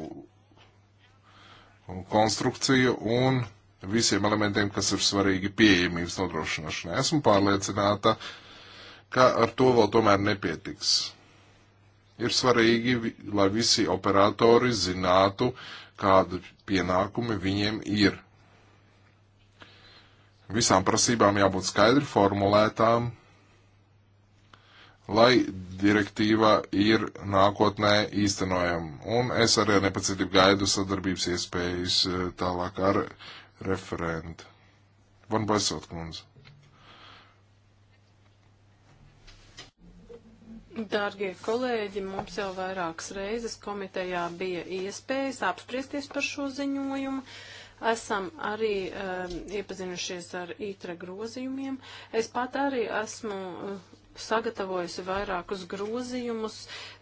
konstrukciju un visiem elementiem, kas ir svarīgi pieejamības nodrošināšanai. Esmu pārliecināta, ka ka ar to vēl tomēr nepietiks. Ir svarīgi, lai visi operatori zinātu, kādi pienākumi viņiem ir. Visām prasībām jābūt skaidri formulētām, lai direktīva ir nākotnē īstenojama. Un es arī ar nepacietību gaidu sadarbības iespējas eh, tālāk ar referentu. Van Baisot, kundze. Dārgie kolēģi, mums jau vairākas reizes komitejā bija iespējas apspriesties par šo ziņojumu. Esam arī uh, iepazinušies ar ītra grozījumiem. Es pat arī esmu uh, sagatavojusi vairākus grozījumus.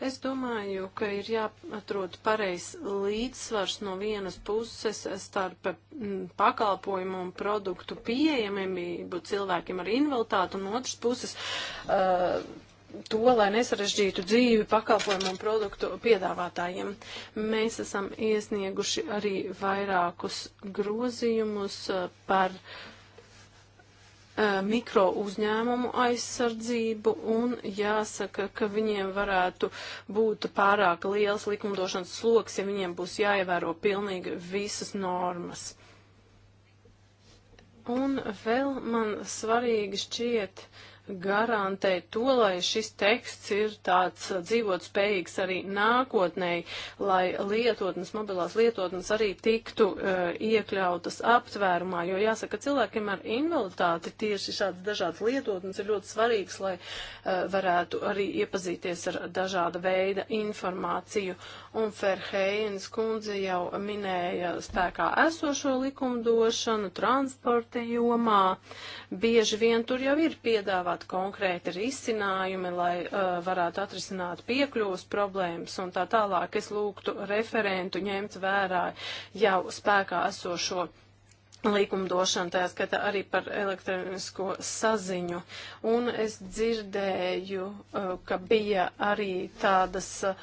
Es domāju, ka ir jāatrod pareizs līdzsvars no vienas puses starp mm, pakalpojumu un produktu pieejamību cilvēkiem ar invaliditāti, un otras puses uh, to, lai nesarežģītu dzīvi pakalpojumu un produktu piedāvātājiem. Mēs esam iesnieguši arī vairākus grozījumus eh, par eh, mikro uzņēmumu aizsardzību un jāsaka, ka viņiem varētu būt pārāk liels likumdošanas sloks, ja viņiem būs jāievēro pilnīgi visas normas. Un vēl man svarīgi šķiet uh, garantēt to, lai šis teksts ir tāds dzīvot spējīgs arī nākotnēji, lai lietotnes, mobilās lietotnes arī tiktu uh, iekļautas aptvērumā, jo jāsaka, cilvēkiem ar invaliditāti tieši šāds dažāds lietotnes ir ļoti svarīgs, lai uh, varētu arī iepazīties ar dažāda veida informāciju. Un Ferhējens kundze jau minēja spēkā esošo likumdošanu transporta jomā. Bieži vien tur jau ir piedāvāts piedāvāt konkrēti risinājumi, lai uh, varētu atrisināt piekļuvas problēmas un tā tālāk. Es lūgtu referentu ņemt vērā jau spēkā esošo likumdošana, tā skaitā arī par elektronisko saziņu. Un es dzirdēju, uh, ka bija arī tādas uh,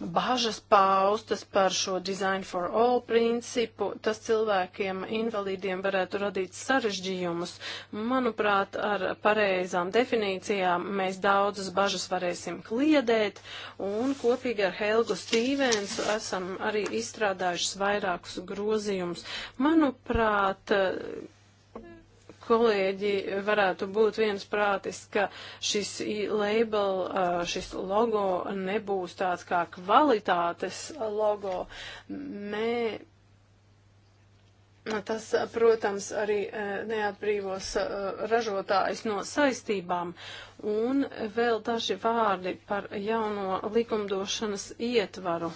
bažas paustas par šo design for all principu, tas cilvēkiem, invalīdiem varētu radīt sarežģījumus. Manuprāt, ar pareizām definīcijām mēs daudzas bažas varēsim kliedēt, un kopīgi ar Helgu Stīvensu esam arī izstrādājušas vairākus grozījumus. Manuprāt, kolēģi varētu būt viensprātis, ka šis label, šis logo nebūs tāds kā kvalitātes logo. Mē, Tas, protams, arī e, neatbrīvos e, ražotājs no saistībām. Un vēl daži vārdi par jauno likumdošanas ietvaru.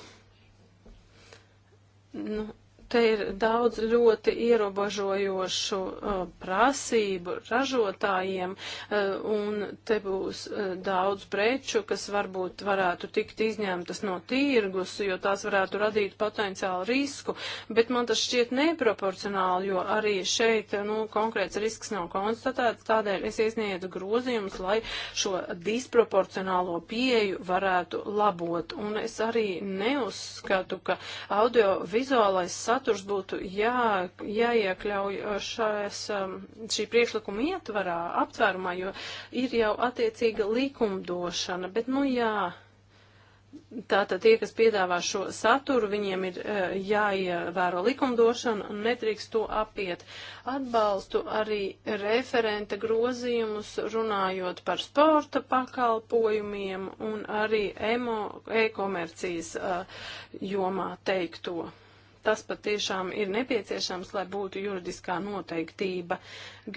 Nu, Te ir daudz ļoti ierobežojošu uh, prasību ražotājiem, uh, un te būs uh, daudz preču, kas varbūt varētu tikt izņemtas no tirgus, jo tās varētu radīt potenciālu risku, bet man tas šķiet neproporcionāli, jo arī šeit nu, konkrēts risks nav konstatēts, tādēļ es iesniedzu grozījumus, lai šo disproporcionālo pieeju varētu labot. Un es arī neuzskatu, ka audiovizuālais satura saturs būtu jā, jāiekļauj uh, šais, um, šī priekšlikuma ietvarā, aptvērumā, jo ir jau attiecīga likumdošana, bet nu jā. Tātad tie, kas piedāvā šo saturu, viņiem ir uh, jāievēro likumdošana un nedrīkst to apiet. Atbalstu arī referenta grozījumus runājot par sporta pakalpojumiem un arī e-komercijas uh, jomā teikto tas patiešām ir nepieciešams, lai būtu juridiskā noteiktība.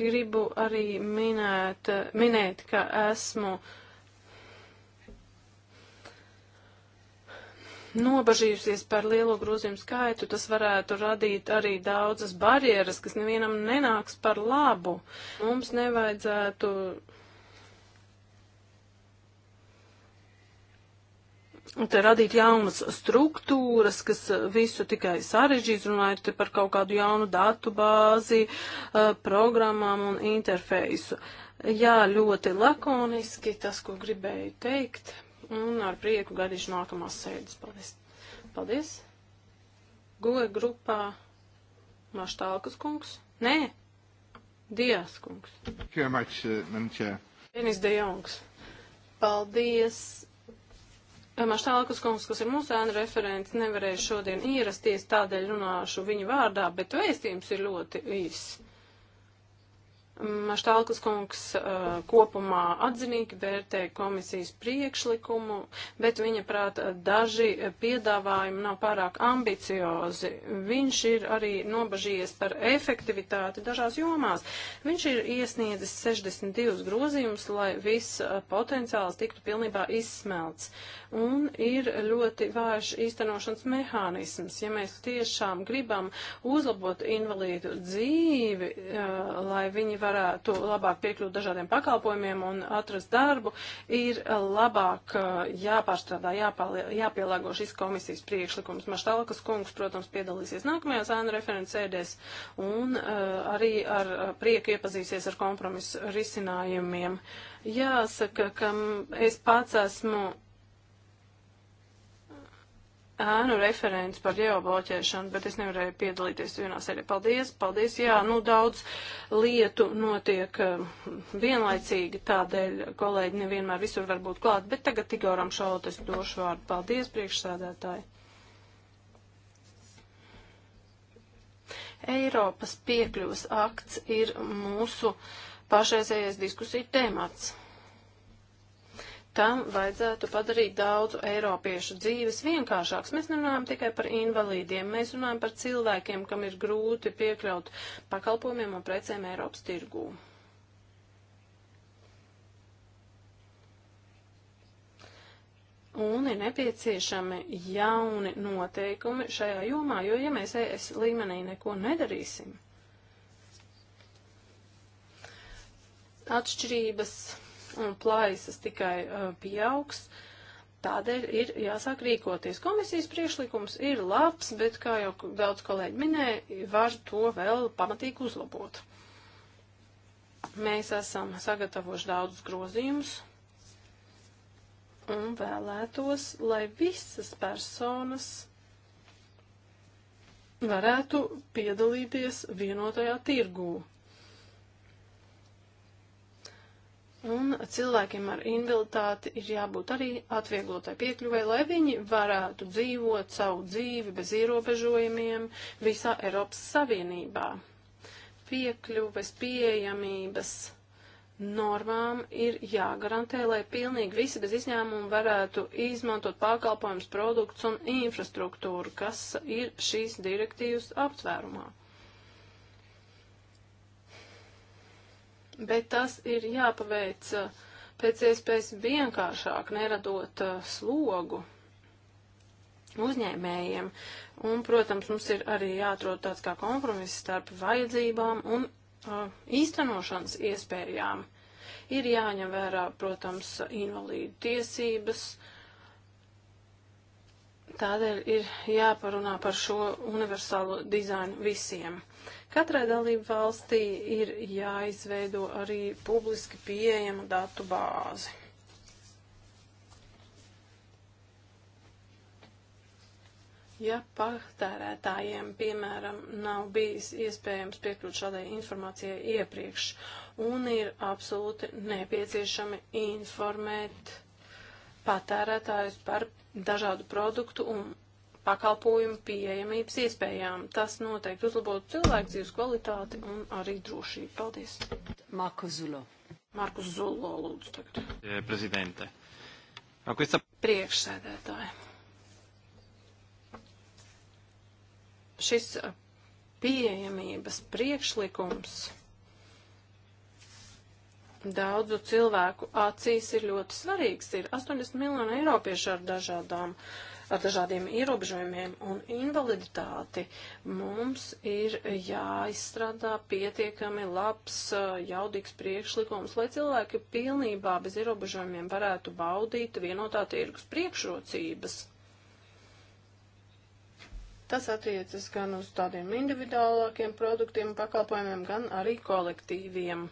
Gribu arī minēt, minēt ka esmu nobažījusies par lielo grozījumu skaitu. Tas varētu radīt arī daudzas barjeras, kas nevienam nenāks par labu. Mums nevajadzētu te radīt jaunas struktūras, kas eh, visu tikai sarežģīs, runājot par kaut kādu jaunu datu bāzi, eh, programmām un interfeisu. Jā, ļoti lakoniski tas, ko gribēju teikt, un ar prieku gaidīšu nākamās sēdes. Paldies! Paldies! Goja grupā Maštālkas kungs? Nē, Dijas kungs. Pienis uh, Dejongs. Paldies! Maštālakas kungs, kas ir mūsu ēna referents, nevarēja šodien ierasties, tādēļ runāšu viņu vārdā, bet vēstījums ir ļoti īss. Maštālkas kungs uh, kopumā atzinīgi vērtē komisijas priekšlikumu, bet viņa prāt uh, daži piedāvājumi nav pārāk ambiciozi. Viņš ir arī nobažījies par efektivitāti dažās jomās. Viņš ir iesniedzis 62 grozījumus, lai viss uh, potenciāls tiktu pilnībā izsmelts. Un ir ļoti vājš īstenošanas mehānisms. Ja mēs tiešām gribam uzlabot invalīdu dzīvi, uh, lai viņi varētu labāk piekļūt dažādiem pakalpojumiem un atrast darbu, ir labāk eh, jāpārstrādā, jāpālie, jāpielāgo šis komisijas priekšlikums. Maštalkas kungs, protams, piedalīsies nākamajā sēnu referents sēdēs un uh, arī ar eh, prieku iepazīsies ar kompromisu risinājumiem. Jāsaka, ka es pats esmu ēnu referents par ģeobloķēšanu, bet es nevarēju piedalīties vienā sēdē. Paldies, paldies, jā, nu daudz lietu notiek eh, vienlaicīgi, tādēļ kolēģi nevienmēr visur var būt klāt, bet tagad Igoram Šautas došu vārdu. Paldies, priekšsēdētāji. Eiropas piekļuvas akts ir mūsu pašreizējais diskusiju temats tam vajadzētu padarīt daudzu eiropiešu dzīves vienkāršāks. Mēs nerunājam tikai par invalīdiem, mēs runājam par cilvēkiem, kam ir grūti piekļaut pakalpojumiem un precēm Eiropas tirgū. Un ir nepieciešami jauni noteikumi šajā jomā, jo ja mēs ES līmenī neko nedarīsim, atšķirības un plaisas tikai uh, pieaugs. Tādēļ ir jāsāk rīkoties. Komisijas priešlikums ir labs, bet, kā jau daudz kolēģi minēja, var to vēl pamatīgi uzlabot. Mēs esam sagatavojuši daudzus grozījumus un vēlētos, lai visas personas varētu piedalīties vienotajā tirgū. Un cilvēkiem ar invaliditāti ir jābūt arī atvieglotai piekļuvai, lai viņi varētu dzīvot savu dzīvi bez ierobežojumiem visā Eiropas Savienībā. Piekļuves, pieejamības normām ir jāgarantē, lai pilnīgi visi bez izņēmuma varētu izmantot pakalpojums, produkts un infrastruktūru, kas ir šīs direktīvas aptvērumā. bet tas ir jāpaveic eh, pēc iespējas vienkāršāk, neradot eh, slogu uzņēmējiem. Un, protams, mums ir arī jāatrod tāds kā kompromiss starp vajadzībām un uh, īstenošanas iespējām. Ir jāņem vērā, protams, invalīdu tiesības. Tādēļ ir jāparunā par šo universālo dizainu visiem. Katrai dalību valstī ir jāizveido arī publiski pieejama datu bāzi. Ja patērētājiem, piemēram, nav bijis iespējams piekļūt šādai informācijai iepriekš un ir absolūti nepieciešami informēt patērētājus par dažādu produktu un pakalpojumu pieejamības iespējām. Tas noteikti uzlabotu cilvēku dzīves kvalitāti un arī drošību. Paldies. Marku Zulo. Marku Zulo, lūdzu tagad. Eh, Prezidente. Questa... Priekšsēdētāji. Šis eh, pieejamības priekšlikums daudzu cilvēku acīs ir ļoti svarīgs. Ir 80 miljoni eiropiešu ar dažādām uh, ar dažādiem ierobežojumiem un invaliditāti, mums ir jāizstrādā pietiekami labs, jaudīgs priekšlikums, lai cilvēki pilnībā bez ierobežojumiem varētu baudīt vienotā tirgus priekšrocības. Tas attiecas gan uz tādiem individuālākiem produktiem un pakalpojumiem, gan arī kolektīviem.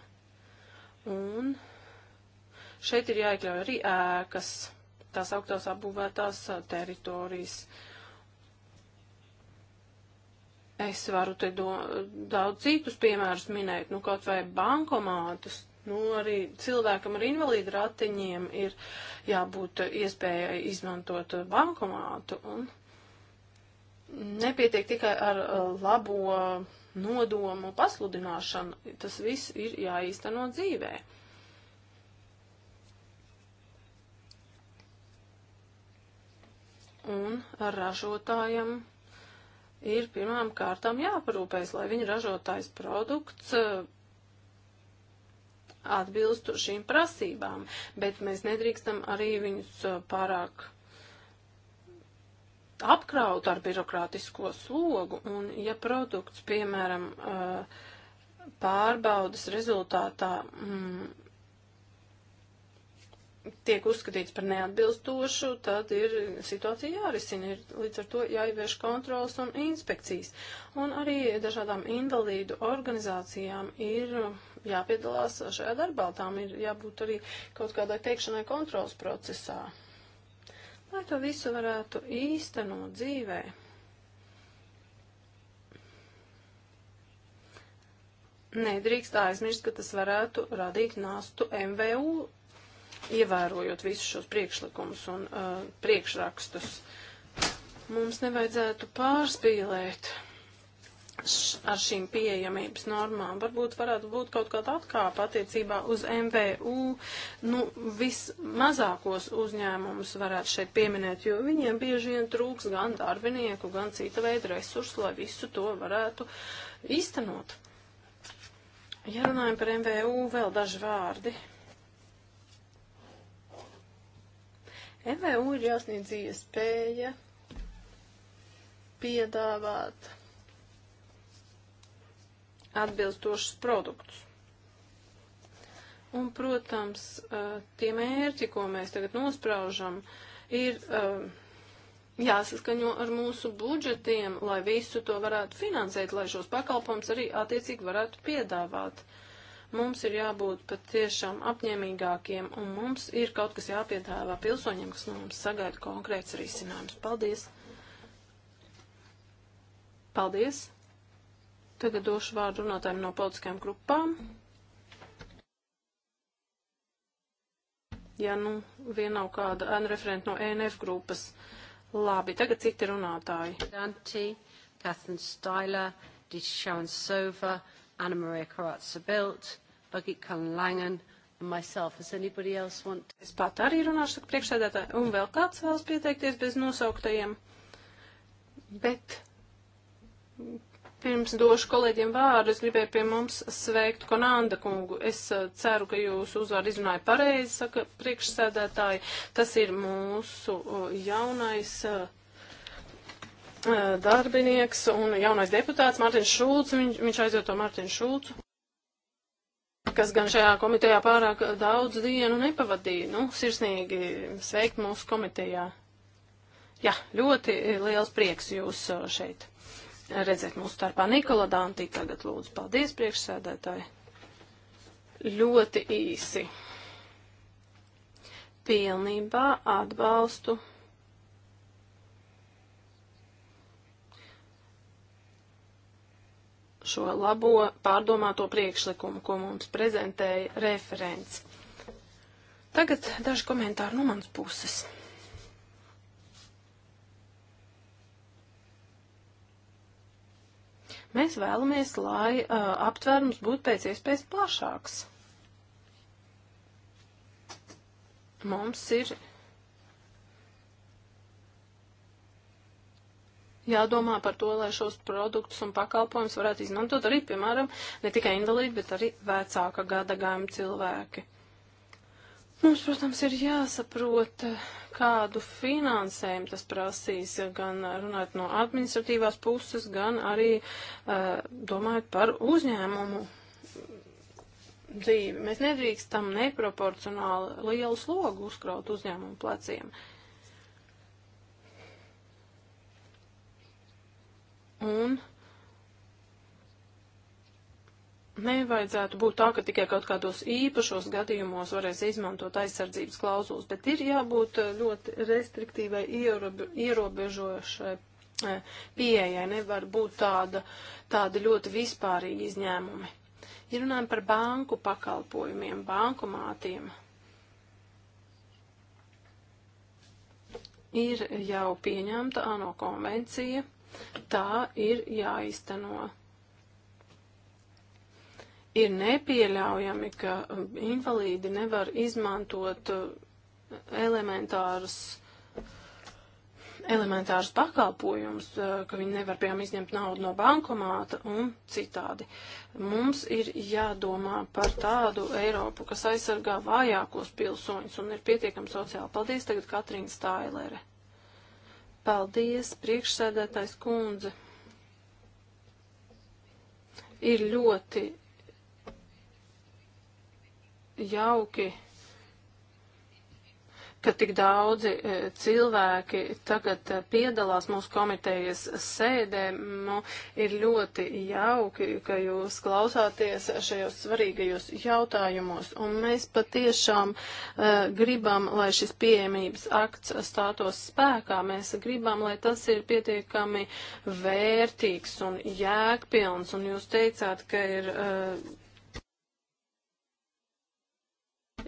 Un šeit ir jāiekļauj arī ēkas tās augtās apbūvētās teritorijas. Es varu te do, daudz citus piemērus minēt, nu kaut vai bankomātus. Nu, arī cilvēkam ar invalīdu ratiņiem ir jābūt iespējai izmantot bankomātu. Un nepietiek tikai ar labo nodomu pasludināšanu. Tas viss ir jāīsteno dzīvē. un ražotājam ir pirmām kārtām jāparūpēs, lai viņa ražotājs produkts eh, atbilstu šīm prasībām, bet mēs nedrīkstam arī viņus eh, pārāk apkraut ar birokrātisko slogu, un ja produkts, piemēram, eh, pārbaudas rezultātā mm, tiek uzskatīts par neatbilstošu, tad ir situācija jārisina, ir līdz ar to jāievieš kontrolas un inspekcijas. Un arī dažādām invalīdu organizācijām ir jāpiedalās šajā darbā, tām ir jābūt arī kaut kādai teikšanai kontrolas procesā. Lai to visu varētu īstenot dzīvē. Nedrīkst aizmirst, ka tas varētu radīt nastu MVU ievērojot visus šos priekšlikumus un uh, priekšrakstus. Mums nevajadzētu pārspīlēt š, ar šīm pieejamības normām. Varbūt varētu būt kaut kāda atkāpa attiecībā uz MVU. Nu, vismazākos uzņēmumus varētu šeit pieminēt, jo viņiem bieži vien trūks gan darbinieku, gan cita veida resursu, lai visu to varētu īstenot. Ja runājam par MVU, vēl daži vārdi. MVU ir jāsniedz iespēja piedāvāt atbilstošus produktus. Un, protams, tie mērķi, ko mēs tagad nospraužam, ir jāsaskaņo ar mūsu budžetiem, lai visu to varētu finansēt, lai šos pakalpojums arī attiecīgi varētu piedāvāt. Uh, Mums ir jābūt pat tiešām apņēmīgākiem, un mums ir kaut kas jāpiedāvā pilsoņiem, kas no mums sagaida konkrēts risinājums. Paldies! Paldies! Tagad došu vārdu runātājiem no politiskajām grupām. Ja nu vien nav kāda ēna referenta no ENF grupas. Labi, tagad citi runātāji. Danti, Catherine Styler, Disha Shansova, Anna Maria Karatsa Bilt, Bagit Kung Langen and myself. Does anybody else want to... Es pat arī runāšu, saka priekšsēdētāji, un vēl kāds vēlas pieteikties bez nosauktajiem. Bet pirms došu kolēģiem vārdu, es gribēju pie mums sveikt Konanda kungu. Es eh, ceru, ka jūs uzvārdu izrunāju pareizi, saka priekšsēdētāji. Tas ir mūsu eh, jaunais. Uh, darbinieks un jaunais deputāts Mārtiņš Šulcs, viņš, viņš aizvieto Mārtiņu Šulcu, kas gan šajā komitejā pārāk daudz dienu nepavadīja. Nu, sirsnīgi sveikt mūsu komitejā. Jā, ļoti liels prieks jūs šeit redzēt mūsu starpā. Nikola Dantī tagad lūdzu. Paldies, priekšsēdētāji. Ļoti īsi. Pilnībā atbalstu šo labo pārdomāto priekšlikumu, ko mums prezentēja referents. Tagad daži komentāri no manas puses. Mēs vēlamies, lai uh, aptvērums būtu pēc iespējas plašāks. Mums ir jādomā par to, lai šos produktus un pakalpojumus varētu izmantot arī, piemēram, ne tikai invalīdi, bet arī vecāka gada gājuma cilvēki. Mums, protams, ir jāsaprot, kādu finansējumu tas prasīs, gan runājot no administratīvās puses, gan arī uh, domājot par uzņēmumu dzīvi. Mēs nedrīkstam neproporcionāli lielu slogu uzkraut uzņēmumu pleciem. Uh, Un nevajadzētu būt tā, ka tikai kaut kādos īpašos gadījumos varēs izmantot aizsardzības klauzulas, bet ir jābūt eh, ļoti restriktīvai ierobežošai eh, pieejai, nevar būt tāda, tāda ļoti vispārīga izņēmumi. Ja runājam par banku pakalpojumiem, banku mātiem, ir jau pieņemta ANO konvencija, Tā ir jāizteno. Ir nepieļaujami, ka invalīdi nevar izmantot uh, elementārus elementārus pakalpojumus, uh, ka viņi nevar, piemēram, izņemt naudu no bankomāta un citādi. Mums ir jādomā par tādu Eiropu, kas aizsargā vājākos pilsoņus un ir pietiekami sociāli. Paldies tagad Katrīna Stailere. Paldies, priekšsēdētājs kundze. Ir ļoti jauki ka tik daudzi e, cilvēki tagad e, piedalās mūsu komitejas sēdē. Nu, ir ļoti jauki, ka jūs klausāties šajos svarīgajos jautājumos, un mēs patiešām uh, gribam, lai šis pieejamības akts stātos spēkā. Mēs gribam, lai tas ir pietiekami vērtīgs un jēgpilns, un jūs teicāt, ka ir. Uh,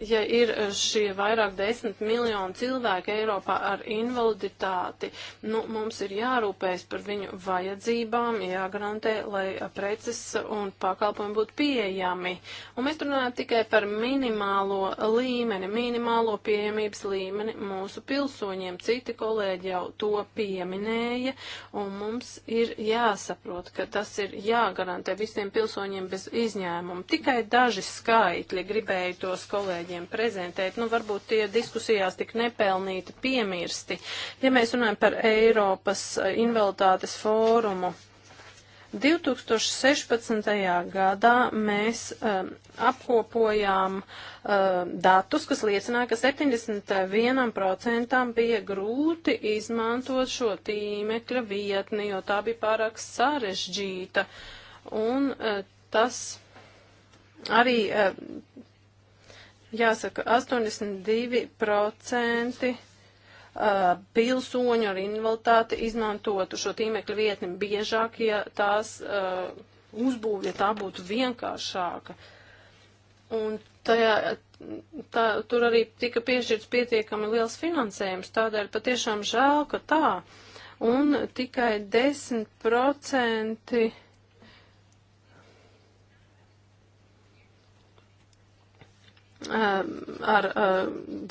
ja ir eh, šie vairāk desmit miljoni cilvēki Eiropā ar invaliditāti, nu, mums ir jārūpējas par viņu vajadzībām, jāgarantē, lai eh, preces un pakalpojumi būtu pieejami. Un mēs runājam tikai par minimālo līmeni, minimālo pieejamības līmeni mūsu pilsoņiem. Citi kolēģi jau to pieminēja, un mums ir jāsaprot, ka tas ir jāgarantē visiem pilsoņiem bez izņēmuma. Tikai daži skaitļi gribēju tos kolēģi kolēģiem prezentēt, nu varbūt tie diskusijās tik nepelnīti piemirsti. Ja mēs runājam par Eiropas invaliditātes fórumu, 2016. gadā mēs um, apkopojām um, datus, kas liecināja, ka 71% bija grūti izmantot šo tīmekļa vietni, jo tā bija pārāk sarežģīta. Un uh, tas arī uh, Jāsaka, 82% pilsoņu ar invaliditāti izmantotu šo tīmekļa vietni biežāk, ja tās uh, uzbūve, ja tā būtu vienkāršāka. Un tajā, tā, tur arī tika piešķirts pietiekami liels finansējums, tādēļ patiešām žēl, ka tā. Un tikai 10% Ehm, ar eh,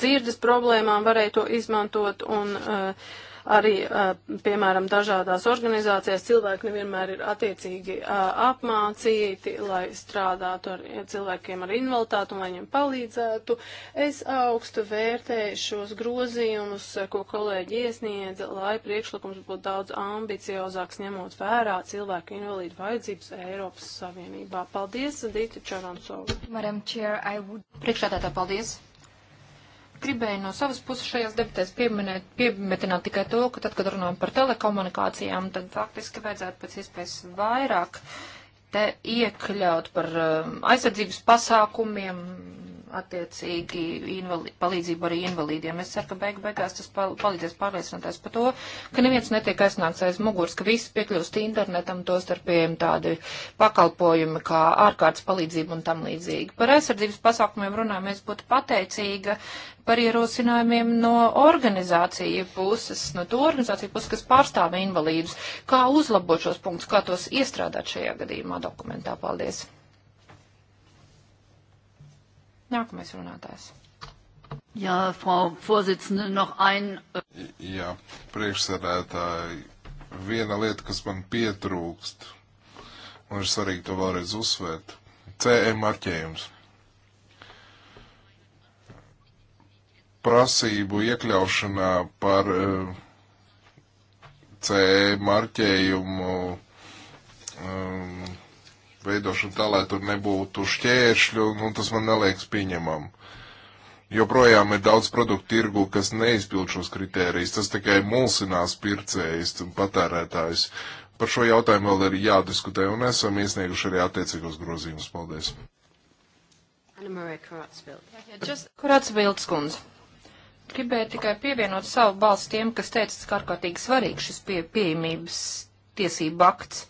dzirdes problēmām varēja to izmantot un uh, Arī, eh, piemēram, dažādās organizācijās cilvēki nevienmēr ir attiecīgi eh, apmācīti, lai strādātu ar cilvēkiem ar invaliditāti un lai viņiem palīdzētu. Es augstu vērtēju šos grozījumus, eh, ko kolēģi iesniedza, lai priekšlikums būtu daudz ambiciozāks, ņemot vērā cilvēku invalīdu vajadzības Eiropas Savienībā. Paldies, Dita Čaransova. Madam Chair, I would... Priekšādātā, paldies gribēju no savas puses šajās debatēs pieminēt, piemetināt tikai to, ka tad, kad runājam par telekomunikācijām, tad faktiski vajadzētu pēc iespējas vairāk te iekļaut par um, aizsardzības pasākumiem, attiecīgi invali, palīdzību arī invalīdiem. Es ceru, ka beigu beigās tas pal palīdzēs pārliecināties par to, ka neviens netiek aizsnāks aiz muguras, ka visi piekļūst internetam, to starp pieejam tādi pakalpojumi kā ārkārtas palīdzība un tam līdzīgi. Par aizsardzības pasākumiem runājam, es būtu pateicīga par ierosinājumiem no organizāciju puses, no to organizāciju puses, kas pārstāv invalīdus, kā uzlabot šos punktus, kā tos iestrādāt šajā gadījumā dokumentā. Paldies! Nākamais runātājs. Jā, Frau Vorsitzende, noch ein. Äh, Jā, priekšsēdētāji, viena lieta, kas man pietrūkst, man ir svarīgi to vēlreiz uzsvērt. CE marķējums. Prasību iekļaušanā par uh, äh, CE marķējumu um, veidošanu tā, lai tur nebūtu šķēršļu, un, nu, un tas man neliekas pieņemam. Joprojām ir daudz produktu tirgu, kas neizpild šos kritērijus. Tas tikai mulsinās pircējus un patērētājus. Par šo jautājumu vēl ir jādiskutē, un esam iesnieguši arī attiecīgos grozījumus. Paldies! Kurātsvilds kundze. Gribēju tikai pievienot savu balstu tiem, kas teica, ka ārkārtīgi svarīgs šis pie, pieejamības tiesība akts.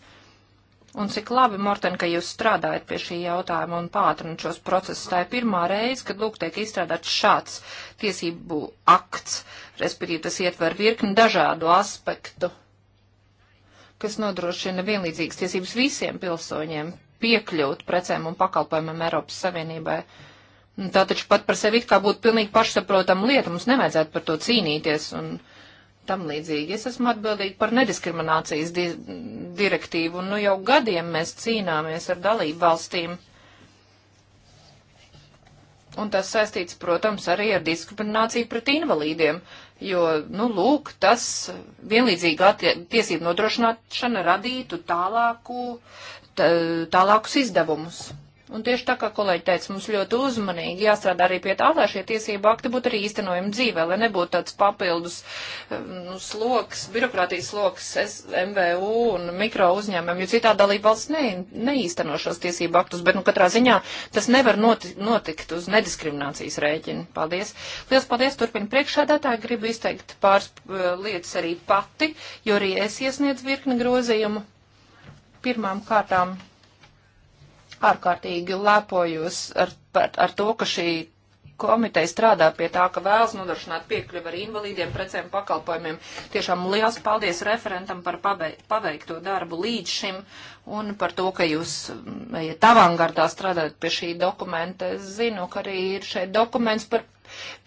Un cik labi, Morten, ka jūs strādājat pie šī jautājuma un pātrinat šos procesus. Tā ir pirmā reize, kad lūk tiek izstrādāts šāds tiesību akts, respektīvi tas ietver virkni dažādu aspektu, kas nodrošina vienlīdzīgas tiesības visiem pilsoņiem piekļūt precēm un pakalpojumam Eiropas Savienībai. Tā taču pat par sevi it kā būtu pilnīgi pašsaprotama lieta, mums nevajadzētu par to cīnīties un uh, tam līdzīgi. Es esmu atbildīga par nediskriminācijas di direktīvu, un nu jau gadiem mēs cīnāmies ar dalību valstīm. Un tas saistīts, protams, arī ar diskrimināciju pret invalīdiem, jo, nu, lūk, tas vienlīdzīgā tiesību nodrošināšana radītu tālāku, tālākus izdevumus. Un tieši tā kā kolēģi teica, mums ļoti uzmanīgi jāstrādā arī pie tā, lai šie tiesību akti būtu arī īstenojami dzīvē, lai nebūtu tāds papildus eh, nu, sloks, birokrātijas sloks MVU un mikro uzņēmumiem, jo citā dalība valsts ne, neīsteno šos tiesību aktus, bet nu katrā ziņā tas nevar noti, notikt uz nediskriminācijas rēķina. Paldies. Lielas paldies, turpina priekšādātāji, gribu izteikt pāris eh, lietas arī pati, jo arī es iesniedzu virkni grozījumu pirmām kārtām ārkārtīgi lepojos ar, par, ar to, ka šī komiteja strādā pie tā, ka vēlas nodrošināt piekļuvi ar invalīdiem, precēm, pakalpojumiem. Tiešām liels paldies referentam par paveikto darbu līdz šim un par to, ka jūs mm, ejat avangardā strādājat pie šī dokumenta. Es zinu, ka arī ir šeit dokuments par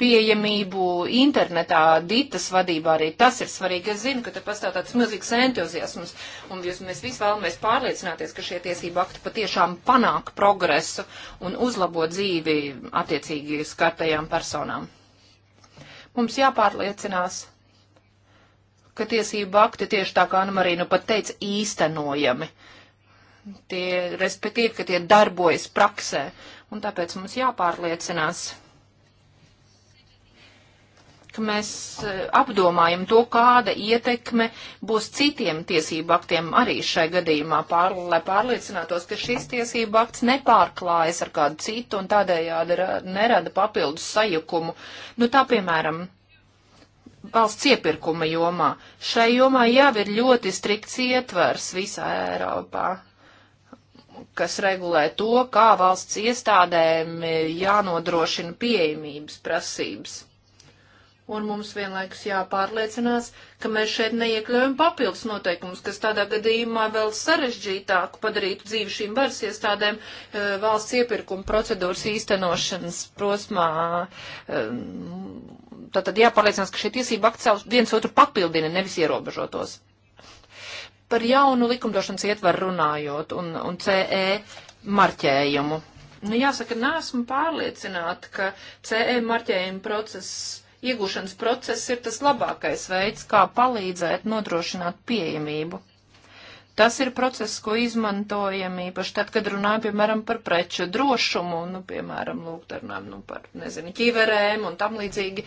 pieejamību internetā, ditas vadībā arī tas ir svarīgi. Es zinu, ka te pastāv tāds milzīgs entuziasms, un jūs, mēs visi vēlamies pārliecināties, ka šie tiesību akti patiešām panāk progresu un uzlabo dzīvi attiecīgi skartajām personām. Mums jāpārliecinās ka tiesību akti tieši tā kā Anna Marīna nu pat teica īstenojami tie, respektīvi, ka tie darbojas praksē. Un tāpēc mums jāpārliecinās, ka mēs e, apdomājam to, kāda ietekme būs citiem tiesību aktiem arī šai gadījumā, pār, lai pārliecinātos, ka šis tiesību akts nepārklājas ar kādu citu un tādējādi nerada papildus sajukumu. Nu, tā piemēram, valsts iepirkuma jomā. Šai jomā jau ir ļoti strikts ietvers visā Eiropā kas regulē to, kā valsts iestādēm e, jānodrošina pieejamības prasības un mums vienlaikus jāpārliecinās, ka mēs šeit neiekļaujam papildus noteikumus, kas tādā gadījumā vēl sarežģītāku padarītu dzīvi šīm varas iestādēm e, valsts iepirkuma procedūras īstenošanas prosmā. E, tātad jāpārliecinās, ka šie tiesība akti viens otru papildina, nevis ierobežotos. Par jaunu likumdošanas ietvaru runājot un, un CE marķējumu. Nu, jāsaka, neesmu pārliecināta, ka CE marķējuma process Iegūšanas process ir tas labākais veids, kā palīdzēt nodrošināt pieejamību. Tas ir process, ko izmantojam īpaši tad, kad runājam, piemēram, par preču drošumu, nu, piemēram, lūk, runājam, nu, par, nezinu, ķiverēm un tam līdzīgi.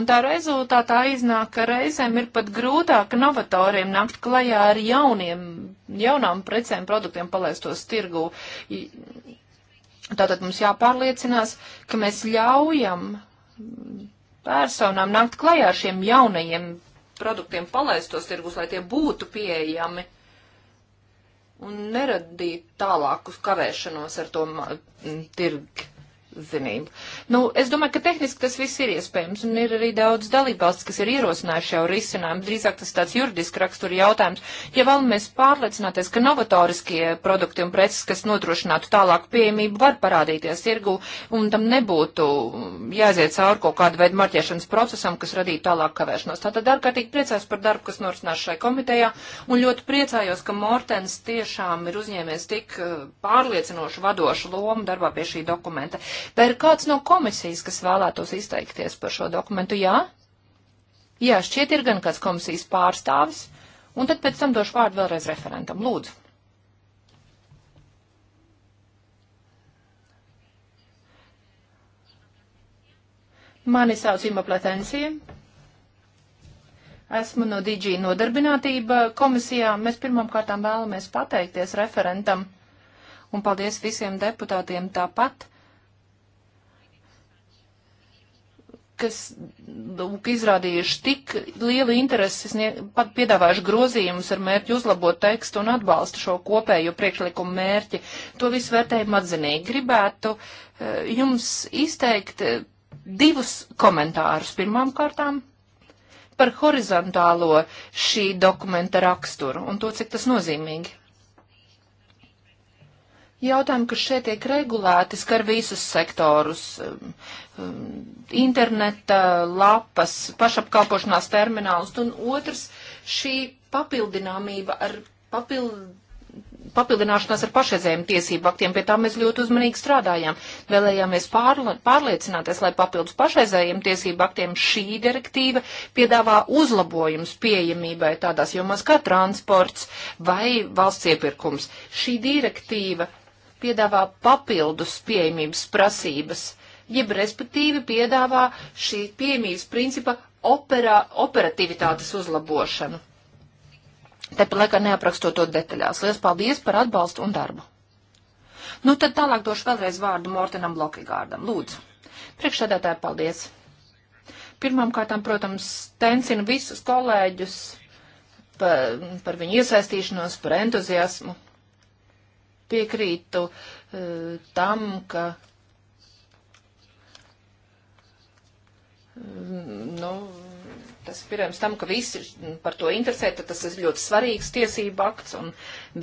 Un tā rezultātā iznāk, ka reizēm ir pat grūtāk novatoriem nākt klajā ar jauniem, jaunām precēm, produktiem palaistos tirgū. Tātad mums jāpārliecinās, ka mēs ļaujam personām nākt klajā ar šiem jaunajiem produktiem, palaistos tirgus, lai tie būtu pieejami un neradīt tālākus kavēšanos ar to tirgu zinību. Nu, es domāju, ka tehniski tas viss ir iespējams, un ir arī daudz dalībvalsts, kas ir ierosinājuši jau risinājumu. Drīzāk tas tāds juridiski rakstura jautājums. Ja vēlamies pārliecināties, ka novatoriskie produkti un preces, kas nodrošinātu tālāku pieejamību, var parādīties tirgu, un tam nebūtu jāiziet cauri kaut kādu veidu marķēšanas procesam, kas radītu tālāku kavēšanos. Tātad ārkārtīgi priecājos par darbu, kas norisinās šai komitejā, un ļoti priecājos, ka Mortens tiešām ir uzņēmies tik eh, pārliecinošu vadošu lomu darbā pie šī dokumenta. Vai ir kāds no komisijas, kas vēlētos izteikties par šo dokumentu? Jā? Jā, šķiet ir gan kāds komisijas pārstāvis, un tad pēc tam došu vārdu vēlreiz referentam. Lūdzu. Mani sauc Ima Platensija. Esmu no DG nodarbinātība komisijā. Mēs pirmām kārtām vēlamies pateikties referentam un paldies visiem deputātiem tāpat kas izrādījuši tik lielu interesi, pat piedāvājuši grozījumus ar mērķi uzlabot tekstu un atbalstu šo kopējo priekšlikumu mērķi. To visu vērtējumu atzinīgi. Gribētu eh, jums izteikt eh, divus komentārus pirmām kārtām par horizontālo šī dokumenta raksturu un to, cik tas nozīmīgi jautājumi, kas šeit tiek regulēti, skar visus sektorus um, - um, interneta, lapas, pašapkalpošanās terminālus, un otrs - šī papildināmība ar papildinājumu papildināšanās ar pašreizējiem tiesību aktiem, pie tā mēs ļoti uzmanīgi strādājām. Vēlējāmies pārla, pārliecināties, lai papildus pašreizējiem tiesību aktiem šī direktīva piedāvā uzlabojums pieejamībai tādās jomās kā transports vai valsts iepirkums. Šī direktīva piedāvā papildus pieejamības prasības, jeb respektīvi piedāvā šī pieejamības principa operā, operativitātes uzlabošanu. Tāpēc laikā neaprakstot to detaļās. Lielas paldies par atbalstu un darbu. Nu, tad tālāk došu vēlreiz vārdu Mortenam Blokigārdam. Lūdzu. Priekšsēdētāji, paldies. Pirmkārtām, protams, tencinu visus kolēģus par, par viņu iesaistīšanos, par entuziasmu piekrītu e, tam, ka mm, nu, tas ir pirms tam, ka visi par to interesē, tad tas ir ļoti svarīgs tiesība akts, un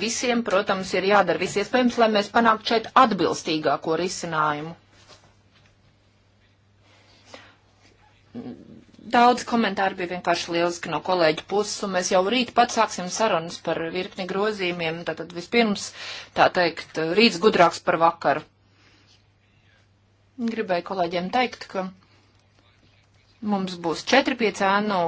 visiem, protams, ir jādara viss iespējams, lai mēs panāktu šeit atbilstīgāko risinājumu. Daudz komentāru bija vienkārši lieliski no kolēģa puses, un mēs jau rīt pat sāksim sarunas par virkni grozījumiem, tātad vispirms, tā teikt, rīts gudrāks par vakaru. Gribēju kolēģiem teikt, ka mums būs 4-5 ēnu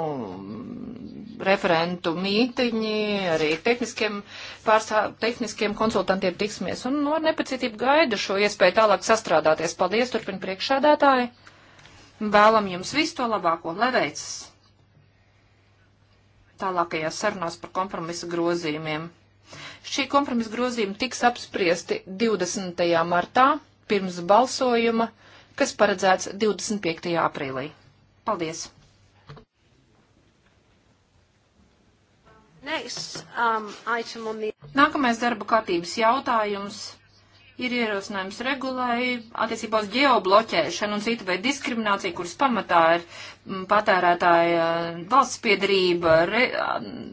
referentu mītiņi, arī tehniskiem, pārstā, tehniskiem konsultantiem tiksimies, un no nepacietību gaidu šo iespēju tālāk sastrādāties. Paldies, turpin priekšādātāji! Vēlam jums visu to labāko, lai veicas tālākajās sarunās par kompromisa grozījumiem. Šī kompromisa grozījuma tiks apspriesti 20. martā pirms balsojuma, kas paredzēts 25. aprīlī. Paldies! Next, um, the... Nākamais darba kārtības jautājums ir ierosinājums regulēji attiecībā uz geobloķēšanu un citu veidu diskrimināciju, kuras pamatā ir mm, patērētāja mm, valsts piedarība, re, mm,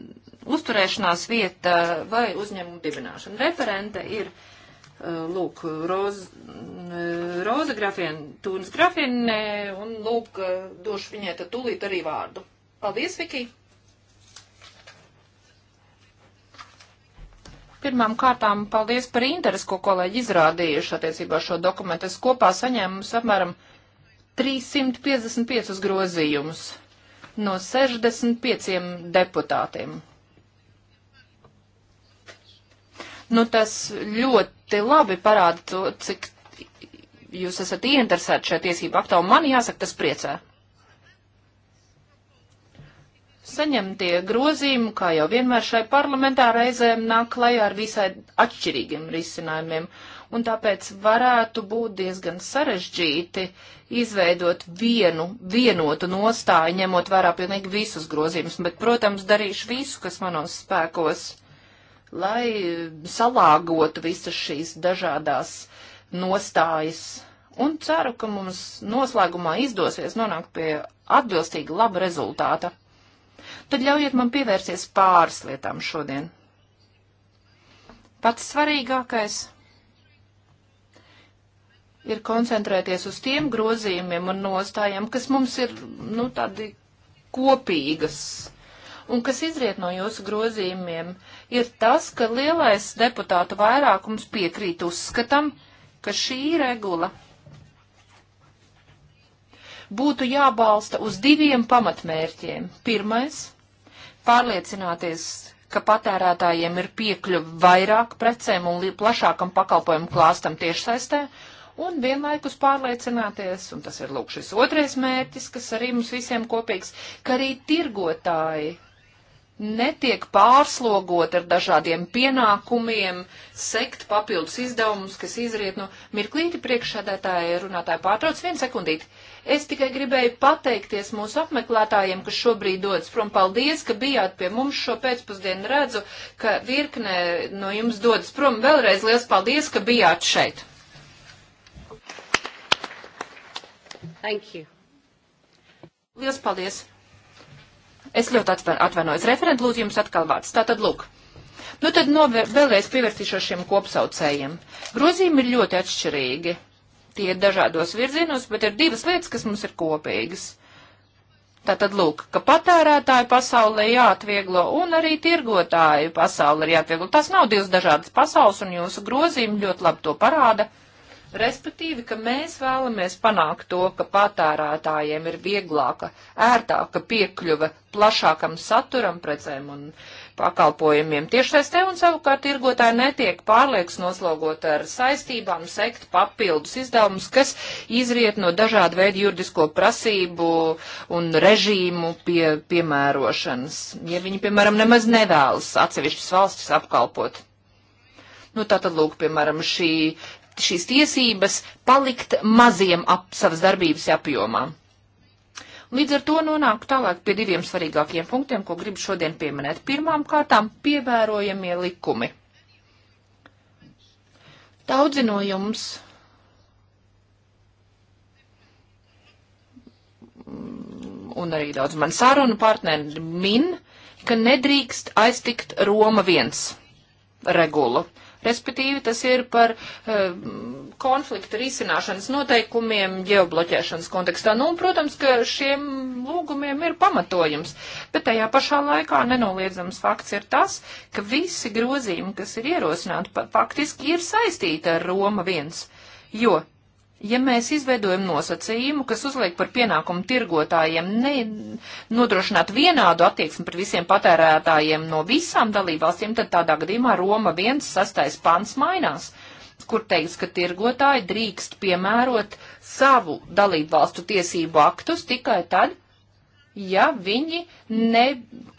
uzturēšanās vieta vai uzņēmuma dibināšana. Referente ir eh, lūk, roz, roza grafiena, tūnas grafiene, un lūk, eh, došu viņai tad tūlīt arī vārdu. Paldies, Viki! Pirmām kārtām paldies par interesi, ko kolēģi izrādījuši attiecībā šo dokumentu. Es kopā saņēmu apmēram 355 grozījumus no 65 deputātiem. Nu, tas ļoti labi parāda to, cik jūs esat ieinteresēti šajā tiesību aktā, un man jāsaka, tas priecē saņemtie grozījumi, kā jau vienmēr šai parlamentā reizēm nāk klajā ar visai atšķirīgiem risinājumiem, un tāpēc varētu būt diezgan sarežģīti izveidot vienu, vienotu nostāju, ņemot vērā pilnīgi visus grozījumus, bet, protams, darīšu visu, kas manos spēkos, lai salāgotu visas šīs dažādās nostājas. Un ceru, ka mums noslēgumā izdosies nonākt pie atbilstīgi laba rezultāta. Tad ļaujiet man pievērsties pāris lietām šodien. Pats svarīgākais ir koncentrēties uz tiem grozījumiem un nostājiem, kas mums ir, nu, tādi kopīgas un kas izriet no jūsu grozījumiem, ir tas, ka lielais deputātu vairākums piekrīt uzskatam, ka šī regula būtu jābalsta uz diviem pamatmērķiem. Pirmais - pārliecināties, ka patērētājiem ir piekļuva vairāk precēm un plašākam pakalpojumu klāstam tiešsaistē, un vienlaikus pārliecināties, un tas ir lūk šis otrais mērķis, kas arī mums visiem kopīgs, ka arī tirgotāji netiek pārslogot ar dažādiem pienākumiem, sekt papildus izdevumus, kas izriet no mirklīti priekšsēdētāja runātāja pārtrauc vienu sekundīti. Es tikai gribēju pateikties mūsu apmeklētājiem, kas šobrīd dodas prom. Paldies, ka bijāt pie mums šo pēcpusdienu. Redzu, ka virknē no jums dodas prom. Vēlreiz liels paldies, ka bijāt šeit. Thank you. Liels paldies! Es ļoti atvainojos. Referent, lūdzu, jums atkal vārds. Tātad, lūk. Nu tad novēr, vēlreiz pievērsīšos šiem kopsaucējiem. Grozījumi ir ļoti atšķirīgi. Tie ir dažādos virzienos, bet ir divas lietas, kas mums ir kopīgas. Tātad, lūk, ka patērētāju pasaulē jāatvieglo un arī tirgotāju pasauli ir jāatvieglo. Tas nav divas dažādas pasaules, un jūsu grozījumi ļoti labi to parāda. Respektīvi, ka mēs vēlamies panākt to, ka patērētājiem ir vieglāka, ērtāka piekļuve plašākam saturam, precēm un pakalpojumiem. Tieši saistē un savukārt tirgotāji netiek pārlieks noslogot ar saistībām, sekt papildus izdevumus, kas izriet no dažādu veidu juridisko prasību un režīmu pie, piemērošanas, ja viņi, piemēram, nemaz nevēlas atsevišķas valstis apkalpot. Nu, tā tad, lūk, piemēram, šī šīs tiesības palikt maziem ap savas darbības apjomā. Līdz ar to nonāku tālāk pie diviem svarīgākiem punktiem, ko gribu šodien pieminēt. Pirmām kārtām pievērojamie likumi. Daudzi no jums un arī daudz man sarunu partneri min, ka nedrīkst aiztikt Roma viens regulu. Respektīvi, tas ir par e, konfliktu risināšanas noteikumiem ģeobloķēšanas kontekstā. Nu, un, protams, ka šiem lūgumiem ir pamatojums, bet tajā pašā laikā nenoliedzams fakts ir tas, ka visi grozījumi, kas ir ierosināti, faktiski ir saistīti ar Roma viens. Jo Ja mēs izveidojam nosacījumu, kas uzliek par pienākumu tirgotājiem ne, nodrošināt vienādu attieksmi par visiem patērētājiem no visām dalībvalstīm, tad tādā gadījumā Roma 1 sastais pants mainās kur teiks, ka tirgotāji drīkst piemērot savu dalībvalstu tiesību aktus tikai tad, ja viņi ne,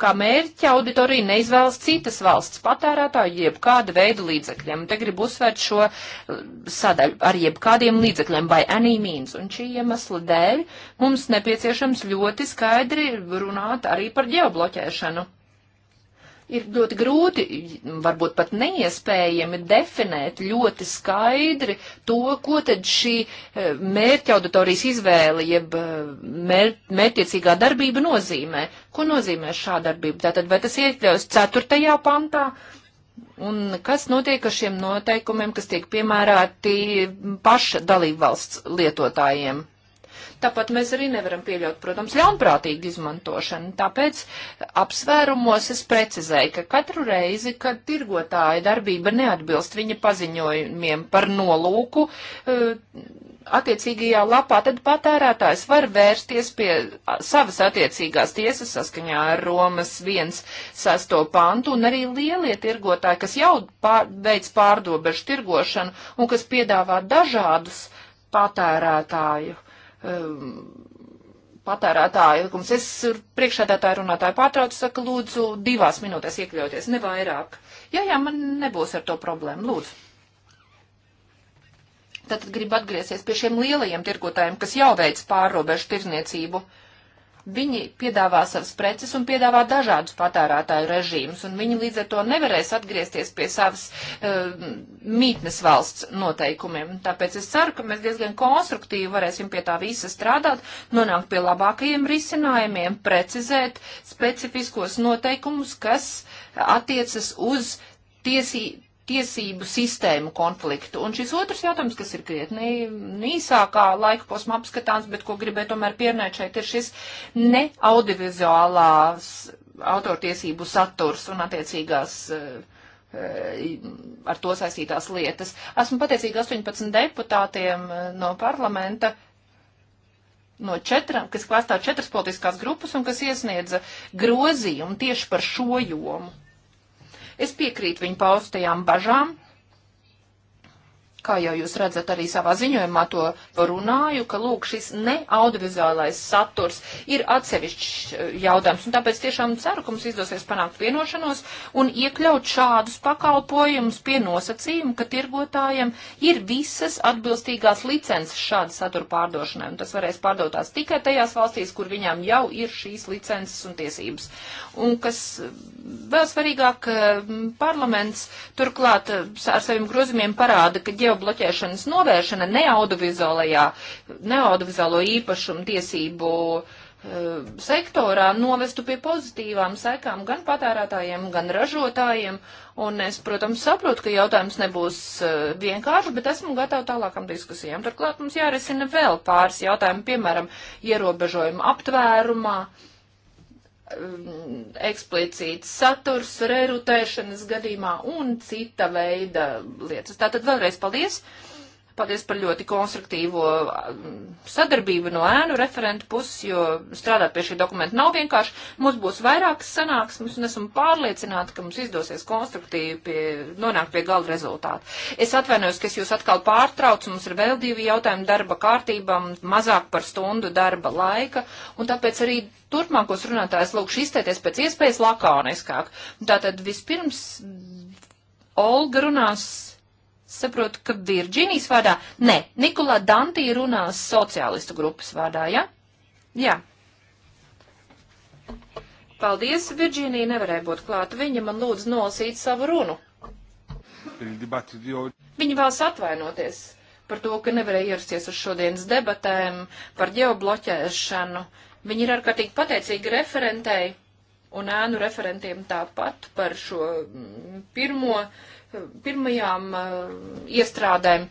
kā mērķa auditorija neizvēlas citas valsts patērētāju jeb kāda veida līdzekļiem. Te gribu uzsvērt šo uh, sadaļu ar jeb kādiem līdzekļiem vai any means. Un šī iemesla dēļ mums nepieciešams ļoti skaidri runāt arī par ģeobloķēšanu ir ļoti grūti, varbūt pat neiespējami definēt ļoti skaidri to, ko tad šī eh, mērķa auditorijas izvēle, jeb eh, mēr, mērķiecīgā darbība nozīmē. Ko nozīmē šā darbība? Tātad vai tas iekļaus ceturtajā pantā? Un kas notiek ar šiem noteikumiem, kas tiek piemērāti paša dalībvalsts lietotājiem? Tāpat mēs arī nevaram pieļaut, protams, ļaunprātīgu izmantošanu. Tāpēc apsvērumos es precizēju, ka katru reizi, kad tirgotāja darbība neatbilst viņa paziņojumiem par nolūku, eh, attiecīgajā lapā, tad patērētājs var vērsties pie savas attiecīgās tiesas saskaņā ar Romas 1.6. pantu, un arī lielie tirgotāji, kas jau pār, veids pārdobežu tirgošanu un kas piedāvā dažādus patērētāju uh, um, ehm, patērētāja likums. Es priekšēdētāju runātāju pārtraucu, saka, lūdzu, divās minūtēs iekļauties, ne vairāk. Jā, jā, man nebūs ar to problēma, lūdzu. Tad gribu atgriezties pie šiem lielajiem tirgotājiem, kas jau veic pārrobežu tirzniecību. Uh, Viņi piedāvā savas preces un piedāvā dažādus patērētāju režīmus, un viņi līdz ar to nevarēs atgriezties pie savas uh, mītnes valsts noteikumiem. Tāpēc es ceru, ka mēs diezgan konstruktīvi varēsim pie tā visa strādāt, nonākt pie labākajiem risinājumiem, precizēt specifiskos noteikumus, kas attiecas uz tiesību tiesību sistēmu konfliktu. Un šis otrs jautājums, kas ir krietni nu, īsākā laika posma apskatāms, bet ko gribēju tomēr pierunāt šeit, ir šis neaudiovizuālās autortiesību saturs un attiecīgās eh, ar to saistītās lietas. Esmu pateicīga 18 deputātiem eh, no parlamenta, no četrām, kas pārstāv četras politiskās grupas un kas iesniedza grozījumu tieši par šo jomu. Es piekrītu viņu paustajām bažām kā jau jūs redzat arī savā ziņojumā to runāju, ka lūk šis neaudiovizuālais saturs ir atsevišķs eh, jautājums. Un tāpēc tiešām ceru, ka mums izdosies panākt vienošanos un iekļaut šādus pakalpojumus pie nosacījuma, ka tirgotājiem ir visas atbilstīgās licences šāda satura pārdošanai. Un tas varēs pārdot tās tikai tajās valstīs, kur viņām jau ir šīs licences un tiesības. Un kas eh, vēl svarīgāk, eh, parlaments turklāt ar saviem grozījumiem parāda, ka ģeogrāfija geobloķēšanas novēršana neaudiovizuālajā, neaudiovizuālo īpašumu tiesību eh, sektorā novestu pie pozitīvām sekām gan patērētājiem, gan ražotājiem. Un es, protams, saprotu, ka jautājums nebūs eh, vienkārši, bet esmu gatava tālākam diskusijām. Turklāt mums jārisina vēl pāris jautājumi, piemēram, ierobežojumu aptvērumā. Uh, eksplicīts saturs rerutēšanas gadījumā un cita veida lietas. Tātad vēlreiz paldies! Uh, Paldies par ļoti konstruktīvo mm, sadarbību no ēnu referentu puses, jo strādāt pie šī dokumenta nav vienkārši. Mums būs vairākas sanāksmes, un esmu pārliecināta, ka mums izdosies konstruktīvi pie, nonākt pie galda rezultātu. Es atvainojos, ka es jūs atkal pārtraucu, mums ir vēl divi jautājumi darba kārtībām, mazāk par stundu darba laika, un tāpēc arī turpmākos runātājs lūkšu izteikties pēc iespējas lakoniskāk. Tātad vispirms Olga runās saprotu, ka Virģīnijas vārdā, nē, Nikolā Dantī runās sociālistu grupas vārdā, ja? Jā. Paldies, Virģīnija nevarēja būt klāta. Viņa man lūdz nolasīt savu runu. Viņa vēlas atvainoties par to, ka nevarēja ierasties uz šodienas debatēm par ģeobloķēšanu. Viņa ir ārkārtīgi pateicīga referentei un ēnu referentiem tāpat par šo mm, pirmo uh, pirmajām uh, iestrādēm.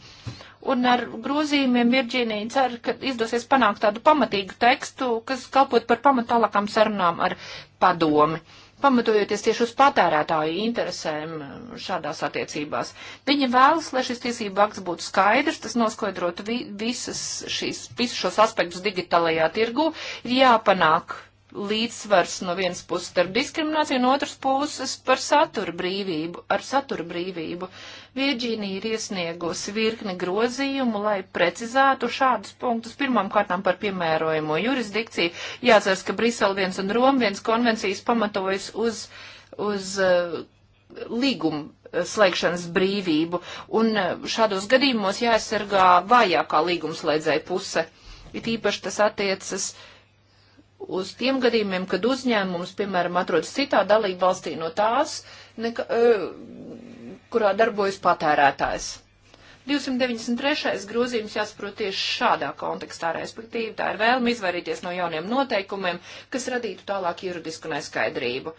Un ar grozījumiem Virģīnija cer, ka izdosies panākt tādu pamatīgu tekstu, kas kalpot par pamatālākām sarunām ar padomi pamatojoties tieši uz patērētāju interesēm uh, šādās attiecībās. Viņa vēlas, lai šis tiesību akts būtu skaidrs, tas noskaidrotu vi visas šīs, visus šos aspektus digitalajā tirgu, ir jāpanāk līdzsvars no vienas puses starp diskrimināciju un otras puses par satura brīvību, ar satura brīvību. Virģīnija ir iesniegusi virkni grozījumu, lai precizētu šādus punktus. Pirmām kārtām par piemērojamo jurisdikciju. Jāceras, ka Brisele viens un Roma viens konvencijas pamatojas uz, uz uh, līgumu uh, slēgšanas brīvību, un uh, šādos gadījumos jāaizsargā vājākā līgumslēdzēja puse. It īpaši tas attiecas uh, uz tiem gadījumiem, kad uzņēmums, piemēram, atrodas citā dalība valstī no tās, nekā, e, kurā darbojas patērētājs. 293. grozījums jāsaprot tieši šādā kontekstā, respektīvi tā ir vēlme izvairīties no jauniem noteikumiem, kas radītu tālāk juridisku neskaidrību.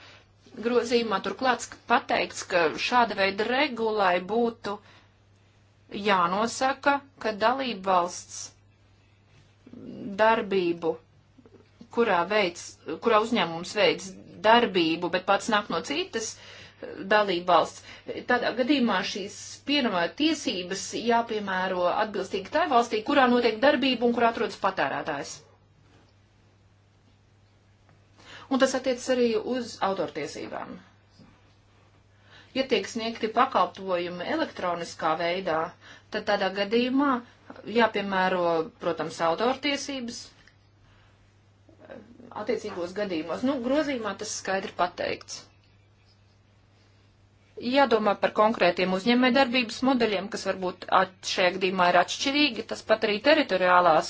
Grozījumā turklāt pateikts, ka šāda veida regulai būtu jānosaka, ka dalība valsts darbību kurā, veids, kurā uzņēmums veids darbību, bet pats nāk no citas eh, dalībvalsts. Tādā gadījumā šīs pieņemamā tiesības jāpiemēro atbilstīgi tai valstī, kurā notiek darbība un kur atrodas patērētājs. Un tas attiecas arī uz autortiesībām. Ja tiek sniegti pakalpojumi elektroniskā veidā, tad tādā gadījumā jāpiemēro, protams, autortiesības, attiecīgos gadījumos. Nu, grozījumā tas skaidri pateikts. Jādomā par konkrētiem uzņēmējdarbības modeļiem, kas varbūt šajā gadījumā ir atšķirīgi, tas pat arī teritoriālās,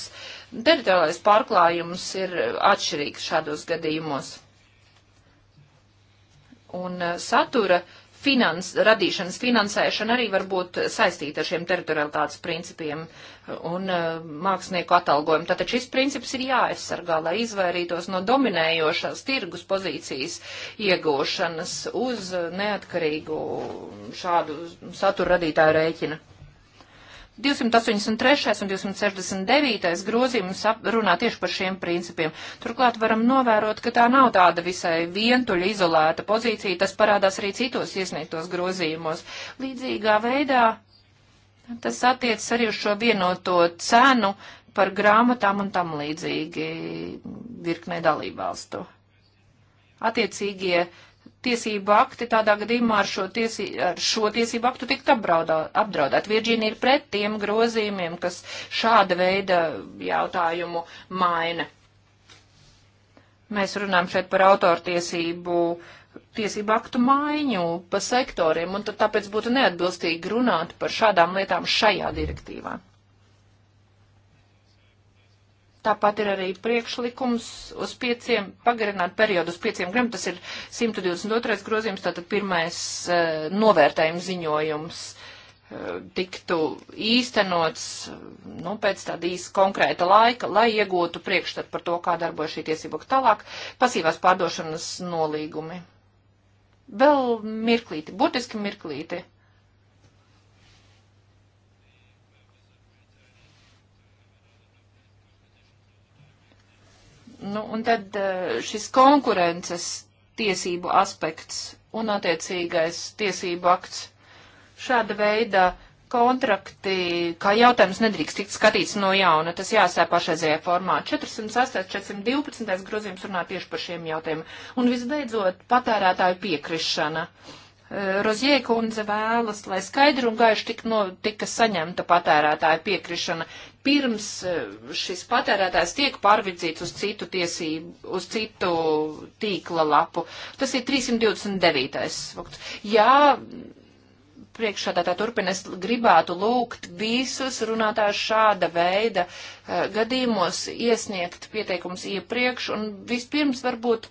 teritoriālais pārklājums ir atšķirīgs šādos gadījumos. Un uh, satura uh, finans, radīšanas finansēšana arī var būt saistīta ar šiem teritorialitātes principiem un uh, mākslinieku atalgojumu. Tātad šis princips ir jāaizsargā, lai izvairītos no dominējošās tirgus pozīcijas iegūšanas uz uh, neatkarīgu šādu satura radītāju rēķina. 283. un 269. grozījums runā tieši par šiem principiem. Turklāt varam novērot, ka tā nav tāda visai vientuļa izolēta pozīcija, tas parādās arī citos iesniegtos grozījumos. Līdzīgā veidā tas attiecas arī uz šo vienoto cenu par grāmatām un tam līdzīgi virknē dalībvalstu. Attiecīgie tiesību akti tādā gadījumā ar šo, tiesī, ar šo tiesību aktu tikt apdraudēt. Virģīna ir pret tiem grozījumiem, kas šāda veida jautājumu maina. Mēs runājam šeit par autortiesību tiesību aktu maiņu pa sektoriem, un tad tāpēc būtu neatbilstīgi runāt par šādām lietām šajā direktīvā. Tāpat ir arī priekšlikums uz pieciem, pagarināt periodu uz pieciem gadiem, tas ir 122. grozījums, tātad pirmais uh, eh, novērtējums ziņojums uh, tiktu īstenots, eh, nu, pēc tāda īsa konkrēta laika, lai iegūtu priekšstatu par to, kā darbojas šī tiesība tālāk, pasīvās pārdošanas nolīgumi. Vēl mirklīti, burtiski mirklīti. Nu, un tad eh, šis konkurences tiesību aspekts un attiecīgais tiesību akts šāda veida kontrakti, kā jautājums nedrīkst tikt skatīts no jauna, tas jāsē pašreizējā formā. 408, 412 grozījums runā tieši par šiem jautājumiem. Un visbeidzot, patērētāju piekrišana. Eh, Rozie kundze vēlas, lai skaidri un gaiši tik no, tika saņemta patērētāja piekrišana, pirms eh, šis patērētājs tiek pārvidzīts uz citu tiesību, uz citu tīkla lapu. Tas ir 329. Jā, priekšādā tā turpina, es gribētu lūgt visus runātājus šāda veida eh, gadījumos iesniegt pieteikums iepriekš un vispirms varbūt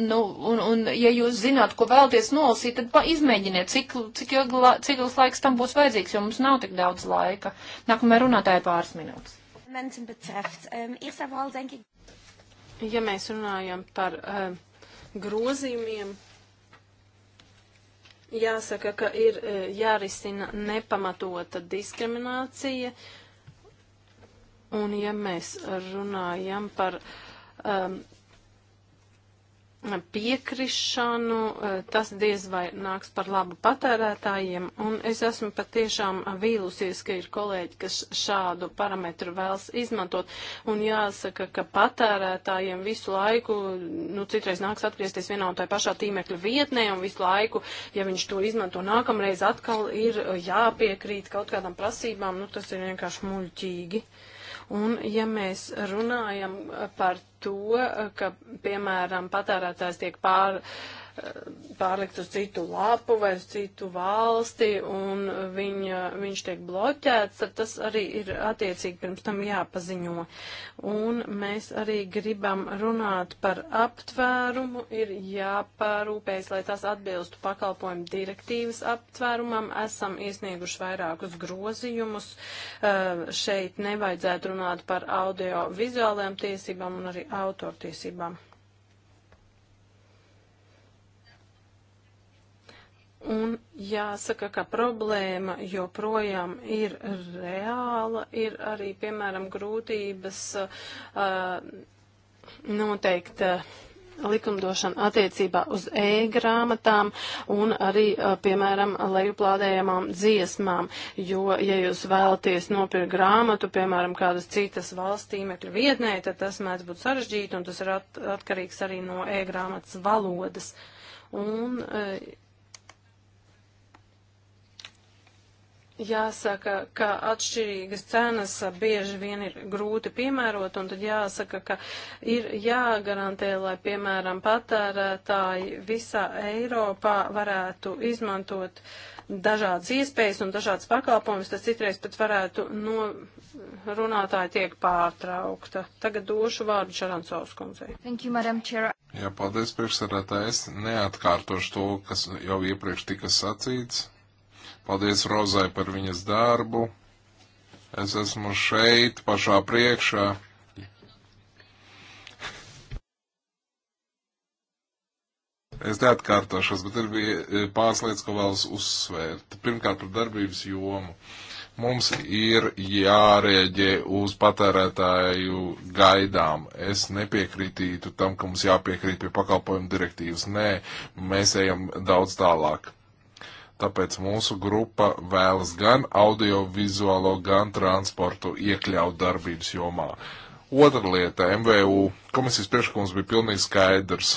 Nu, un, un, ja jūs zināt, ko vēlaties nolasīt, tad pa, izmēģiniet, cik, cik ilgs la, laiks tam būs vajadzīgs, jo mums nav tik daudz laika. Nākamajā runātāja pāris minūtes. Um, ja mēs runājam par um, grozījumiem, jāsaka, ka ir uh, jārisina nepamatota diskriminācija. Un ja mēs runājam par um, piekrišanu, eh, tas diez vai nāks par labu patērētājiem, un es esmu patiešām vīlusies, ka ir kolēģi, kas šādu parametru vēlas izmantot, un jāsaka, ka patērētājiem visu laiku, nu, citreiz nāks atgriezties vienā un tā pašā tīmekļa vietnē, un visu laiku, ja viņš to izmanto nākamreiz, atkal ir eh, jāpiekrīt kaut kādām prasībām, nu, tas ir vienkārši muļķīgi. Un ja mēs runājam par to, ka, piemēram, patērētājs tiek pār, pārlikt uz citu lapu vai uz citu valsti un viņa, viņš tiek bloķēts, tad tas arī ir attiecīgi pirms tam jāpaziņo. Un mēs arī gribam runāt par aptvērumu, ir jāparūpējas, lai tas atbilstu pakalpojumu direktīvas aptvērumam. Esam iesnieguši vairākus grozījumus. Eh, šeit nevajadzētu runāt par audio vizuālajām tiesībām un arī autortiesībām. Un jāsaka, ka problēma joprojām ir reāla, ir arī, piemēram, grūtības uh, noteikt. Uh, likumdošana attiecībā uz e-grāmatām un arī, uh, piemēram, lejuplādējamām dziesmām, jo, ja jūs vēlaties nopirkt grāmatu, piemēram, kādas citas valsts tīmekļa vietnē, tad tas mēdz būt sarežģīti un tas ir at atkarīgs arī no e-grāmatas valodas. Un, e Jāsaka, ka atšķirīgas cenas bieži vien ir grūti piemērot, un tad jāsaka, ka ir jāgarantē, lai, piemēram, patērētāji visā Eiropā varētu izmantot dažādas iespējas un dažādas pakalpojumus, tad citreiz pat varētu no runātāja tiek pārtraukta. Tagad došu vārdu Šarancovs kundzei. Thank you, Madam Chair. Jā, paldies priekšsarētāji. Es neatkārtošu to, kas jau iepriekš tika sacīts Paldies Rozai par viņas darbu. Es esmu šeit, pašā priekšā. Es neatkārtošos, bet ir eh, pāris lietas, ko vēlas uzsvērt. Pirmkārt, par darbības jomu. Mums ir jārēģē uz patērētāju gaidām. Es nepiekritītu tam, ka mums jāpiekrīt pie pakalpojumu direktīvas. Nē, mēs ejam daudz tālāk. Tāpēc mūsu grupa vēlas gan audiovizuālo, gan transportu iekļaut darbības jomā. Otra lieta - MVU. Komisijas priekšlikums bija pilnīgi skaidrs.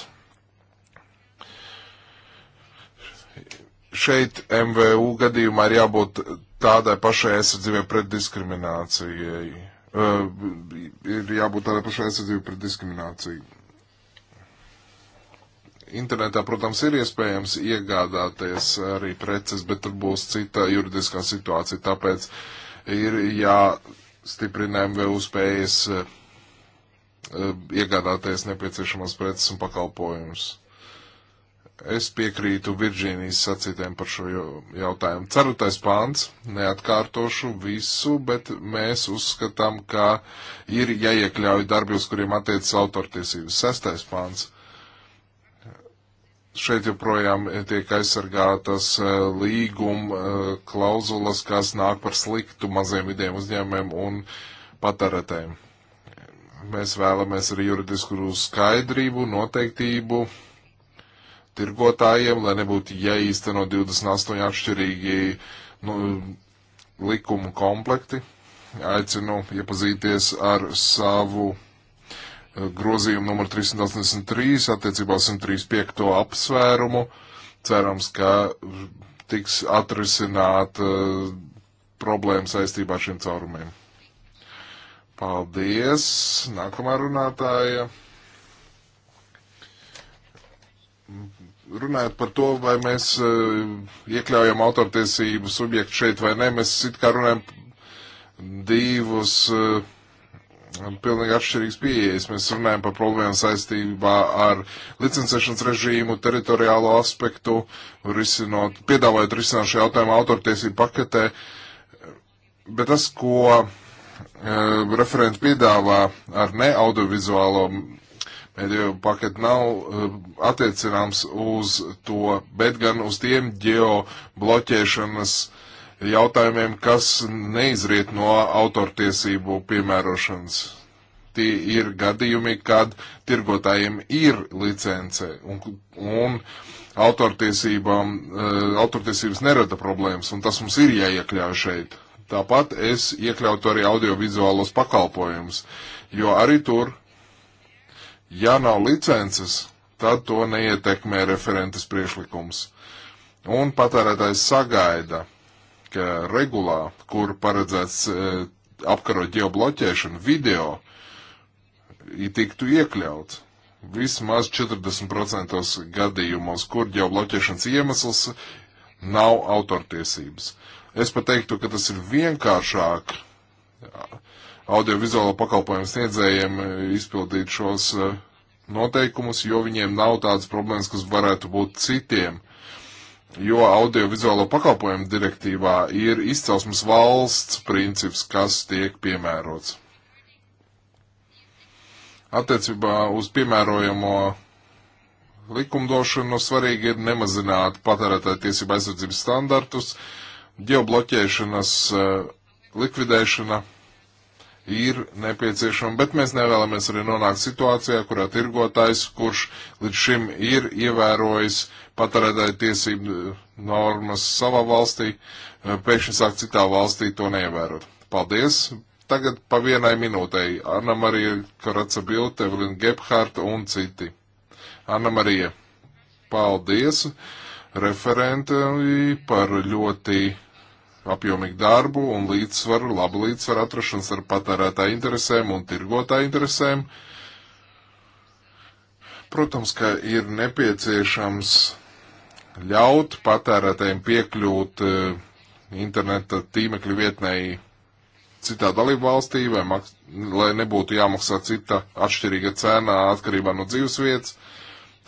Šeit MVU gadījumā ir jābūt tādai pašai aizsardzībai pret diskriminācijai. Uh, ir jābūt tādai pašai aizsardzībai pret diskrimināciju. Internetā, protams, ir iespējams iegādāties arī preces, bet tur būs cita juridiskā situācija, tāpēc ir jāstiprina MVU spējas eh, eh, iegādāties nepieciešamās preces un pakalpojumus. Es piekrītu Virģīnijas sacītēm par šo jautājumu. Cerutais pāns, neatkārtošu visu, bet mēs uzskatām, ka ir jāiekļauj darbi, uz kuriem attiecas autortiesības. Sestais pāns. Uh, šeit joprojām eh, tiek aizsargātas eh, līguma eh, klauzulas, kas nāk par sliktu maziem vidiem uzņēmumiem un patērētēm. Mēs vēlamies arī juridisku skaidrību, noteiktību tirgotājiem, lai nebūtu jāīsteno 28 atšķirīgi nu, likumu komplekti. Aicinu iepazīties ar savu grozījumu numur 383 attiecībā 135. apsvērumu. Cerams, ka tiks atrisināt eh, problēma saistībā ar šiem caurumiem. Paldies! Nākamā runātāja. Runājot par to, vai mēs eh, iekļaujam autortiesību subjektu šeit vai nē, mēs it kā runājam divus uh, pilnīgi atšķirīgs pieejas. Mēs runājam par problēmu saistībā ar licencēšanas režīmu, teritoriālo aspektu, risinot, piedāvājot risināt šo jautājumu autortiesību paketē. Bet tas, ko uh, referenti piedāvā ar neaudiovizuālo mediju paketu, nav uh, attiecināms uz to, bet gan uz tiem geobloķēšanas uh, jautājumiem, kas neizriet no autortiesību piemērošanas. Tie ir gadījumi, kad tirgotājiem ir licence un, un autortiesībām, e, autortiesības nerada problēmas, un tas mums ir jāiekļauj šeit. Tāpat es iekļautu arī audiovizuālos pakalpojumus, jo arī tur, ja nav licences, tad to neietekmē referentes priešlikums. Un patērētājs sagaida, ka regulā, kur paredzēts eh, apkarot ģeobloķēšanu, video tiktu iekļauts vismaz 40% gadījumos, kur ģeobloķēšanas iemesls nav autortiesības. Es pat teiktu, ka tas ir vienkāršāk audiovizuālo pakalpojumu sniedzējiem eh, izpildīt šos eh, noteikumus, jo viņiem nav tādas problēmas, kas varētu būt citiem jo audiovizuālo pakalpojumu direktīvā ir izcelsmes valsts princips, kas tiek piemērots. Attiecībā uz piemērojamo likumdošanu svarīgi ir nemazināt patērētāju tiesību aizsardzības standartus, ģeobloķēšanas eh, likvidēšana ir nepieciešama, bet mēs nevēlamies arī nonākt situācijā, kurā tirgotājs, kurš līdz šim ir ievērojis uh, patērētāju tiesību eh, normas savā valstī, eh, pēkšņi sāk citā valstī to neievērot. Paldies! Tagad pa vienai minūtei Anna Marija Karaca Bilte, Evelina Gebharta un citi. Anna Marija, paldies referentei par ļoti apjomīgu darbu un līdzsvaru, labu līdzsvaru atrašanas ar patērētāju interesēm un tirgotāju interesēm. Protams, ka ir nepieciešams ļaut patērētājiem piekļūt e, interneta tīmekļa vietnei citā dalību valstī, vai maks, lai nebūtu jāmaksā cita atšķirīga cena atkarībā no dzīves vietas.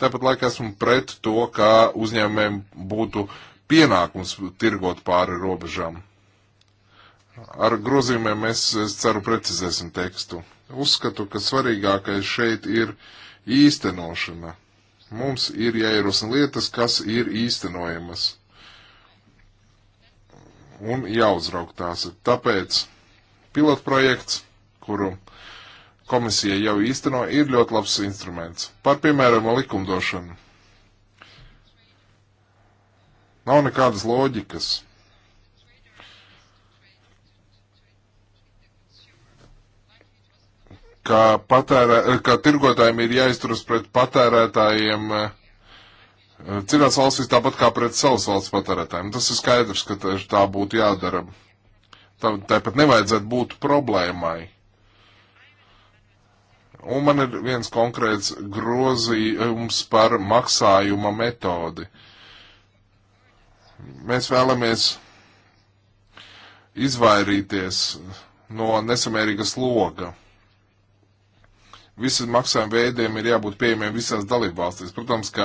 Tāpat laikā esmu pret to, ka uzņēmumiem būtu pienākums tirgot pāri robežām. Ar grozījumiem mēs, es ceru, precizēsim tekstu. Uzskatu, ka svarīgākais šeit ir īstenošana Mums ir jāierosina lietas, kas ir īstenojamas un jāuzrauk tās. Tāpēc pilotprojekts, kuru komisija jau īsteno, ir ļoti labs instruments. Par piemēram likumdošanu. Nav nekādas loģikas ka, patērē, ka tirgotājiem ir jāizturas pret patērētājiem eh, citās valstīs tāpat kā pret savas valsts patērētājiem. Tas ir skaidrs, ka tā būtu jādara. Tā, tāpat nevajadzētu būt problēmai. Un man ir viens konkrēts grozījums par maksājuma metodi. Mēs vēlamies izvairīties no nesamērīga sloga. Visiem maksājuma veidiem ir jābūt pieejamiem visās dalībvalstīs. Protams, ka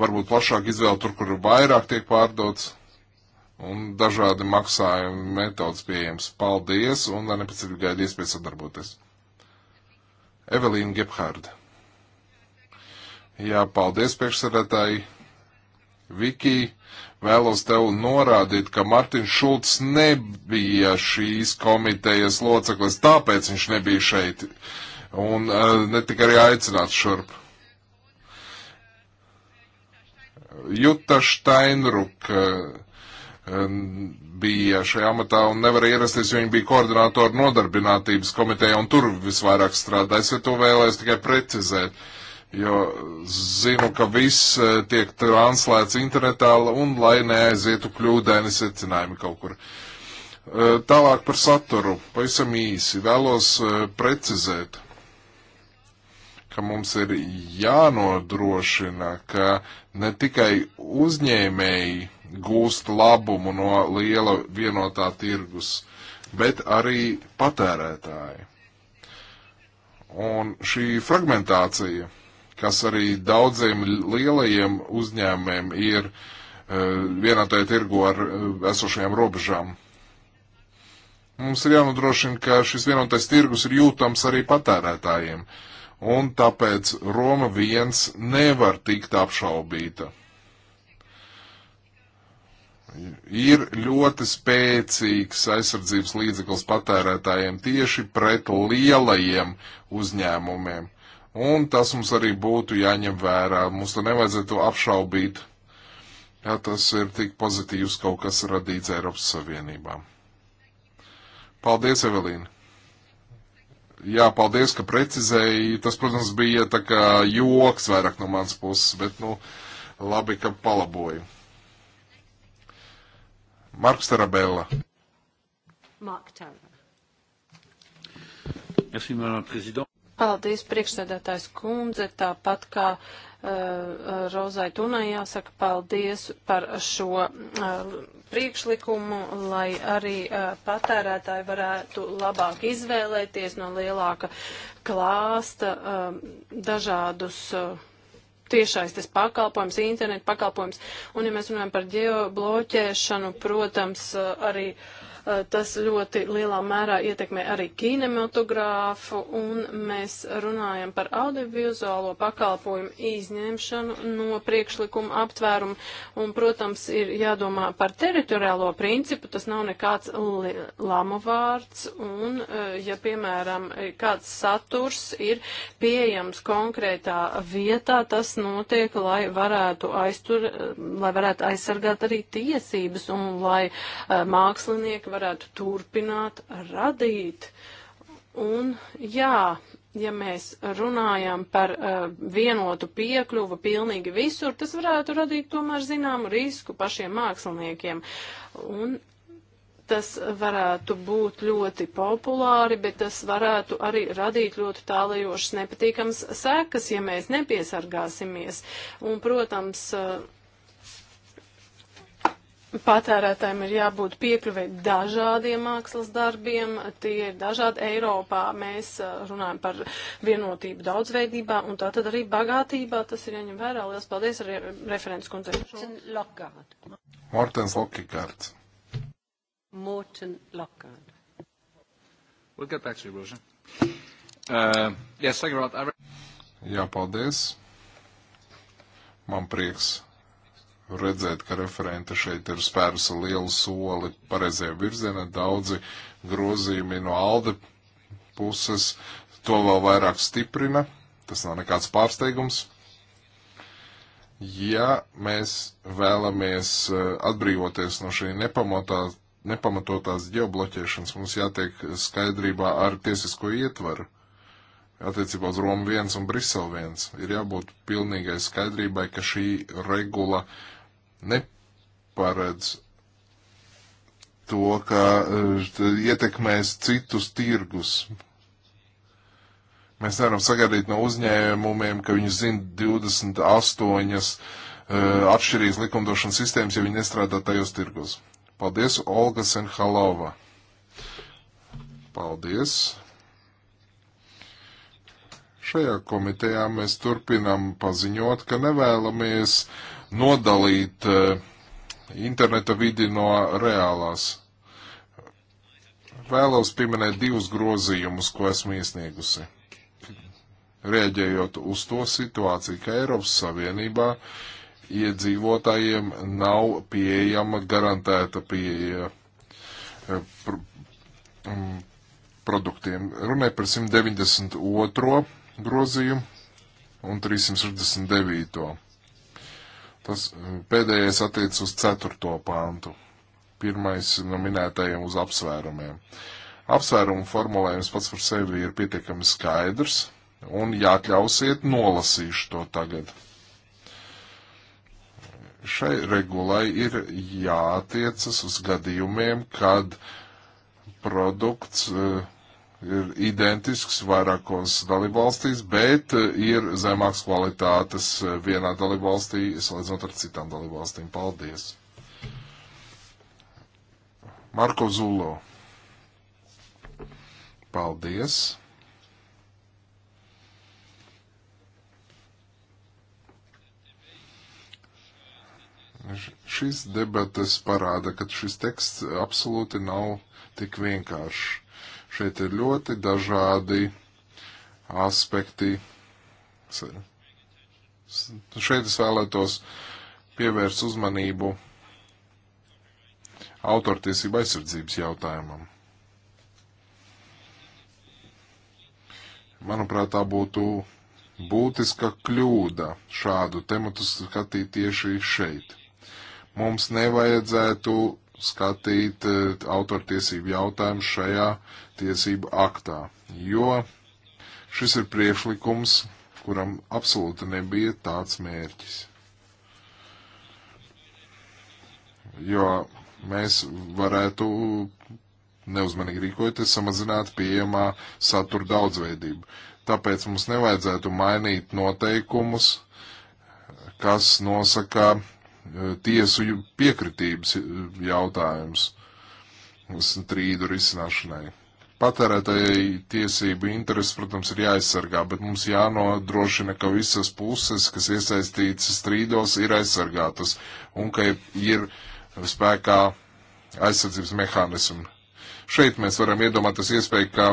varbūt plašāk izvēle tur, kur vairāk tiek pārdots un dažādi maksājuma metodas pieejams. Paldies un ar nepacietību gaidu iespēju sadarboties. Evelīna Gebhārda. Jā, paldies priekšsēdētāji. Viki, vēlos tev norādīt, ka Martins Šulcs nebija šīs komitejas loceklis, tāpēc viņš nebija šeit. Uh, un eh, ne tikai arī aicināt šurp. Juta Steinruka eh, bija šajā amatā un nevar ierasties, jo viņa bija koordinātora nodarbinātības komiteja un tur visvairāk strādāja. Es ja to vēlēs tikai precizēt, jo zinu, ka viss eh, tiek translēts internetā un lai neaizietu kļūdaini secinājumi kaut kur. Tālāk par saturu, pavisam īsi, vēlos precizēt ka mums ir jānodrošina, ka ne tikai uzņēmēji gūst labumu no liela vienotā tirgus, bet arī patērētāji. Un šī fragmentācija, kas arī daudziem lielajiem uzņēmēm ir uh, vienotajā tirgu ar uh, esošajām robežām, mums ir jānodrošina, ka šis vienotais tirgus ir jūtams arī patērētājiem. Uh, un tāpēc Roma viens nevar tikt apšaubīta. Ir ļoti spēcīgs aizsardzības līdzeklis patērētājiem tieši pret lielajiem uzņēmumiem. Un tas mums arī būtu jāņem vērā. Mums to nevajadzētu apšaubīt. Jā, tas ir tik pozitīvs kaut kas radīts Eiropas Savienībā. Paldies, Evelīna! Jā, paldies, ka precizēji. Tas, protams, bija tā kā joks vairāk no mans puses, bet, nu, labi, ka palaboju. Marks Tarabella. Mark Tarabella. Paldies, priekšsēdētājs kundze, tāpat kā uh, Rozai Tunai jāsaka paldies par šo uh, priekšlikumu, lai arī uh, patērētāji varētu labāk izvēlēties no lielāka klāsta uh, dažādus uh, tiešais tas pakalpojums, internetu pakalpojums. Un, ja mēs runājam par ģeobloķēšanu, protams, arī uh, Eh, tas ļoti lielā mērā ietekmē arī kinematogrāfu, un mēs runājam par audiovizuālo pakalpojumu izņemšanu no priekšlikuma aptvērumu, un, protams, ir jādomā par teritoriālo principu, tas nav nekāds lamovārds, un, eh, ja, piemēram, kāds saturs ir pieejams konkrētā vietā, tas notiek, lai varētu aiztur, eh, lai varētu aizsargāt arī tiesības, un lai mākslinieki cilvēki varētu turpināt radīt. Un jā, ja mēs runājam par uh, vienotu piekļuvu pilnīgi visur, tas varētu radīt tomēr zināmu risku pašiem māksliniekiem. Un tas varētu būt ļoti populāri, bet tas varētu arī radīt ļoti tālajošas nepatīkams sekas, ja mēs nepiesargāsimies. Un, protams, uh, Patērētājiem ir jābūt piekļuvē dažādiem mākslas darbiem, tie ir dažādi Eiropā, mēs eh, runājam par vienotību daudzveidībā, un tā tad arī bagātībā, tas ir jāņem vērā. Lielas paldies arī referents kundzei. Mortens Lokigārds. Morten Lockhart. We'll get back to you, Roger. Uh, yes, thank you, Rod. Jā, paldies. Man prieks redzēt, ka referente šeit ir spērusi lielu soli pareizajā virzienā. Daudzi grozījumi no Alde puses to vēl vairāk stiprina. Tas nav nekāds pārsteigums. Ja mēs vēlamies eh, atbrīvoties no šī nepamatā, nepamatotās ģeobloķēšanas, mums jātiek skaidrībā ar tiesisko ietvaru attiecībā uz Romu 1 un Brisele 1. Ir jābūt pilnīgai skaidrībai, ka šī regula neparedz to, ka eh, ietekmēs citus tirgus. Mēs nevaram sagaidīt no uzņēmumiem, ka viņi zina 28 uh, atšķirīgas likumdošanas sistēmas, ja viņi nestrādā tajos tirgus. Paldies, Olga Senhalova. Paldies. Šajā komitejā mēs turpinam paziņot, ka nevēlamies uh, nodalīt eh, interneta vidi no reālās. Vēlos pieminēt divus grozījumus, ko esmu iesniegusi. Rēģējot uz to situāciju, ka Eiropas Savienībā iedzīvotājiem nav pieejama garantēta pieeja eh, pr mm, produktiem. Runāja par 192. grozījumu un 369. Tas mm, pēdējais attiec uz ceturto pāntu. Pirmais no minētajiem uz apsvērumiem. Apsvērumu formulējums pats par sevi ir pietiekami skaidrs, un jāatļausiet nolasīšu to tagad. Šai regulai ir jātiecas uz gadījumiem, kad produkts uh, ir identisks vairākos dalībvalstīs, bet eh, ir zemāks kvalitātes eh, vienā dalībvalstī, salīdzinot ar citām dalībvalstīm. Paldies! Marko Zulo. Paldies! Šis debates parāda, ka šis teksts absolūti nav tik vienkāršs Šeit ir ļoti dažādi aspekti. Šeit es vēlētos pievērst uzmanību autortiesība aizsardzības jautājumam. Manuprāt, tā būtu būtiska kļūda šādu tematu skatīt tieši šeit. Mums nevajadzētu skatīt eh, autortiesību jautājumu šajā tiesību aktā, jo šis ir priekšlikums, kuram absolūti nebija tāds mērķis. Jo mēs varētu neuzmanīgi rīkojoties, samazināt pieejamā satura daudzveidību. Tāpēc mums nevajadzētu mainīt noteikumus, kas nosaka e, tiesu piekritības jautājums strīdu risināšanai patērētāji tiesību intereses, protams, ir jāaizsargā, bet mums jānodrošina, ka visas puses, kas iesaistītas strīdos, ir aizsargātas un ka ir spēkā aizsardzības mehānismi. Šeit mēs varam iedomāties iespēju, ka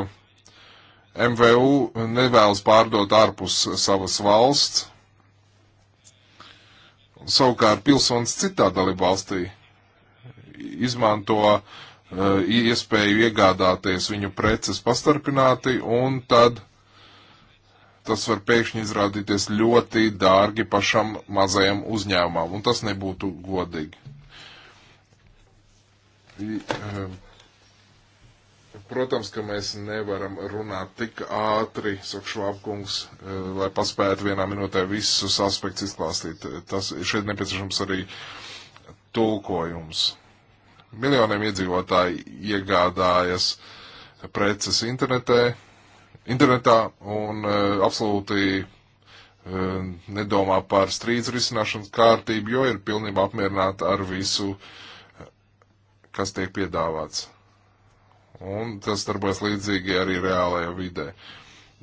MVU nevēlas pārdot ārpus savas valsts, savukārt pilsonis citā dalībvalstī izmanto uh, Eh, iespēju iegādāties viņu preces pastarpināti, un tad tas var pēkšņi izrādīties ļoti dārgi pašam mazajam uzņēmumam, un tas nebūtu godīgi. Eh, protams, ka mēs nevaram runāt tik ātri, saka Švābkungs, eh, lai paspētu vienā minūtē visus aspektus izklāstīt. Tas šeit nepieciešams arī tulkojums. Miljoniem iedzīvotāji iegādājas preces internetē, internetā un uh, absolūti uh, nedomā par strīdus risināšanas kārtību, jo ir pilnībā apmierināta ar visu, e, kas tiek piedāvāts. Un tas darbojas līdzīgi arī reālajā vidē.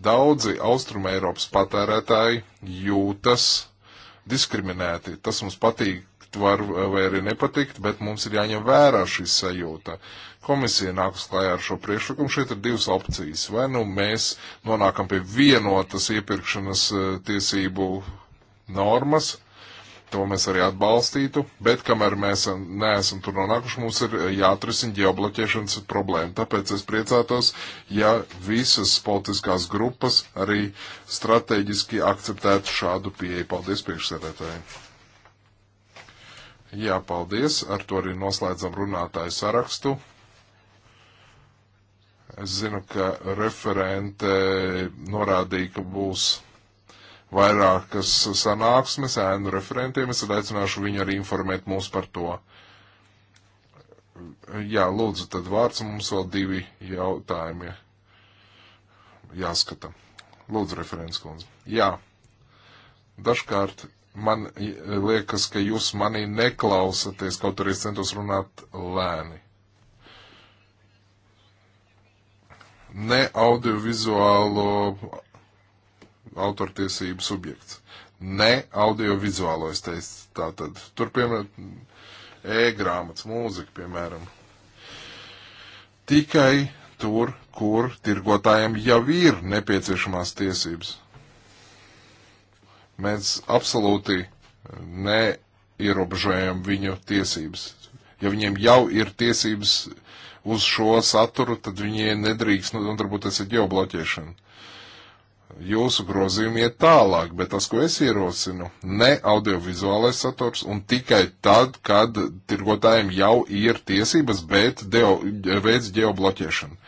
Daudzi Austruma Eiropas patērētāji jūtas diskriminēti. Tas mums patīk, var vai arī nepatikt, bet mums ir jāņem vērā šī sajūta. Komisija nāk uz klājā ar šo priekšlikumu. Šeit ir divas opcijas. Vai nu mēs nonākam pie vienotas iepirkšanas eh, tiesību normas, to mēs arī atbalstītu, bet kamēr mēs neesam tur nonākuši, mums ir jāatrisina ģeobloķēšanas problēma. Tāpēc es priecātos, ja visas politiskās grupas arī strateģiski akceptētu šādu pieeju. Paldies priekšsēdētājiem! Jā, paldies. Ar to arī noslēdzam runātāju sarakstu. Es zinu, ka referente norādīja, ka būs vairākas sanāksmes ēnu referentiem. Es tad aicināšu viņu arī informēt mūs par to. Jā, lūdzu, tad vārds mums vēl divi jautājumi jāskata. Lūdzu, referents kundze. Jā, dažkārt man liekas, ka jūs manī neklausaties, kaut arī es centos runāt lēni. Ne audiovizuālo autortiesību subjekts. Ne audiovizuālo, es teicu, tā tad. Tur, piemēram, e-grāmatas, mūzika, piemēram. Tikai tur, kur tirgotājiem jau ir nepieciešamās tiesības. Mēs absolūti neierobežojam viņu tiesības. Ja viņiem jau ir tiesības uz šo saturu, tad viņi nedrīkst nodarboties nu, ar ģeobloķēšanu. Jūsu grozījumi iet tālāk, bet tas, ko es ierosinu, ne audiovizuālais saturs un tikai tad, kad tirgotājiem jau ir tiesības, bet deo, veids ģeobloķēšanu.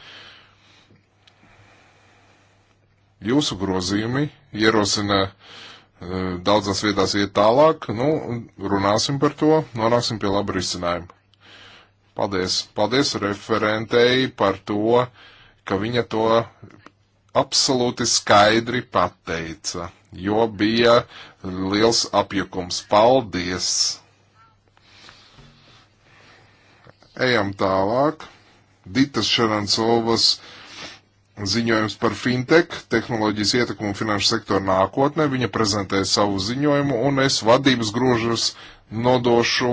Jūsu grozījumi ierosina uh, daudzās vietās iet tālāk. Nu, runāsim par to, nonāksim pie laba risinājuma. Paldies, paldies referentei par to, ka viņa to absolūti skaidri pateica, jo bija liels apjukums. Paldies! Ejam tālāk. Ditas Šarancovas ziņojums par fintech, tehnoloģijas ietekmu un finanšu sektoru nākotnē. Viņa prezentē savu ziņojumu, un es vadības grožus nodošu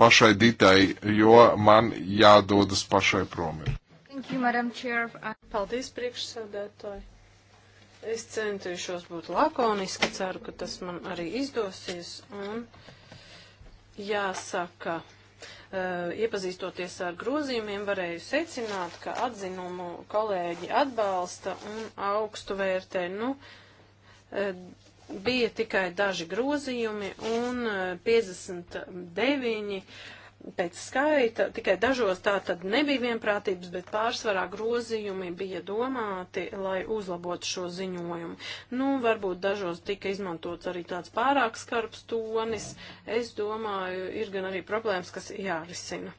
pašai Ditai, jo man jādodas pašai prom. Paldies, priekšsēdētāji. Es centīšos būt lakoniski, ceru, ka tas man arī izdosies. Un jāsaka, Eh, iepazīstoties ar grozījumiem, varēju secināt, ka atzinumu kolēģi atbalsta un augstu vērtē. Nu, eh, bija tikai daži grozījumi un 59 eh, pēc skaita tikai dažos tā tad nebija vienprātības, bet pārsvarā grozījumi bija domāti, lai uzlabotu šo ziņojumu. Nu, varbūt dažos tika izmantots arī tāds pārāk skarbs tonis. Es domāju, ir gan arī problēmas, kas jārisina.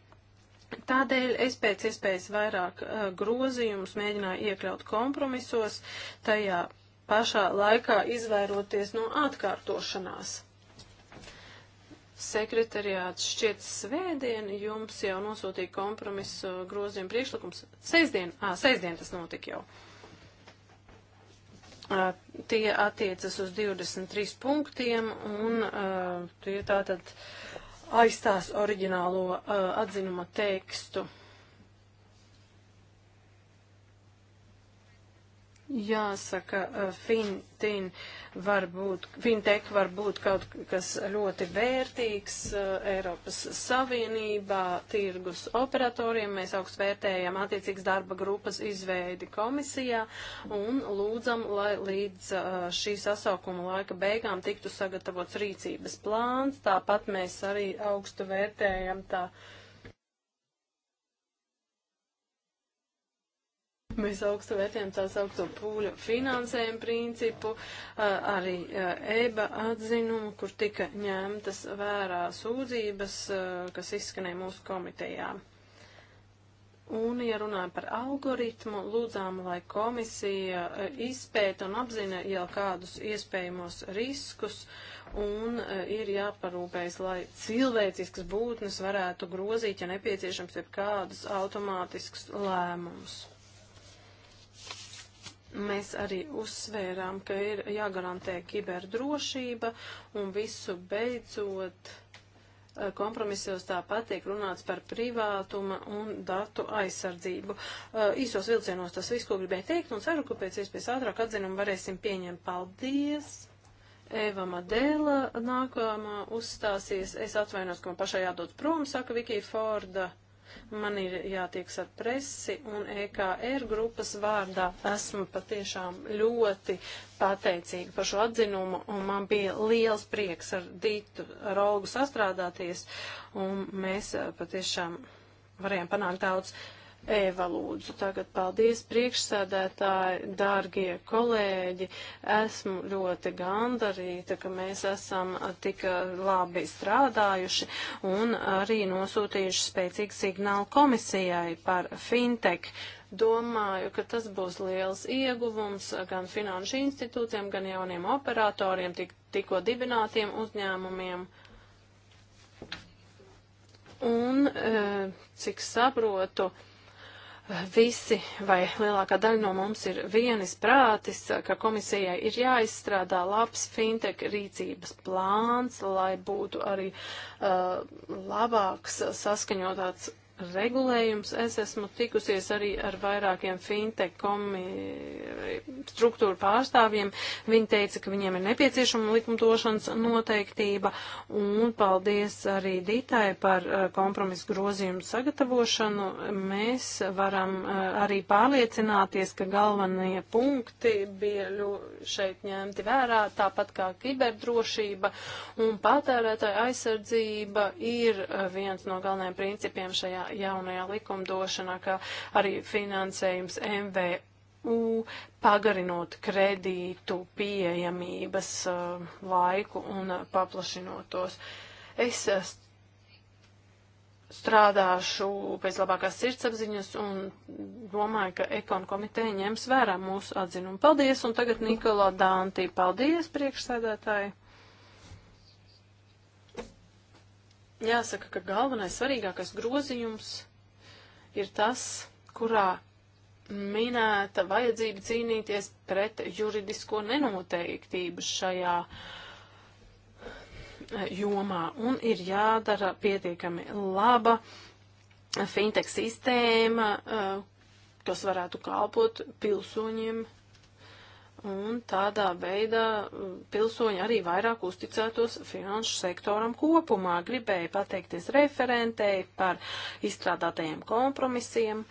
Tādēļ es pēc iespējas vairāk uh, grozījumus mēģināju iekļaut kompromisos, tajā pašā laikā izvairoties no atkārtošanās. Sekretariāts šķiet svētdien jums jau nosūtīja kompromisu grozījumu priekšlikums. Sēsdien, ā, sēsdien tas notika jau. Uh, tie attiecas uz 23 punktiem un uh, tie tātad aizstās oriģinālo uh, atzinuma tekstu. Jāsaka, eh, fintin var būt, fintech var būt kaut kas ļoti vērtīgs eh, Eiropas Savienībā, tirgus operatoriem. Mēs augst vērtējam attiecīgas darba grupas izveidi komisijā un lūdzam, lai līdz eh, šī sasaukuma laika beigām tiktu sagatavots rīcības plāns. Tāpat mēs arī augstu vērtējam tā. Uh, Mēs augstu vērtējam tās augsto pūļu finansējumu principu, arī EBA e atzinumu, kur tika ņemtas vērā sūdzības, kas izskanēja mūsu komitejā. Un, ja runājam par algoritmu, lūdzām, lai komisija izpēta un apzina jau kādus iespējamos riskus un ir jāparūpējas, lai cilvēciskas būtnes varētu grozīt, ja nepieciešams, ir kādus automātiskus lēmumus. Mēs arī uzsvērām, ka ir jāgarantē kiberdrošība un visu beidzot eh, kompromisos tāpat tiek runāts par privātuma un datu aizsardzību. Eh, īsos vilcienos tas viss, ko gribēju teikt, un ceru, ka pēc iespējas ātrāk atzinumu varēsim pieņemt. Paldies! Eva Madela nākamā uzstāsies. Es atvainos, ka man pašai jādod prom, saka Vikija Forda. Man ir jātieks ar presi un EKR grupas vārdā esmu patiešām ļoti pateicīga par šo atzinumu un man bija liels prieks ar Dītu, ar Olgu sastrādāties un mēs eh, patiešām varējām panākt daudz. Eva lūdzu, tagad paldies priekšsēdētāji, dārgie kolēģi. Esmu ļoti gandarīta, ka mēs esam tik labi strādājuši un arī nosūtījuši spēcīgu signālu komisijai par fintech. Domāju, ka tas būs liels ieguvums gan finanšu institūtiem, gan jauniem operatoriem, tik, tikko dibinātiem uzņēmumiem. Un, eh, cik saprotu, visi vai lielākā daļa no mums ir vienis prātis, ka komisijai ir jāizstrādā labs fintech rīcības plāns, lai būtu arī uh, labāks saskaņotāts regulējums. Es esmu tikusies arī ar vairākiem fintech struktūru pārstāvjiem. Viņi teica, ka viņiem ir nepieciešama likumdošanas noteiktība. Un paldies arī Dītai par eh, kompromisu grozījumu sagatavošanu. Mēs varam eh, arī pārliecināties, ka galvenie punkti bija šeit ņemti vērā, tāpat kā kiberdrošība un patērētāja aizsardzība ir eh, viens no galvenajiem principiem šajā šajā jaunajā likumdošanā, kā arī finansējums MVU pagarinot kredītu pieejamības uh, laiku un uh, paplašinot tos. Es uh, strādāšu pēc labākās sirdsapziņas un domāju, ka ekonu komiteja ņems vērā mūsu atzinumu. Paldies, un tagad Nikolā Dāntī. Paldies, priekšsēdētāji! Jāsaka, ka galvenais svarīgākais grozījums ir tas, kurā minēta vajadzība cīnīties pret juridisko nenoteiktību šajā eh, jomā un ir jādara pietiekami laba fintech sistēma, eh, kas varētu kalpot pilsoņiem un tādā veidā uh, pilsoņi arī vairāk uzticētos finanšu sektoram kopumā. Gribēju pateikties referentei par izstrādātajiem kompromisiem.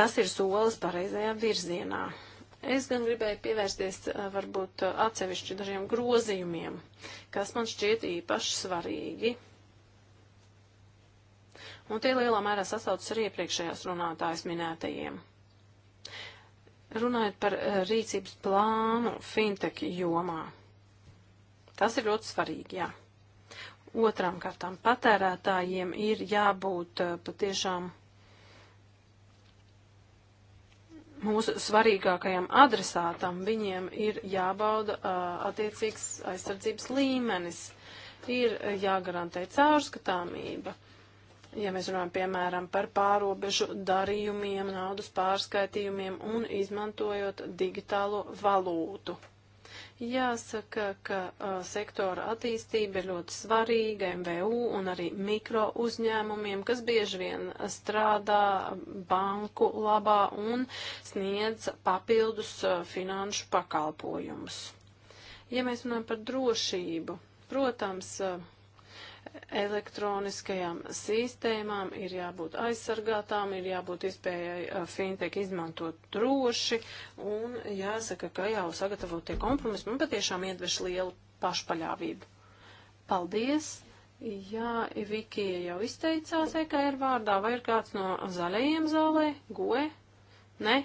Tas ir solis pareizajā virzienā. Es gan gribēju pievērsties uh, varbūt uh, atsevišķi dažiem grozījumiem, kas man šķiet īpaši svarīgi. Un tie lielā mērā sasaucas arī iepriekšējās runātājas minētajiem. Runājot par eh, rīcības plānu fintech jomā. Tas ir ļoti svarīgi, jā. Otrām kārtām patērētājiem ir jābūt eh, patiešām mūsu svarīgākajam adresātam. Viņiem ir jābauda eh, attiecīgs aizsardzības līmenis, ir jāgarantē caurskatāmība ja mēs runājam piemēram par pārobežu darījumiem, naudas pārskaitījumiem un izmantojot digitālo valūtu. Jāsaka, ka uh, sektora attīstība ir ļoti svarīga MVU un arī mikro uzņēmumiem, kas bieži vien strādā banku labā un sniedz papildus uh, finanšu pakalpojumus. Ja mēs runājam par drošību, protams, uh, elektroniskajām sistēmām ir jābūt aizsargātām, ir jābūt iespējai fintech izmantot droši, un jāsaka, ka jau sagatavotie kompromisi man patiešām iedveš lielu pašpaļāvību. Paldies! Jā, Vikija jau izteicās EKR vārdā, vai ir kāds no zaļajiem zālē? Goe? Nē?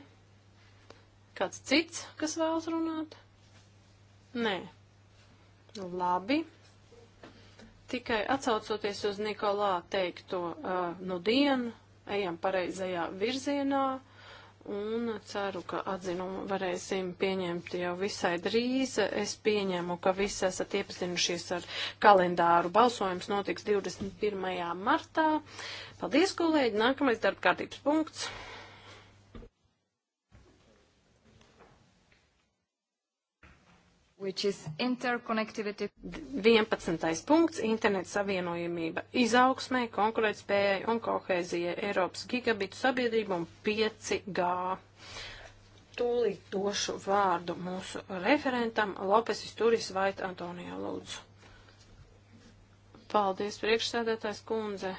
Kāds cits, kas vēlas runāt? Nē. Labi. Tikai atsaucoties uz Nikolā teikto, uh, nu dienu, ejam pareizajā virzienā un ceru, ka atzinumu varēsim pieņemt jau visai drīz. Es pieņemu, ka visi esat iepazinušies ar kalendāru. Balsojums notiks 21. martā. Paldies, kolēģi! Nākamais darba kārtības punkts. which is interconnectivity. 11. punkts - interneta savienojamība izaugsmē, konkurētspējai un kohēzijai Eiropas gigabitu sabiedrību un 5G. Tūlīt došu vārdu mūsu referentam Lopesis Turis Vait Antonijā Lūdzu. Paldies, priekšsēdētājs kundze.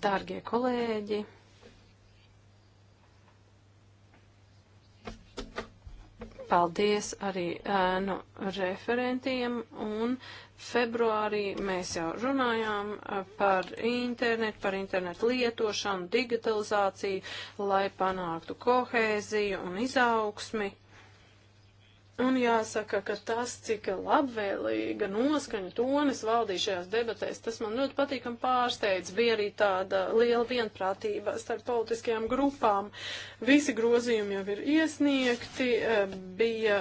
Dārgie kolēģi. Paldies arī ēnu referentiem un februārī mēs jau runājām eh, par internetu, par internetu lietošanu, digitalizāciju, lai panāktu kohēziju un izaugsmi Un jāsaka, ka tas, cik labvēlīga noskaņa tonis valdīja šajās debatēs, tas man ļoti patīkam pārsteidz. Bija arī tāda liela vienprātība starp politiskajām grupām. Visi grozījumi jau ir iesniegti, eh, bija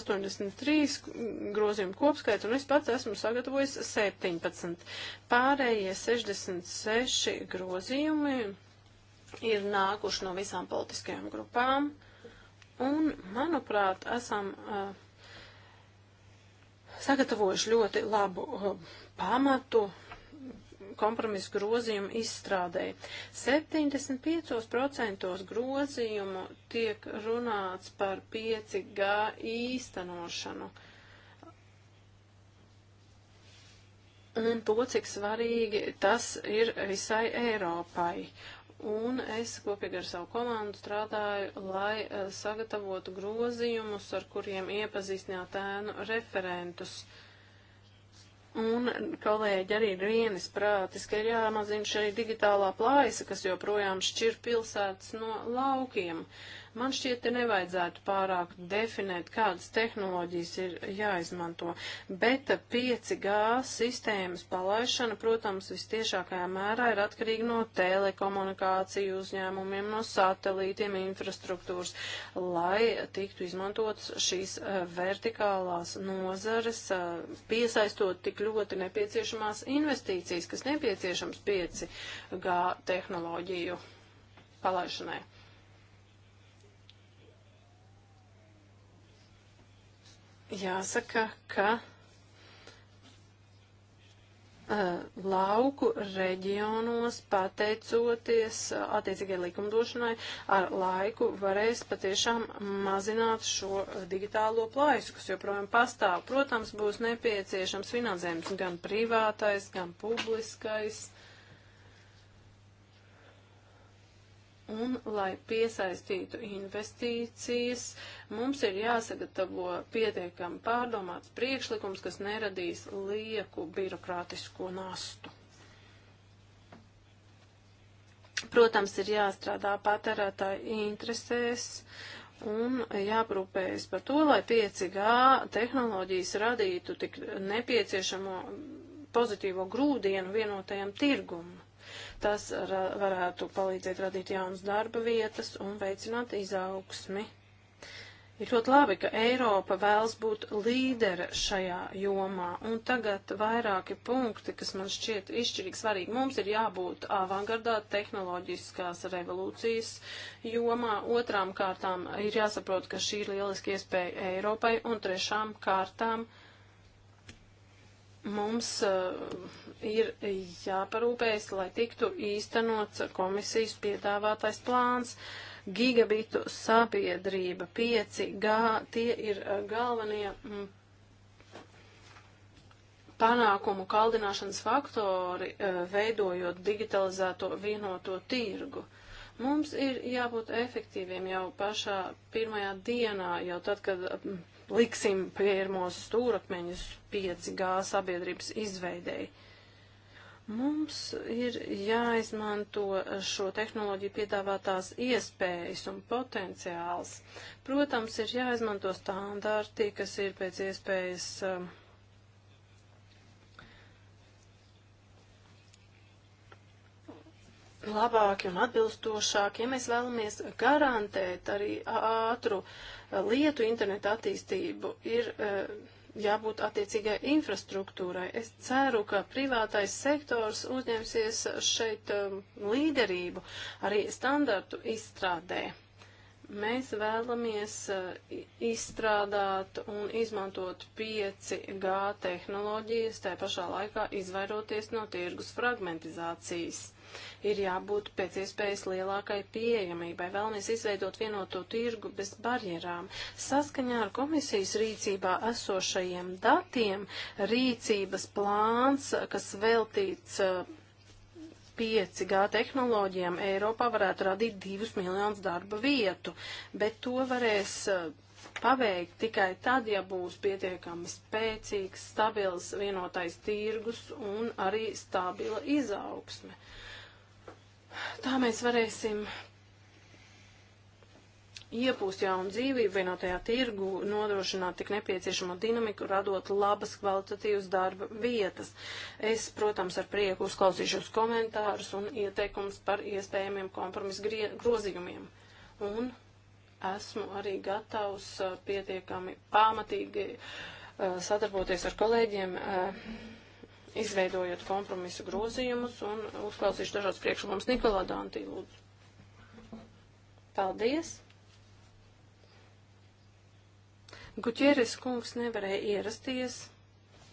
83 ehm, grozījumu kopskaita, un es pats esmu sagatavojis 17. Pārējie 66 grozījumi ir nākuši no visām politiskajām grupām. Uh, Un, manuprāt, esam uh, sagatavojuši ļoti labu uh, pamatu kompromisu grozījumu izstrādēji. 75% grozījumu tiek runāts par 5G īstenošanu. Un to, cik svarīgi tas ir visai Eiropai. Un es kopīgi ar savu komandu strādāju, lai uh, sagatavotu grozījumus, ar kuriem iepazīstināt ēnu referentus. Un kolēģi arī ir vienis prātis, ka ir jāmazina šī digitālā plājas, kas joprojām šķir pilsētas no laukiem. Uh, Man šķiet, te nevajadzētu pārāk definēt, kādas tehnoloģijas ir jāizmanto, bet 5G sistēmas palaišana, protams, vistiešākajā mērā ir atkarīga no telekomunikāciju uzņēmumiem, no satelītiem, infrastruktūras, lai tiktu izmantotas šīs eh, vertikālās nozares, eh, piesaistot tik ļoti nepieciešamās investīcijas, kas nepieciešams 5G tehnoloģiju palaišanai. jāsaka, ka lauku reģionos, pateicoties attiecīgai likumdošanai, ar laiku varēs patiešām mazināt šo digitālo plaisu, kas joprojām pastāv. Protams, būs nepieciešams finansējums gan privātais, gan publiskais. Uh, Un, lai piesaistītu investīcijas, mums ir jāsagatavo pietiekami pārdomāts priekšlikums, kas neradīs lieku birokrātisko nastu. Protams, ir jāstrādā patērētāji interesēs, un jāprūpējas par to, lai 5G tehnoloģijas radītu tik nepieciešamo pozitīvo grūdienu vienotajam tirgumam. Tas ra varētu palīdzēt radīt jaunas darba vietas un veicināt izaugsmi. Ir ļoti labi, ka Eiropa vēlas būt līdere šajā jomā, un tagad vairāki punkti, kas man šķiet izšķirīgi svarīgi. Mums ir jābūt avangardā tehnoloģiskās revolūcijas jomā, otrām kārtām ir jāsaprot, ka šī ir lieliski iespēja Eiropai, un trešām kārtām uh, mums uh, ir jāparūpējas, lai tiktu īstenots komisijas piedāvātais plāns. Gigabitu sabiedrība 5G tie ir eh, galvenie mm, panākumu kaldināšanas faktori, eh, veidojot digitalizēto vienoto tirgu. Mums ir jābūt efektīviem jau pašā pirmajā dienā, jau tad, kad mm, liksim pirmos stūrakmeņus 5G sabiedrības izveidēji. Mums ir jāizmanto šo tehnoloģiju piedāvātās iespējas un potenciāls. Protams, ir jāizmanto standarti, kas ir pēc iespējas uh, labāki un atbilstošāki, ja mēs vēlamies garantēt arī ātru lietu internetu attīstību, ir e, jābūt attiecīgai infrastruktūrai. Es ceru, ka privātais sektors uzņemsies šeit e, līderību arī standartu izstrādē. Mēs vēlamies e, izstrādāt un izmantot 5G tehnoloģijas, tā pašā laikā izvairoties no tirgus fragmentizācijas ir jābūt pēc iespējas lielākai pieejamībai. Vēlamies izveidot vienoto tirgu bez barjerām. Saskaņā ar komisijas rīcībā esošajiem datiem rīcības plāns, kas veltīts 5G eh, tehnoloģijām Eiropā varētu radīt 2 miljonus darba vietu, bet to varēs eh, paveikt tikai tad, ja būs pietiekami spēcīgs, stabils vienotais tirgus un arī stabila izaugsme. Tā mēs varēsim iepūst jaunu dzīvību vienotajā tirgu, nodrošināt tik nepieciešamo dinamiku, radot labas kvalitatīvas darba vietas. Es, protams, ar prieku uzklausīšu uz komentārus un ieteikums par iespējamiem kompromisu grozījumiem. Un esmu arī gatavs uh, pietiekami pamatīgi uh, sadarboties ar kolēģiem. Uh, izveidojot kompromisu grozījumus un uzklausīšu dažādas priekšlikumus. Nikolā Dantī, lūdzu. Paldies. Guķieris kungs nevarēja ierasties,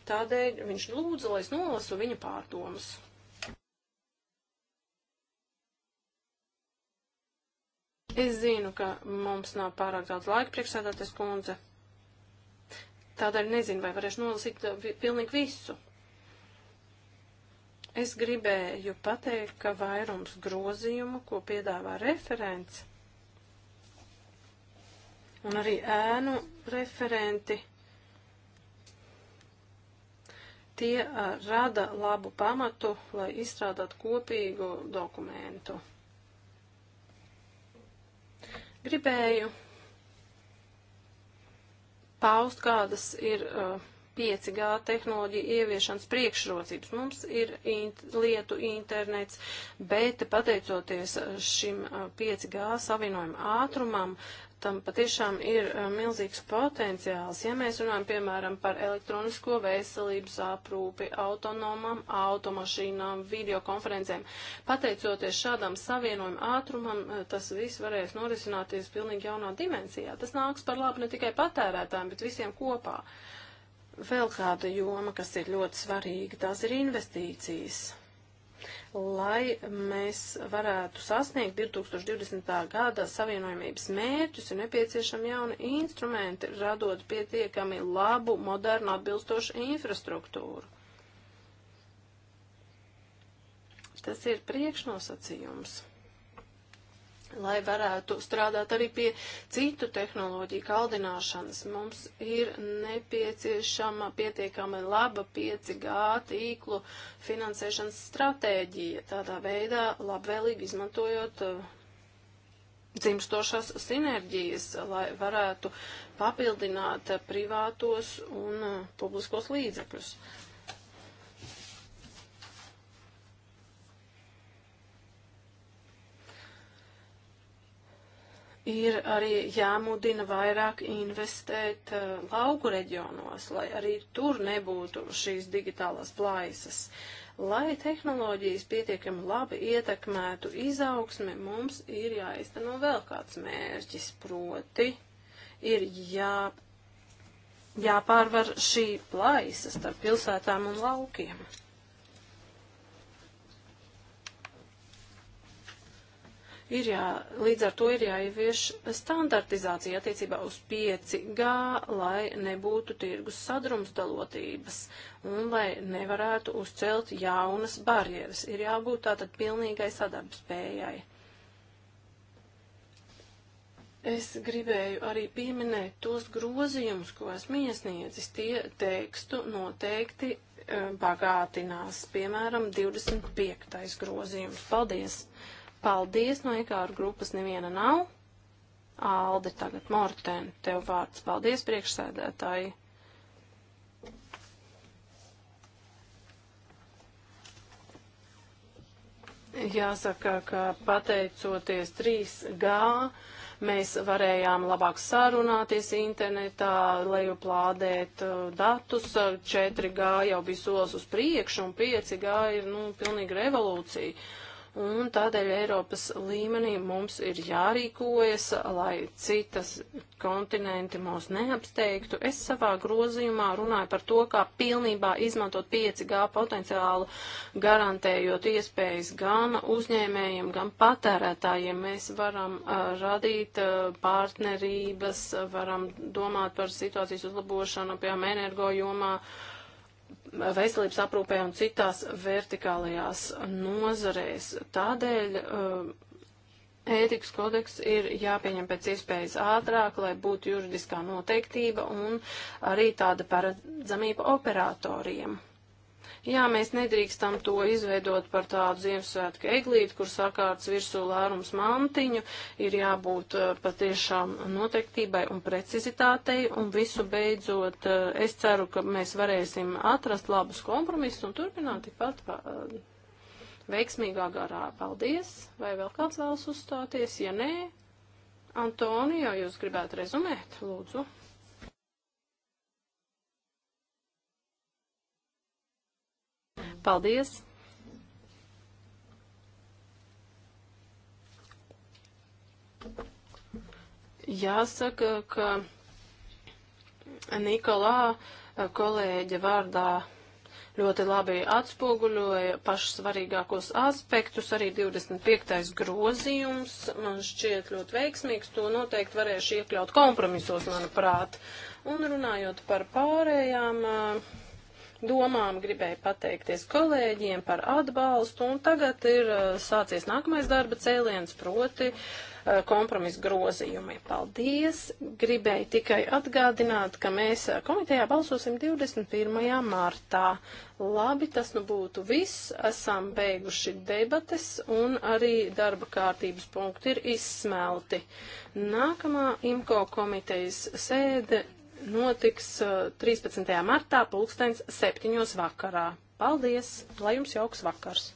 tādēļ viņš lūdza, lai es nolasu viņa pārdomas. Es zinu, ka mums nav pārāk daudz laika priekšsēdātais kundze. Tādēļ nezinu, vai varēšu nolasīt uh, pilnīgi visu. Es gribēju pateikt, ka vairums grozījumu, ko piedāvā referents un arī ēnu referenti, tie rada labu pamatu, lai izstrādātu kopīgu dokumentu. Gribēju paust, kādas ir uh, 5G tehnoloģiju ieviešanas priekšrocības. Mums ir int lietu internets, bet pateicoties šim 5G savienojuma ātrumam, tam patiešām ir milzīgs potenciāls. Ja mēs runājam, piemēram, par elektronisko veselības aprūpi, autonomam automašīnām, videokonferencēm, pateicoties šādam savienojuma ātrumam, tas viss varēs norisināties pilnīgi jaunā dimensijā. Tas nāks par labu ne tikai patērētājiem, bet visiem kopā. Uh, Vēl kāda joma, kas ir ļoti svarīga, tās ir investīcijas. Lai mēs varētu sasniegt 2020. gada savienojumības mērķus, ir nepieciešami jauni instrumenti, radot pietiekami labu, modernu, atbilstošu infrastruktūru. Tas ir priekšnosacījums lai varētu strādāt arī pie citu tehnoloģiju kaldināšanas. Mums ir nepieciešama pietiekami laba 5G tīklu finansēšanas stratēģija, tādā veidā labvēlīgi izmantojot uh, dzimstošās sinerģijas, lai varētu papildināt privātos un uh, publiskos līdzekļus. ir arī jāmudina vairāk investēt uh, lauku reģionos, lai arī tur nebūtu šīs digitālās plaisas. Lai tehnoloģijas pietiekami labi ietekmētu izaugsmi, mums ir jāizteno vēl kāds mērķis, proti ir jā, jāpārvar šī plaisa starp pilsētām un laukiem. Ir jā, līdz ar to ir jāievieš standartizācija attiecībā uz 5G, lai nebūtu tirgus sadrumstalotības un lai nevarētu uzcelt jaunas barjeras. Ir jābūt tātad pilnīgai sadarbspējai. Es gribēju arī pieminēt tos grozījumus, ko esmu iesniedzis. Tie tekstu noteikti eh, bagātinās, piemēram, 25. grozījums. Paldies! Paldies, no iekāru grupas neviena nav. Aldi tagad, Morten, tev vārds. Paldies, priekšsēdētāji. Jāsaka, ka pateicoties 3G, mēs varējām labāk sarunāties internetā, lejuplādēt uh, datus. 4G jau bija solis uz priekšu un 5G ir, nu, pilnīgi revolūcija un tādēļ Eiropas līmenī mums ir jārīkojas, lai citas kontinenti mūs neapsteigtu. Es savā grozījumā runāju par to, kā pilnībā izmantot 5G potenciālu, garantējot iespējas gan uzņēmējiem, gan patērētājiem. Mēs varam uh, radīt uh, partnerības, varam domāt par situācijas uzlabošanu, piemēram, energo jomā. Uh, veselības aprūpē un citās vertikālajās nozarēs. Tādēļ um, ētikas kodeks ir jāpieņem pēc iespējas ātrāk, lai būtu juridiskā noteiktība un arī tāda paredzamība operatoriem. Jā, mēs nedrīkstam to izveidot par tādu Ziemassvētku eglīti, kur sakārts virsū lērums mantiņu, ir jābūt eh, patiešām noteiktībai un precizitātei, un visu beidzot eh, es ceru, ka mēs varēsim atrast labus kompromisus un turpināt tikpat eh, veiksmīgā garā. Paldies! Vai vēl kāds vēlas uzstāties? Ja nē, Antonija, jūs gribētu rezumēt, lūdzu. Paldies! Jāsaka, ka Nikolā eh, kolēģa vārdā ļoti labi atspoguļoja pašus svarīgākos aspektus, arī 25. grozījums man šķiet ļoti veiksmīgs, to noteikti varēšu iekļaut kompromisos, manuprāt. Un runājot par pārējām. Uh, domām, gribēju pateikties kolēģiem par atbalstu, un tagad ir uh, sācies nākamais darba cēliens, proti uh, kompromisu grozījumi. Paldies! Gribēju tikai atgādināt, ka mēs uh, komitejā balsosim 21. martā. Labi, tas nu būtu viss. Esam beiguši debates un arī darba kārtības punkti ir izsmelti. Nākamā IMCO komitejas sēde notiks 13. Eh, martā pulkstens 7. vakarā. Paldies! Lai jums jauks vakars!